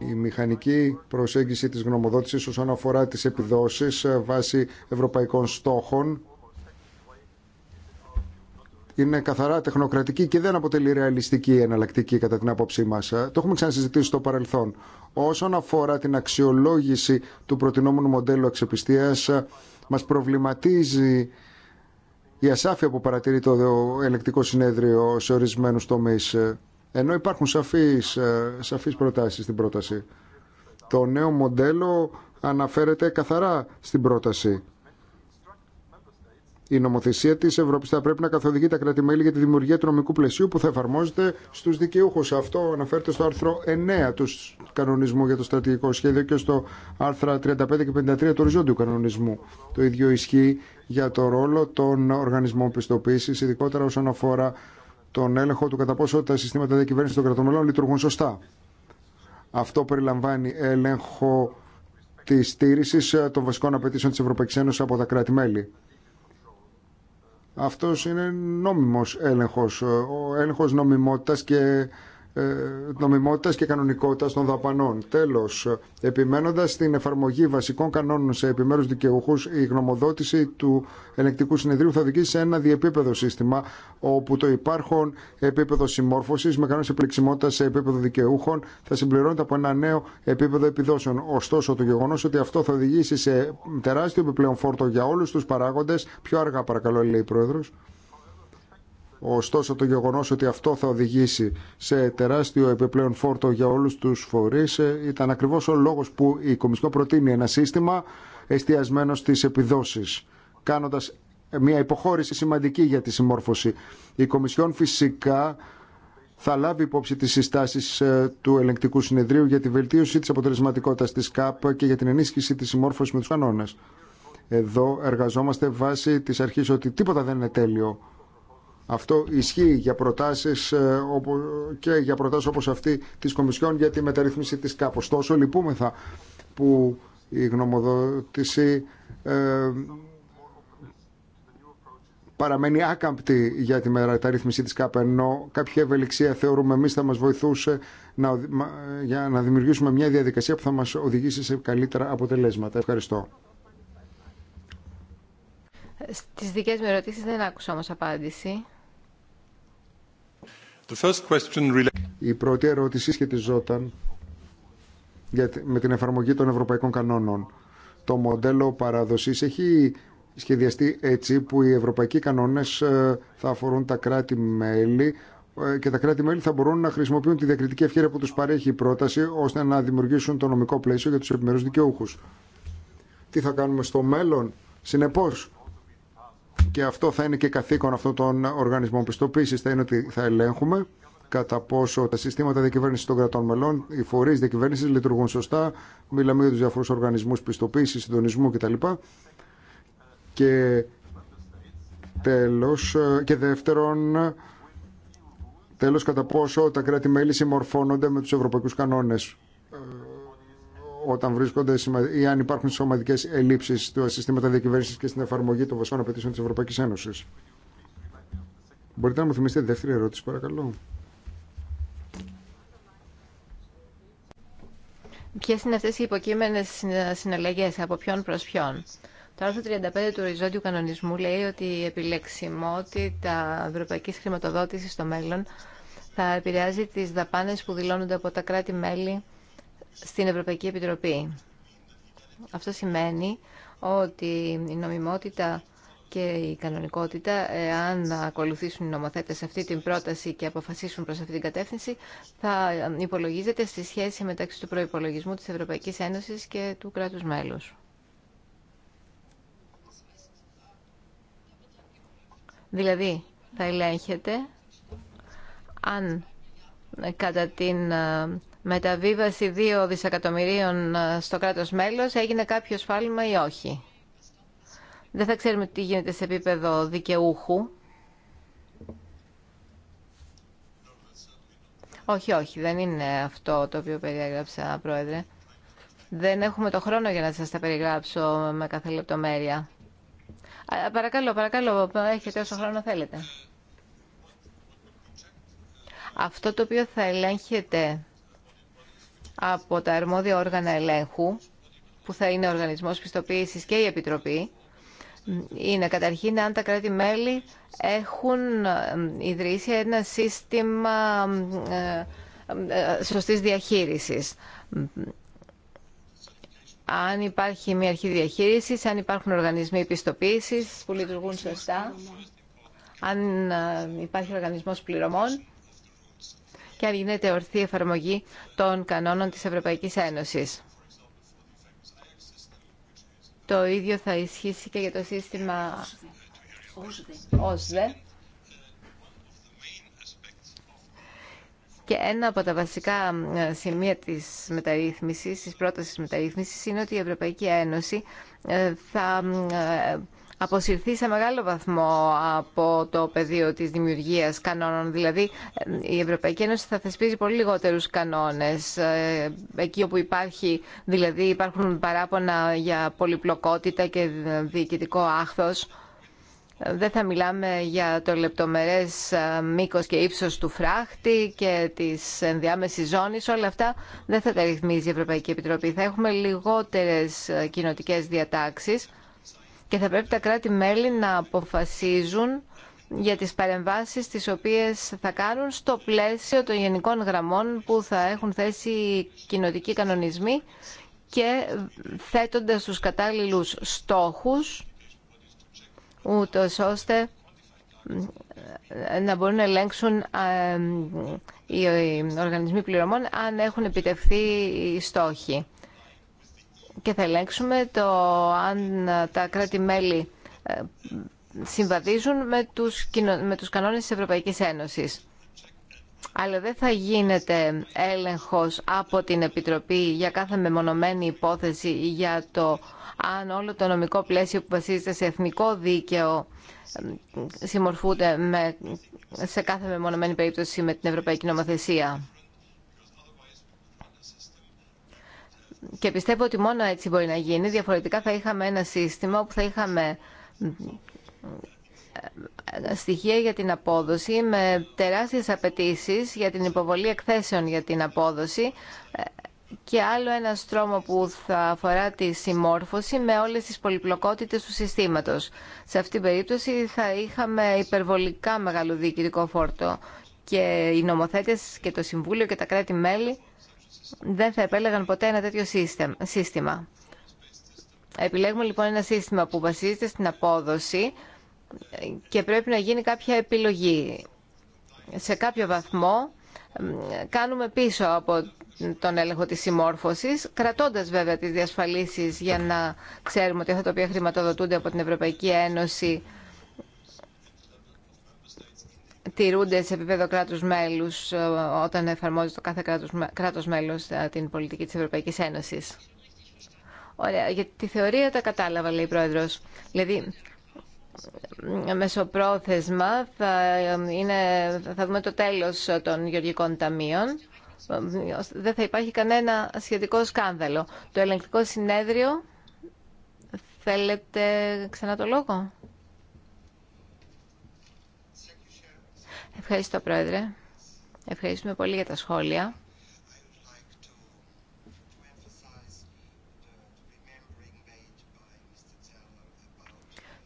Η μηχανική προσέγγιση της γνωμοδότησης όσον αφορά τις επιδόσεις ε, βάσει ευρωπαϊκών στόχων είναι καθαρά τεχνοκρατική και δεν αποτελεί ρεαλιστική εναλλακτική κατά την άποψή μα. Ε, το έχουμε ξανασυζητήσει στο παρελθόν. Όσον αφορά την αξιολόγηση του προτινόμενου μοντέλου αξιοπιστία, ε, μα προβληματίζει η ασάφεια που παρατηρεί το ελεκτικό συνέδριο σε ορισμένου τομείς. Ε, ενώ υπάρχουν σαφείς, σαφείς προτάσεις στην πρόταση. Το νέο μοντέλο αναφέρεται καθαρά στην πρόταση η νομοθεσία τη Ευρώπη θα πρέπει να καθοδηγεί τα κράτη-μέλη για τη δημιουργία του νομικού πλαισίου που θα εφαρμόζεται στου δικαιούχου. Αυτό αναφέρεται στο άρθρο 9 του κανονισμού για το στρατηγικό σχέδιο και στο άρθρα 35 και 53 του οριζόντιου κανονισμού. Το ίδιο ισχύει για το ρόλο των οργανισμών πιστοποίηση, ειδικότερα όσον αφορά τον έλεγχο του κατά πόσο τα συστήματα διακυβέρνηση των κρατών λειτουργούν σωστά. Αυτό περιλαμβάνει έλεγχο τη στήριξη των βασικών απαιτήσεων τη Ευρωπαϊκή Ένωση από τα κρατη αυτός είναι νόμιμος έλεγχος, ο έλεγχος νομιμότητας και ε, νομιμότητας και κανονικότητας των δαπανών. Τέλος, επιμένοντας την εφαρμογή βασικών κανόνων σε επιμέρους δικαιούχους, η γνωμοδότηση του ελεκτικού συνεδρίου θα οδηγήσει σε ένα διεπίπεδο σύστημα, όπου το υπάρχον επίπεδο συμμόρφωσης με κανόνες επιλεξιμότητας σε επίπεδο δικαιούχων θα συμπληρώνεται από ένα νέο επίπεδο επιδόσεων. Ωστόσο, το γεγονός ότι αυτό θα οδηγήσει σε τεράστιο επιπλέον φόρτο για όλους τους παράγοντες, πιο αργά παρακαλώ λέει η Πρόεδρος. Ωστόσο το γεγονός ότι αυτό θα οδηγήσει σε τεράστιο επιπλέον φόρτο για όλους τους φορείς ε, ήταν ακριβώς ο λόγος που η Κομισιόν προτείνει ένα σύστημα εστιασμένο στις επιδόσεις, κάνοντας μια υποχώρηση σημαντική για τη συμμόρφωση. Η Κομισιόν φυσικά θα λάβει υπόψη τις συστάσεις ε, του ελεγκτικού συνεδρίου για τη βελτίωση της αποτελεσματικότητας της ΚΑΠ και για την ενίσχυση της συμμόρφωσης με τους κανόνες. Εδώ εργαζόμαστε βάσει της αρχής ότι τίποτα δεν είναι τέλειο αυτό ισχύει για προτάσεις ε, και για προτάσεις όπως αυτή της Κομισιόν για τη μεταρρύθμιση της ΚΑΠ. Ωστόσο λυπούμεθα που η γνωμοδότηση ε, παραμένει άκαμπτη για τη μεταρρύθμιση της ΚΑΠ ενώ κάποια ευελιξία θεωρούμε εμείς θα μας βοηθούσε να, για να δημιουργήσουμε μια διαδικασία που θα μας οδηγήσει σε καλύτερα αποτελέσματα. Ευχαριστώ. Στις δικές μου ερωτήσεις δεν άκουσα όμως απάντηση. Η πρώτη ερώτηση σχετιζόταν με την εφαρμογή των ευρωπαϊκών κανόνων. Το μοντέλο παραδοσής έχει σχεδιαστεί έτσι που οι ευρωπαϊκοί κανόνες ε, θα αφορούν τα κράτη-μέλη ε, και τα κράτη-μέλη θα μπορούν να χρησιμοποιούν τη διακριτική ευχαίρεια που τους παρέχει η πρόταση ώστε να δημιουργήσουν το νομικό πλαίσιο για τους επιμέρους δικαιούχους. Τι θα κάνουμε στο μέλλον. Συνεπώς, και αυτό θα είναι και καθήκον αυτών των οργανισμών πιστοποίηση, θα είναι ότι θα ελέγχουμε κατά πόσο τα συστήματα διακυβέρνηση των κρατών μελών, οι φορεί διακυβέρνηση λειτουργούν σωστά. Μιλάμε για του διαφορού οργανισμού πιστοποίηση, συντονισμού κτλ. Και τέλος, και δεύτερον, τέλος κατά πόσο τα κράτη-μέλη συμμορφώνονται με τους ευρωπαϊκούς κανόνες όταν βρίσκονται ή αν υπάρχουν σωματικέ ελλείψει στα συστήματα διακυβέρνηση και στην εφαρμογή των βασικών απαιτήσεων τη Ευρωπαϊκή Ένωση. Μπορείτε να μου θυμίσετε τη δεύτερη ερώτηση, παρακαλώ. Ποιε είναι αυτέ οι υποκείμενε συναλλαγέ, από ποιον προ ποιον. Το άρθρο 35 του οριζόντιου κανονισμού λέει ότι η επιλεξιμότητα ευρωπαϊκή χρηματοδότηση στο μέλλον θα επηρεάζει τι δαπάνε που δηλώνονται από τα κράτη-μέλη στην Ευρωπαϊκή Επιτροπή. Αυτό σημαίνει ότι η νομιμότητα και η κανονικότητα, αν ακολουθήσουν οι νομοθέτες αυτή την πρόταση και αποφασίσουν προς αυτή την κατεύθυνση, θα υπολογίζεται στη σχέση μεταξύ του προϋπολογισμού της Ευρωπαϊκής Ένωσης και του κράτους μέλους. Δηλαδή, θα ελέγχεται αν κατά την ε, μεταβίβαση 2 δισεκατομμυρίων ε, στο κράτος μέλος έγινε κάποιο σφάλμα ή όχι. Δεν θα ξέρουμε τι γίνεται σε επίπεδο δικαιούχου. Όχι, όχι, δεν είναι αυτό το οποίο περιέγραψα, Πρόεδρε. Δεν έχουμε το χρόνο για να σας τα περιγράψω με κάθε λεπτομέρεια. Α, παρακαλώ, παρακαλώ, έχετε όσο χρόνο θέλετε. Αυτό το οποίο θα ελέγχετε από τα αρμόδια όργανα ελέγχου, που θα είναι ο Οργανισμός Πιστοποίησης και η Επιτροπή, είναι καταρχήν αν τα κράτη-μέλη έχουν ιδρύσει ένα σύστημα ε, ε, ε, σωστής διαχείρισης. Αν υπάρχει μια αρχή διαχείρισης, αν υπάρχουν οργανισμοί πιστοποίησης που λειτουργούν σωστά, αν υπάρχει οργανισμός πληρωμών και γίνεται ορθή εφαρμογή των κανόνων της Ευρωπαϊκής Ένωσης. Το ίδιο θα ισχύσει και για το σύστημα ΟΣΔΕ. Και ένα από τα βασικά ε, σημεία της μεταρρύθμισης, της πρότασης μεταρρύθμισης, είναι ότι η Ευρωπαϊκή Ένωση ε, θα ε, αποσυρθεί σε μεγάλο βαθμό από το πεδίο της δημιουργίας κανόνων. Δηλαδή, η Ευρωπαϊκή Ένωση θα θεσπίζει πολύ λιγότερους κανόνες. Ε, εκεί όπου υπάρχει, δηλαδή υπάρχουν παράπονα για πολυπλοκότητα και διοικητικό άχθος, δεν θα μιλάμε για το λεπτομερές ε, μήκος και ύψος του φράχτη και της ενδιάμεσης ζώνης. Όλα αυτά δεν θα τα ρυθμίζει η Ευρωπαϊκή Επιτροπή. Θα έχουμε λιγότερες ε, κοινοτικές διατάξεις και θα πρέπει τα κράτη-μέλη να αποφασίζουν για τις παρεμβάσεις τις οποίες θα κάνουν στο πλαίσιο των γενικών γραμμών που θα έχουν θέσει οι κοινοτικοί κανονισμοί και θέτοντας τους κατάλληλους στόχους ούτως ώστε να μπορούν να ελέγξουν ε, οι οργανισμοί πληρωμών αν έχουν επιτευχθεί οι στόχοι και θα ελέγξουμε το αν τα κράτη-μέλη ε, συμβαδίζουν με τους, με τους κανόνες της Ευρωπαϊκής Ένωσης. Αλλά δεν θα γίνεται έλεγχος από την Επιτροπή για κάθε μεμονωμένη υπόθεση για το αν όλο το νομικό πλαίσιο που βασίζεται σε εθνικό δίκαιο ε, συμμορφούνται με, σε κάθε μεμονωμένη περίπτωση με την Ευρωπαϊκή Νομοθεσία. και πιστεύω ότι μόνο έτσι μπορεί να γίνει. Διαφορετικά θα είχαμε ένα σύστημα όπου θα είχαμε ε, στοιχεία για την απόδοση με τεράστιες απαιτήσει για την υποβολή εκθέσεων για την απόδοση ε, και άλλο ένα στρώμα που θα αφορά τη συμμόρφωση με όλες τις πολυπλοκότητες του συστήματος. Σε αυτήν την περίπτωση θα είχαμε υπερβολικά μεγάλο διοικητικό φόρτο και οι νομοθέτες και το Συμβούλιο και τα κράτη-μέλη δεν θα επέλεγαν ποτέ ένα τέτοιο σύστημα. Επιλέγουμε λοιπόν ένα σύστημα που βασίζεται στην απόδοση και πρέπει να γίνει κάποια επιλογή. Σε κάποιο βαθμό κάνουμε πίσω από τον έλεγχο της συμμόρφωσης, κρατώντας βέβαια τις διασφαλίσεις για να ξέρουμε ότι αυτά τα οποία χρηματοδοτούνται από την Ευρωπαϊκή Ένωση τηρούνται σε επίπεδο κράτου μέλους ε, όταν εφαρμόζει το κάθε κράτος, μέλο ε, την πολιτική της Ευρωπαϊκής Ένωσης. Ωραία, για τη θεωρία τα κατάλαβα, λέει η πρόεδρο. Δηλαδή, μεσοπρόθεσμα θα, ε, είναι, θα δούμε το τέλος των γεωργικών ταμείων. Δεν θα υπάρχει κανένα σχετικό σκάνδαλο. Το ελεγκτικό συνέδριο, θέλετε ξανά το λόγο. Ευχαριστώ, Πρόεδρε. Ευχαριστούμε πολύ για τα σχόλια.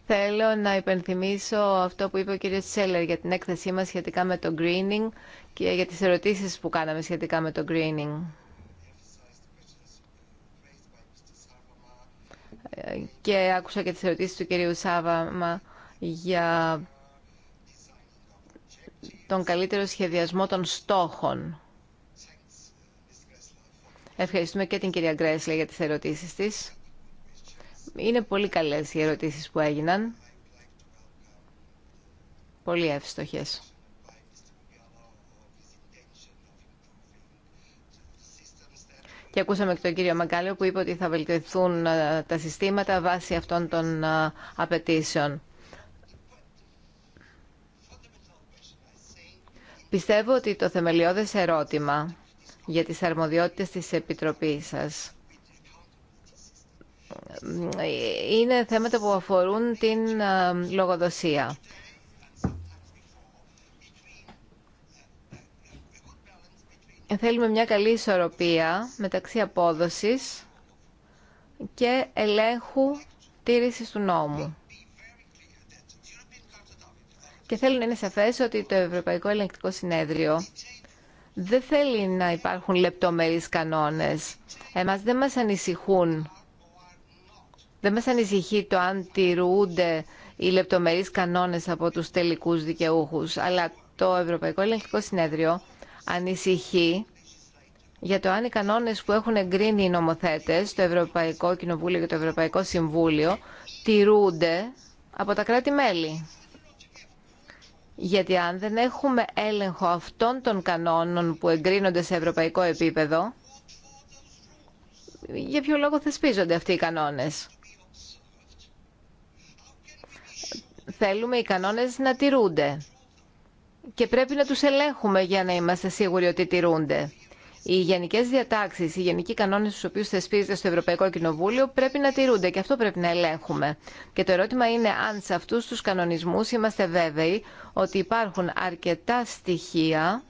Θέλω να υπενθυμίσω αυτό που είπε ο κύριος Τσέλερ για την έκθεσή μας σχετικά με το greening και για τις ερωτήσεις που κάναμε σχετικά με το greening. Ε, και άκουσα και τις ερωτήσεις του κυρίου Σάβαμα για τον καλύτερο σχεδιασμό των στόχων. Ευχαριστούμε και την κυρία Γκρέσλε για τις ερωτήσεις της. Είναι πολύ καλές οι ερωτήσεις που έγιναν. Πολύ εύστοχες. Και ακούσαμε και τον κύριο Μαγκάλιο που είπε ότι θα βελτιωθούν ε, τα συστήματα βάσει αυτών των ε, απαιτήσεων. Πιστεύω ότι το θεμελιώδες ερώτημα για τις αρμοδιότητες της Επιτροπής σας είναι θέματα που αφορούν την ε, λογοδοσία. Θέλουμε μια καλή ισορροπία μεταξύ απόδοσης και ελέγχου τήρησης του νόμου και θέλω να είναι σαφές ότι το Ευρωπαϊκό Ελεγκτικό Συνέδριο δεν θέλει να υπάρχουν λεπτομερείς κανόνες. Εμάς δεν μας ανησυχούν. Δεν μας ανησυχεί το αν τηρούνται οι λεπτομερείς κανόνες από τους τελικούς δικαιούχους, αλλά το Ευρωπαϊκό Ελεγκτικό Συνέδριο ανησυχεί για το αν οι κανόνες που έχουν εγκρίνει οι νομοθέτες, το Ευρωπαϊκό Κοινοβούλιο και το Ευρωπαϊκό Συμβούλιο, τηρούνται από τα κράτη-μέλη. Γιατί αν δεν έχουμε έλεγχο αυτών των κανόνων που εγκρίνονται σε ευρωπαϊκό επίπεδο, για ποιο λόγο θεσπίζονται αυτοί οι κανόνες. Θέλουμε οι κανόνες να τηρούνται και πρέπει να τους ελέγχουμε για να είμαστε σίγουροι ότι τηρούνται. Οι γενικέ διατάξει, οι γενικοί κανόνε στου οποίου θεσπίζεται στο Ευρωπαϊκό Κοινοβούλιο πρέπει να τηρούνται και αυτό πρέπει να ελέγχουμε. Και το ερώτημα είναι αν σε αυτού του κανονισμού είμαστε βέβαιοι ότι υπάρχουν αρκετά στοιχεία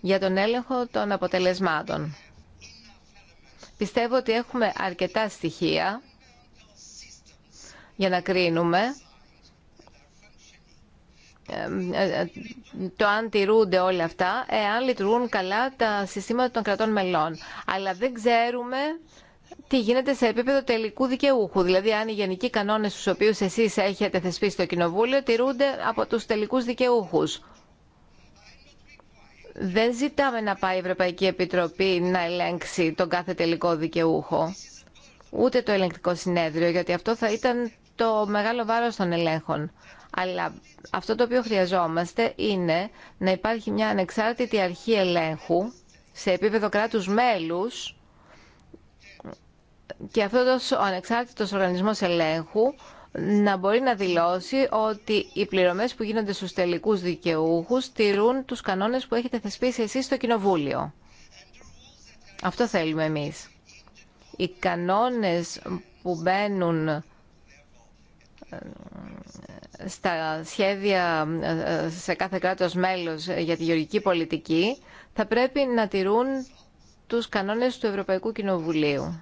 για τον έλεγχο των αποτελεσμάτων. Πιστεύω ότι έχουμε αρκετά στοιχεία για να κρίνουμε ε, ε, το αν τηρούνται όλα αυτά, εάν λειτουργούν καλά τα συστήματα των κρατών μελών. Αλλά δεν ξέρουμε τι γίνεται σε επίπεδο τελικού δικαιούχου. Δηλαδή, αν οι γενικοί κανόνε στου οποίου εσεί έχετε θεσπίσει το Κοινοβούλιο τηρούνται από του τελικού δικαιούχου. Δεν ζητάμε να πάει η Ευρωπαϊκή Επιτροπή να ελέγξει τον κάθε τελικό δικαιούχο. Ούτε το ελεγκτικό συνέδριο, γιατί αυτό θα ήταν το μεγάλο βάρος των ελέγχων. Αλλά αυτό το οποίο χρειαζόμαστε είναι να υπάρχει μια ανεξάρτητη αρχή ελέγχου σε επίπεδο κράτους μέλους και αυτός ο ανεξάρτητος οργανισμός ελέγχου να μπορεί να δηλώσει ότι οι πληρωμές που γίνονται στους τελικούς δικαιούχους τηρούν τους κανόνες που έχετε θεσπίσει εσείς στο Κοινοβούλιο. Αυτό θέλουμε εμείς. Οι κανόνες που μπαίνουν στα σχέδια σε κάθε κράτος μέλος για τη γεωργική πολιτική θα πρέπει να τηρούν τους κανόνες του Ευρωπαϊκού Κοινοβουλίου.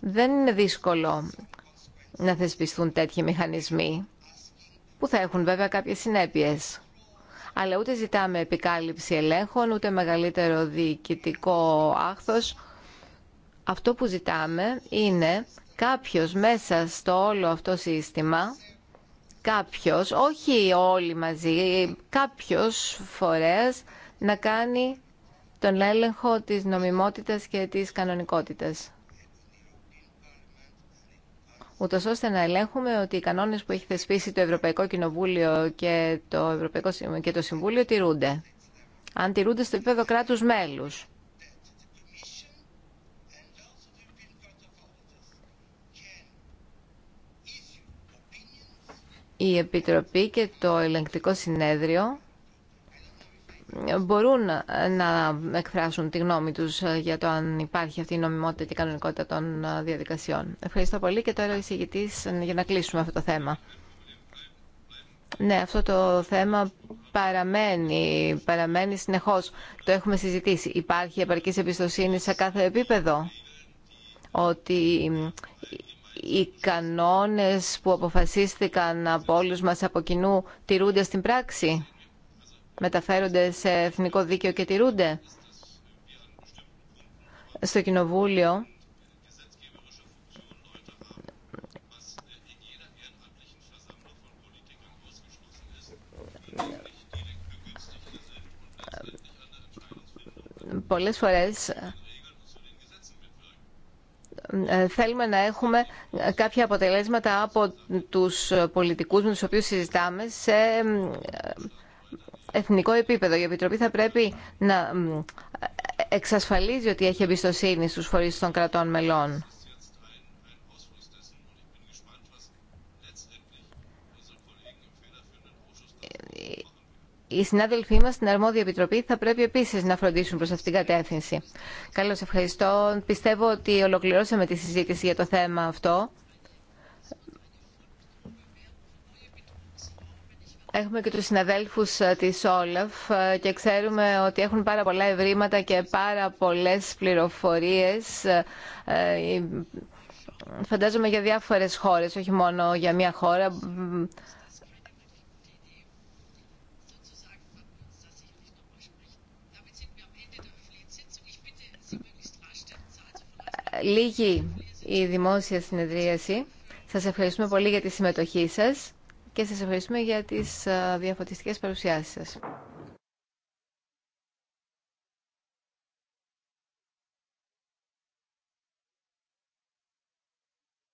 Δεν είναι δύσκολο να θεσπιστούν τέτοιοι μηχανισμοί που θα έχουν βέβαια κάποιες συνέπειες. Αλλά ούτε ζητάμε επικάλυψη ελέγχων, ούτε μεγαλύτερο διοικητικό άχθος. Αυτό που ζητάμε είναι κάποιος μέσα στο όλο αυτό σύστημα, κάποιος, όχι όλοι μαζί, κάποιος φορέας να κάνει τον έλεγχο της νομιμότητας και της κανονικότητας. Ούτω ώστε να ελέγχουμε ότι οι κανόνες που έχει θεσπίσει το Ευρωπαϊκό Κοινοβούλιο και το, Ευρωπαϊκό, και το Συμβούλιο τηρούνται. Αν τηρούνται στο επίπεδο κράτους μέλους. η Επιτροπή και το Ελεγκτικό Συνέδριο μπορούν να εκφράσουν τη γνώμη τους για το αν υπάρχει αυτή η νομιμότητα και η κανονικότητα των διαδικασιών. Ευχαριστώ πολύ και τώρα ο εισηγητής για να κλείσουμε αυτό το θέμα. Ναι, αυτό το θέμα παραμένει, παραμένει συνεχώς. Το έχουμε συζητήσει. Υπάρχει επαρκής εμπιστοσύνη σε κάθε επίπεδο ότι οι κανόνες που αποφασίστηκαν από όλους μας από κοινού τηρούνται στην πράξη, μεταφέρονται σε εθνικό δίκαιο και τηρούνται. Στο Κοινοβούλιο πολλές φορές ε, θέλουμε να έχουμε κάποια αποτελέσματα από τους πολιτικούς με τους οποίους συζητάμε σε ε, εθνικό επίπεδο. Η Επιτροπή θα πρέπει να ε, εξασφαλίζει ότι έχει εμπιστοσύνη στους φορείς των κρατών μελών. οι συνάδελφοί μα, στην αρμόδια επιτροπή θα πρέπει επίσης να φροντίσουν προς αυτήν την κατεύθυνση. Καλώ ευχαριστώ. Πιστεύω ότι ολοκληρώσαμε τη συζήτηση για το θέμα αυτό. Έχουμε και τους συναδέλφους ε, της Όλαφ ε, και ξέρουμε ότι έχουν πάρα πολλά ευρήματα και πάρα πολλές πληροφορίες ε, φαντάζομαι για διάφορες χώρες, όχι μόνο για μια χώρα. Λίγη η δημόσια συνεδρίαση. Σας ευχαριστούμε πολύ για τη συμμετοχή σας και σας ευχαριστούμε για τις διαφωτιστικές παρουσιάσεις σας.